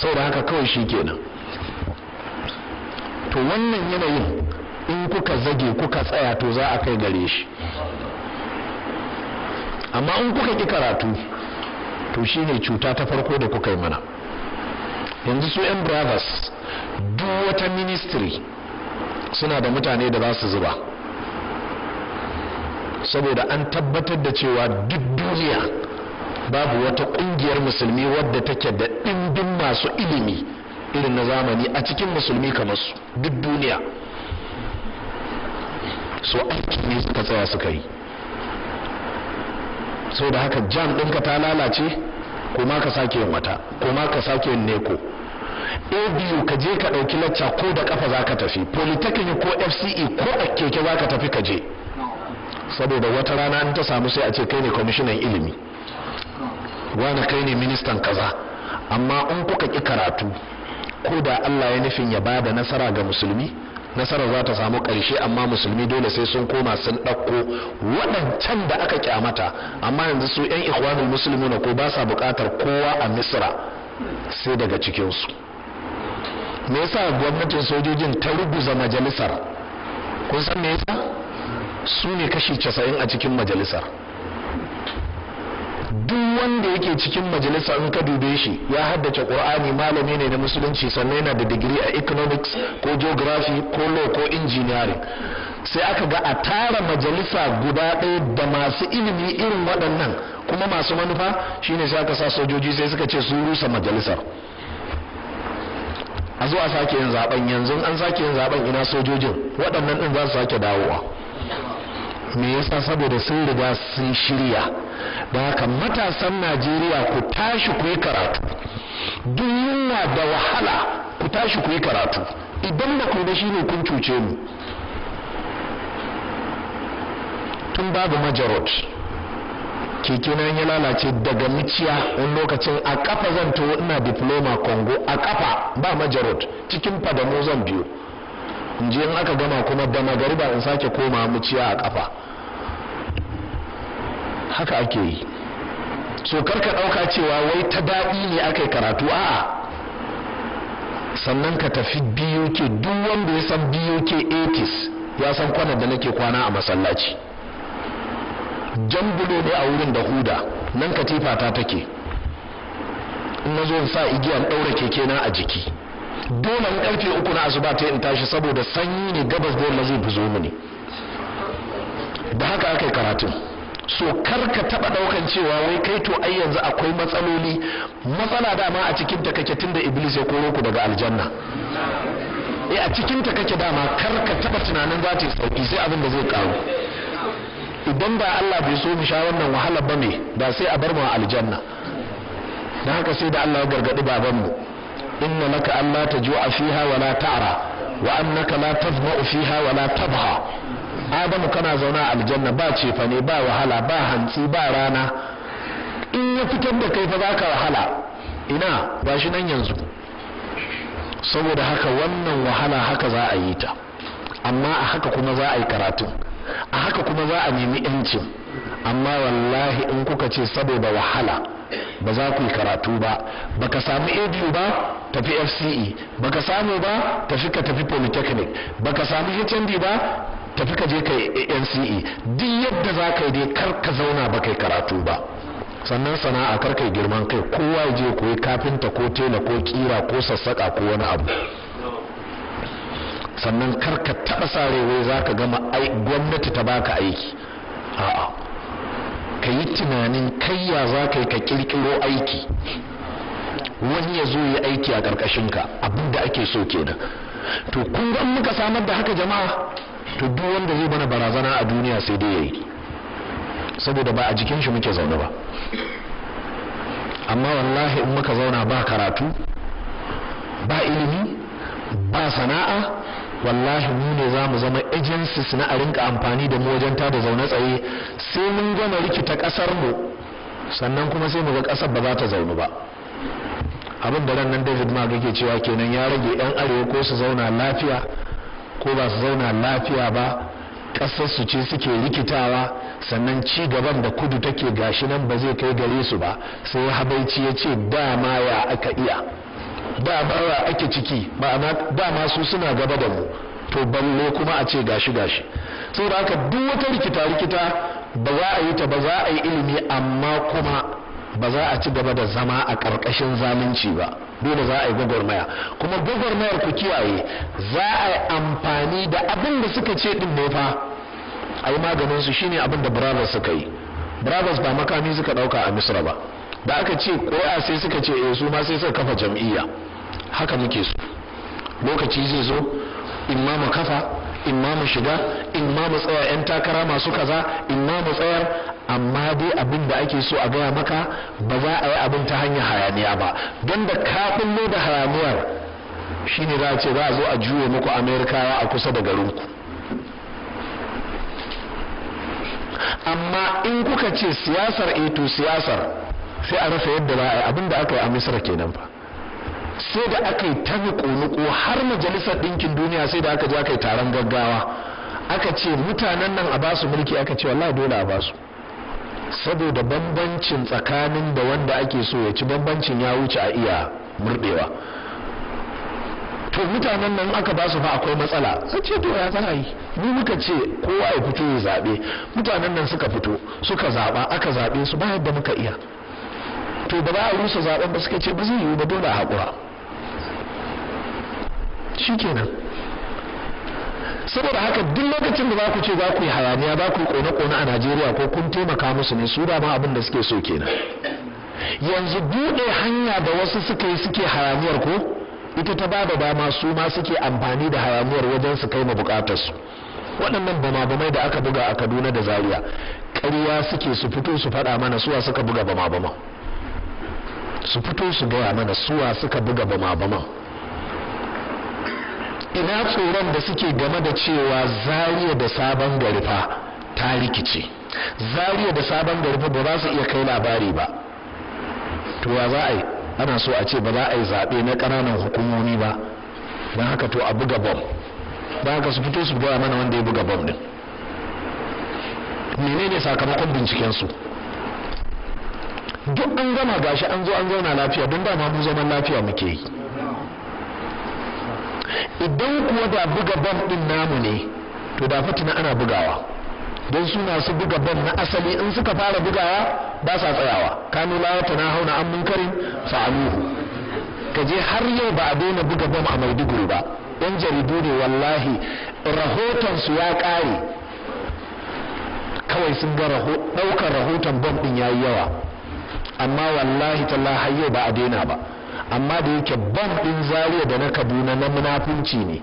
A: saboda haka kawai shi kenan to wannan yanayin in kuka zage kuka tsaya to za a kai gare shi amma in kuka ki karatu to shi ne cuta ta farko da kuka yi mana yanzu su 'yan brothers duk wata ministry suna da mutane da za su zuba saboda an tabbatar da cewa duk duniya babu wata ƙungiyar musulmi wadda take da ɗimbin masu ilimi irin na zamani a cikin musulmi kamar su duk duniya so aiki ne suka tsaya suka yi so da haka jam ɗinka ta lalace kuma ka sake yin wata kuma ka sake yin neko abu ka je ka ɗauki lacca ko da ƙafa za ka tafi polytechnic ko fce ko a keke za ka tafi ka je saboda wata rana in ta samu sai a ce kai ne kwamishinan ilimi wani kai ne ministan kaza amma in kuka ki karatu ko da Allah ya nufin ya ba da nasara ga musulmi nasarar za ta samu ƙarshe amma musulmi dole sai sun koma sun ɗauko waɗancan da aka kyamata amma yanzu su 'yan ikhwanul musulmi na ko ba sa buƙatar kowa a misira sai daga cikinsu me yasa gwamnatin sojojin ta ruguza majalisar kun san me yasa su ne kashi casa'in a cikin majalisar duk wanda yake cikin majalisa in ka dube shi ya haddace qur'ani malami ne na musulunci sannan yana da digiri a economics ko geography ko law ko engineering sai aka ga a tara majalisa guda ɗaya da masu ilimi irin waɗannan kuma masu manufa shine sai aka sa sojoji sai suka ce su rusa majalisar a zuwa sake yin zaben yanzu an sake yin zaben ina sojojin waɗannan ɗin za su sake dawowa me yasa saboda sun riga sun shirya da haka matasan najeriya ku tashi ku yi karatu duk yunwa da wahala ku tashi ku yi karatu idan ba ku shi ne kun cuce mu tun babu majarot keke na ya lalace daga miciya wani lokacin a kafa zan tuwo ina diploma kongo a kafa ba majarot cikin fadamo zan biyu in je in aka gama kuma da magariba in sake koma muciya a kafa haka ake yi so karka ɗauka cewa wai ta daɗi ne aka yi karatu a'a sannan ka tafi bok duk wanda ya san BUK 80s ya san kwana da nake kwana a masallaci jambulo ne a wurin da huda nan katifa ta take in na zo sa igiyan ɗaura keke na a jiki dole in karfe uku na asuba ta in tashi saboda sanyi ne gabas da yamma zai fi zo da haka aka yi karatu so kar ka taba ɗaukan cewa wai kai to ai yanzu akwai matsaloli matsala dama a cikin ta kake tunda iblis ya koro ku daga aljanna eh a cikin ta kake dama kar ka taba tunanin za ta yi sauki sai abin da zai karu idan ba Allah bai so mu sha wannan wahala ba me da sai a bar mu aljanna dan haka sai da Allah ya gargadi babanmu inna laka alla tajua fiha wa la ta'ra wa annaka la tazma'u fiha wa la tabha adamu kana zauna a aljanna ba cefane ba wahala ba hantsi ba rana in ya fitar da kai fa zaka wahala ina ba shi nan yanzu saboda haka wannan wahala haka za a yi ta amma a haka kuma za a yi karatu a haka kuma za a nemi yanci amma wallahi in kuka ce saboda wahala ba za ku yi karatu ba baka samu ediyo ba tafi fce baka samu ba tafi ka tafi polytechnic baka samu hnd ba tafi ka je ka nce duk yadda za ka yi dai kar ka zauna ba kai karatu ba sannan sana'a kar kai girman kai kowa je koyi kafinta ko tela ko kira ko sassaka ko wani abu sannan kar ka taɓa sarewa za ka gama gwamnati ta baka aiki a'a ka yi tunanin kayya za ka yi ka kirkiro aiki wani ya zo ya aiki a ƙarƙashin ka abin da ake so kenan to kun ga muka samar da haka jama'a to duk wanda zai bana barazana a duniya sai dai yayi saboda ba a jikin shi muke zaune ba amma wallahi in muka zauna ba karatu ba ilimi ba sana'a wallahi mu ne za mu zama agencies na a rinka amfani da mu wajen tada zaune tsaye sai mun gama rikita kasar mu sannan kuma sai mu ga ƙasar ba za ta zaune ba abinda da nan david ma gake cewa kenan ya rage yan arewa ko su zauna lafiya ko ba su zauna lafiya ba ƙasarsu ce suke rikitawa sannan ci gaban da kudu take gashi nan ba zai kai gare su ba sai habaici ya ce dama ya aka iya dama ya ake ciki dama su suna gaba da mu to balle kuma a ce gashi gashi saboda haka duk wata rikita rikita ba za a yi ta ba za a yi ilimi amma kuma ba za a ci gaba da zama a ƙarƙashin zalunci ba dole za a yi gwagwarmaya kuma gwagwarmayar ku kiyaye za a yi amfani da abin da suka ce din ne fa a yi maganin su shine abin da brothers suka yi brothers ba makami suka ɗauka a misra ba da aka ce ƙoya sai suka ce e su ma sai suka kafa jam'iyya haka muke su lokaci zai zo imma kafa in ma mu shiga in ma mu tsaya yan takara masu kaza in ma mu tsayar amma dai abin da ake so a gaya maka ba za a yi abin ta hanyar hayaniya ba don da kafin bullo da hayaniyar shine za a ce za a zo a juye muku amerikawa a kusa da garinku amma in kuka ce siyasar eto eh siyasar sai a rasa yadda za a yi abin da aka yi a misira kenan ba. sai da aka yi ta nuku har majalisar ɗinkin duniya sai da aka je aka yi taron gaggawa aka ce mutanen nan a ba su mulki aka ce wallahi dole a ba su saboda bambancin tsakanin da wanda ake so ya ci bambancin ya wuce a iya murɗewa to mutanen nan aka ba su fa akwai matsala sai ce to ya za yi ni muka ce kowa ya fito ya zaɓe mutanen nan suka fito suka zaɓa aka zaɓe su ba yadda muka iya to ba za a rusa zaɓen ba suka ce ba zai yiwu ba dole a haƙura shikenan saboda haka duk lokacin da za ku ce za ku yi hayaniya za ku yi kone-kone a najeriya ko kun taimaka musu ne su dama abin da suke so kenan yanzu buɗe hanya da wasu suka yi suke hayaniyar ko ita ta bada dama su ma suke amfani da hayaniyar wajen su kai ma bukatarsu waɗannan bama-bamai da aka buga a kaduna da zaria ƙarya suke su fito su faɗa mana suwa suka buga bama-bama su fito su gaya mana suwa suka buga bama-bama ina tsoron da suke game da cewa zariya da sabon garifa ta rikice zariya da sabon garifa ba za su iya kai labari ba to ya za a yi ana so a ce ba za a yi zaɓe na ƙananan hukumomi ba don haka to a buga bom ba haka su fito su gaya mana wanda ya buga bom din menene sakamakon bincikensu duk an gama gashi an zo an zauna lafiya don dama mu zaman lafiya muke yi idan kuwa da buga bam din namu ne to da fitina ana bugawa don su buga bam na asali in suka fara bugawa ba sa tsayawa kanu la na hauna an munkarin amuhu kaje har yau ba a daina buga bam a Maiduguri ba yan jaridu ne wallahi rahoton su ya kare kawai sun ga daukar rahoton bam din yayi yawa amma wallahi tallahi har yau ba a daina ba amma da yake bom ɗin zariya da na kaduna na munafunci ne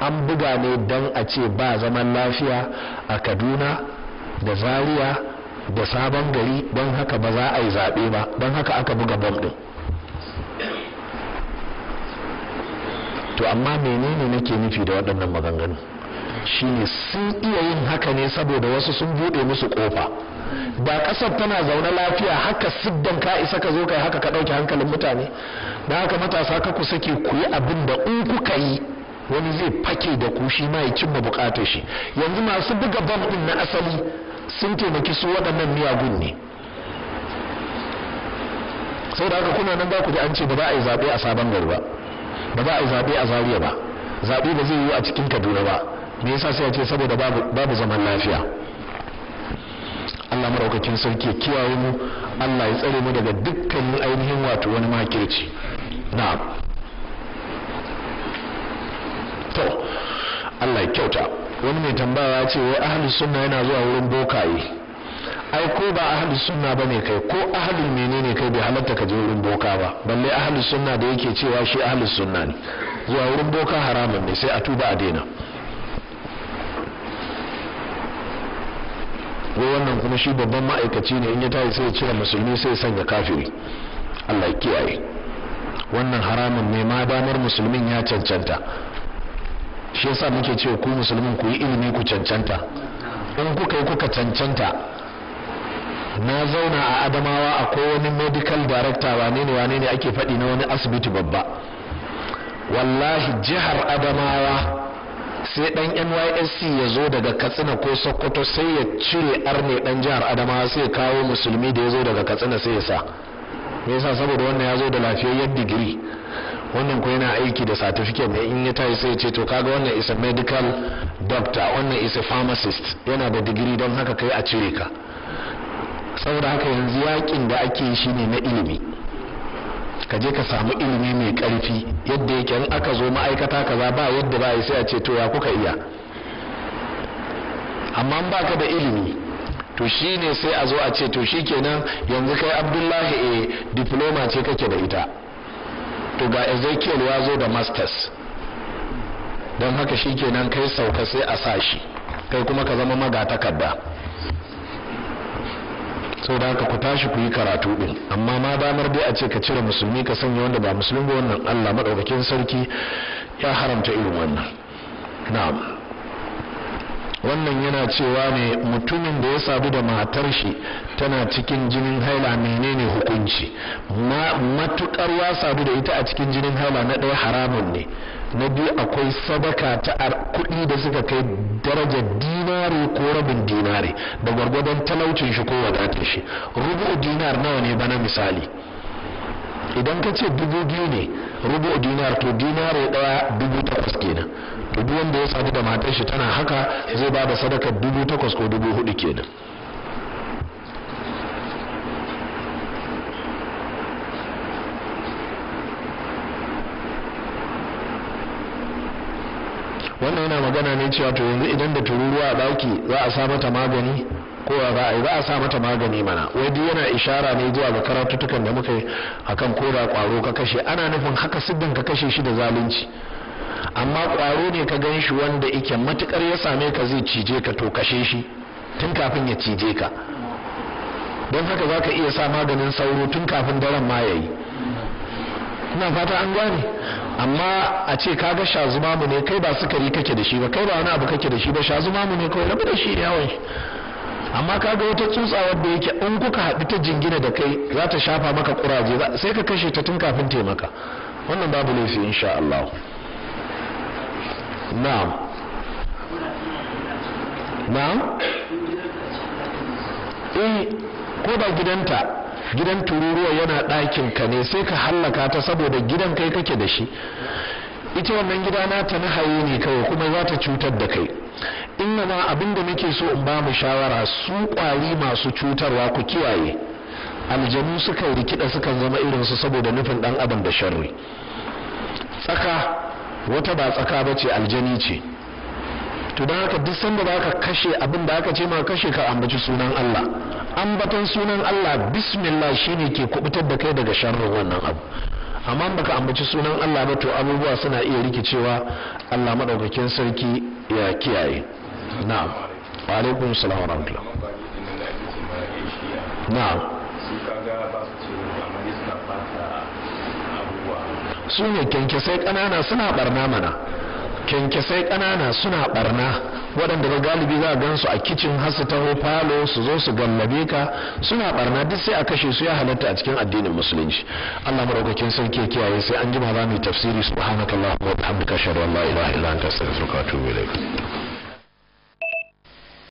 A: an buga ne don a ce ba zaman lafiya a kaduna da zariya da sabon gari don haka ba za a yi zaɓe ba don haka aka buga bom ɗin to amma menene nake nufi da waɗannan maganganu shine sun iya yin haka ne saboda wasu sun buɗe musu kofa da ƙasar tana zaune lafiya haka siddan ka isa ka zo kai haka ka ɗauki hankalin mutane da haka matasa ka ku sake ku yi abin da in kuka yi wani zai fake da ku shi ma ya cimma bukatar shi yanzu masu buga bam ɗin na asali sun taimaki su waɗannan miyagun ne sai da haka kuna nan za ku ji an ce ba za a yi zaɓe a sabon gari ba ba za a yi zaɓe a zariya ba zaɓe ba zai yi a cikin kaduna ba me yasa sai a ce saboda babu zaman lafiya Allah maraukakin sarki ya kiyaye mu Allah ya tsare mu daga dukkanin ainihin wato wani makirci na'am to Allah ya kyauta wani mai tambaya ya ce wai ahli sunna yana zuwa wurin bokaye ai ko ba ahli sunna bane kai ko ahli menene kai bai halatta ka je wurin boka ba balle ahli sunna da yake cewa shi ahli sunna ne zuwa wurin boka haramun ne sai a tuba a daina ko wannan kuma shi babban ma'aikaci ne in ya tashi sai ya cire musulmi sai ya sanya kafiri Allah ya kiyaye wannan haramun ne ma damar musulmin ya cancanta shi yasa muke cewa ku musulmin ku yi ilimi ku cancanta in kuka yi kuka cancanta na zauna a adamawa a wani medical director wane ne wane ne ake faɗi na wani asibiti babba wallahi jihar adamawa sai dan nysc ya zo daga katsina ko sokoto sai ya cire arne dan jihar adamawa sai kawo musulmi da ya zo daga katsina sai ya sa me yasa saboda wannan ya zo da lafiyayyen digiri wannan ko yana aiki da certificate ne in ya tayi sai ya ce to kaga wannan is a medical doctor wannan is a pharmacist yana da digiri don haka kai a cire ka saboda haka yanzu yakin da ake yi shine na ilimi ka je ka samu ilimi mai karfi yadda yake in aka zo ma'aikata kaza ba yadda ba sai a ce to ya kuka iya amma ba ka da ilimi to shi ne sai a zo a ce to shi kenan yanzu kai abdullahi a eh, diploma ce kake da ita to ga ezekiel ya zo da masters don haka shi kenan kai sauka sai a sa shi kai kuma ka zama magatakarda sau da haka ku tashi ku yi karatu din amma ma damar dai a ce ka cire musulmi ka sanya wanda ba musulmi ba wannan allah maɗaukakin sarki ya haramta irin wannan na'am wannan yana cewa ne mutumin da ya sadu da matar shi tana cikin jinin haila menene hukunci matukar ya sadu da ita a cikin jinin haila na ɗaya haramun ne na biyu akwai sadaka ta kuɗi da suka kai darajar dinari ko rabin dinari da gwargwadon talaucin shi ko wadatar shi rubu dinar nawa ne bana misali idan ka ce dubu biyu ne rubu dinar to dinari ɗaya dubu takwas kenan to duk wanda ya sadu da matar shi tana haka zai ba da sadakar dubu takwas ko dubu hudu kenan wannan yana magana ne cewa to yanzu idan da tururuwa a daki za a sa mata magani ko za a yi za a sa mata magani mana wai duk yana ishara ne zuwa ga karatutukan da muka yi akan kan kwaro ka kashe ana nufin haka siddin ka kashe shi da zalunci amma ƙwaro ne ka gan shi wanda ike matukar ya same ka zai cije ka to kashe shi tun kafin ya cije ka don haka za ka iya sa maganin sauro tun kafin daren ma ya yi ina fata an gane amma a ce ka kaga shazuma mu ne kai ba sukari kake da shi ba kai ba wani abu kake da shi ba shazuma mu ne kawai rabu da shi yawon shi amma ga wata tsutsa wadda yake in kuka haɗu ta jingina da kai za ta shafa maka kuraje sai ka kashe ta tun kafin taimaka wannan babu laifi insha Allah نعم نعم eh, ko ba gidanta gidan tururuwa yana ɗakin ka ne sai ka hallaka ta saboda gidan kai kake da shi ita wannan gida nata na haye ne kawai kuma za ta cutar da kai in ma abin da muke so in ba mu shawara su kwari masu cutarwa ku kiyaye aljanu suka rikida suka zama irin su saboda nufin dan adam da sharri tsaka wata ba tsaka ba ce aljani ce to don haka duk sanda za ka kashe abin da aka ce ma kashe ka ambaci sunan Allah ambaton sunan Allah bismillah shine ke kubutar da kai daga sharrin wannan abu amma baka ambaci sunan Allah ba to abubuwa suna iya rikicewa Allah madaukakin sarki ya kiyaye na'am wa alaikum wa rahmatullah na'am su ne kyankyasai ƙanana suna barna mana kyankyasai ƙanana suna barna waɗanda ga galibi za a gansu a kicin har su taho falo su zo su gallabe ka suna barna duk sai a kashe su ya halatta a cikin addinin musulunci Allah madaukakin sarki kiyaye sai an jima za mu tafsiri subhanakallahumma wa bihamdika ashhadu an la ilaha illa anta astaghfiruka wa atubu ilaik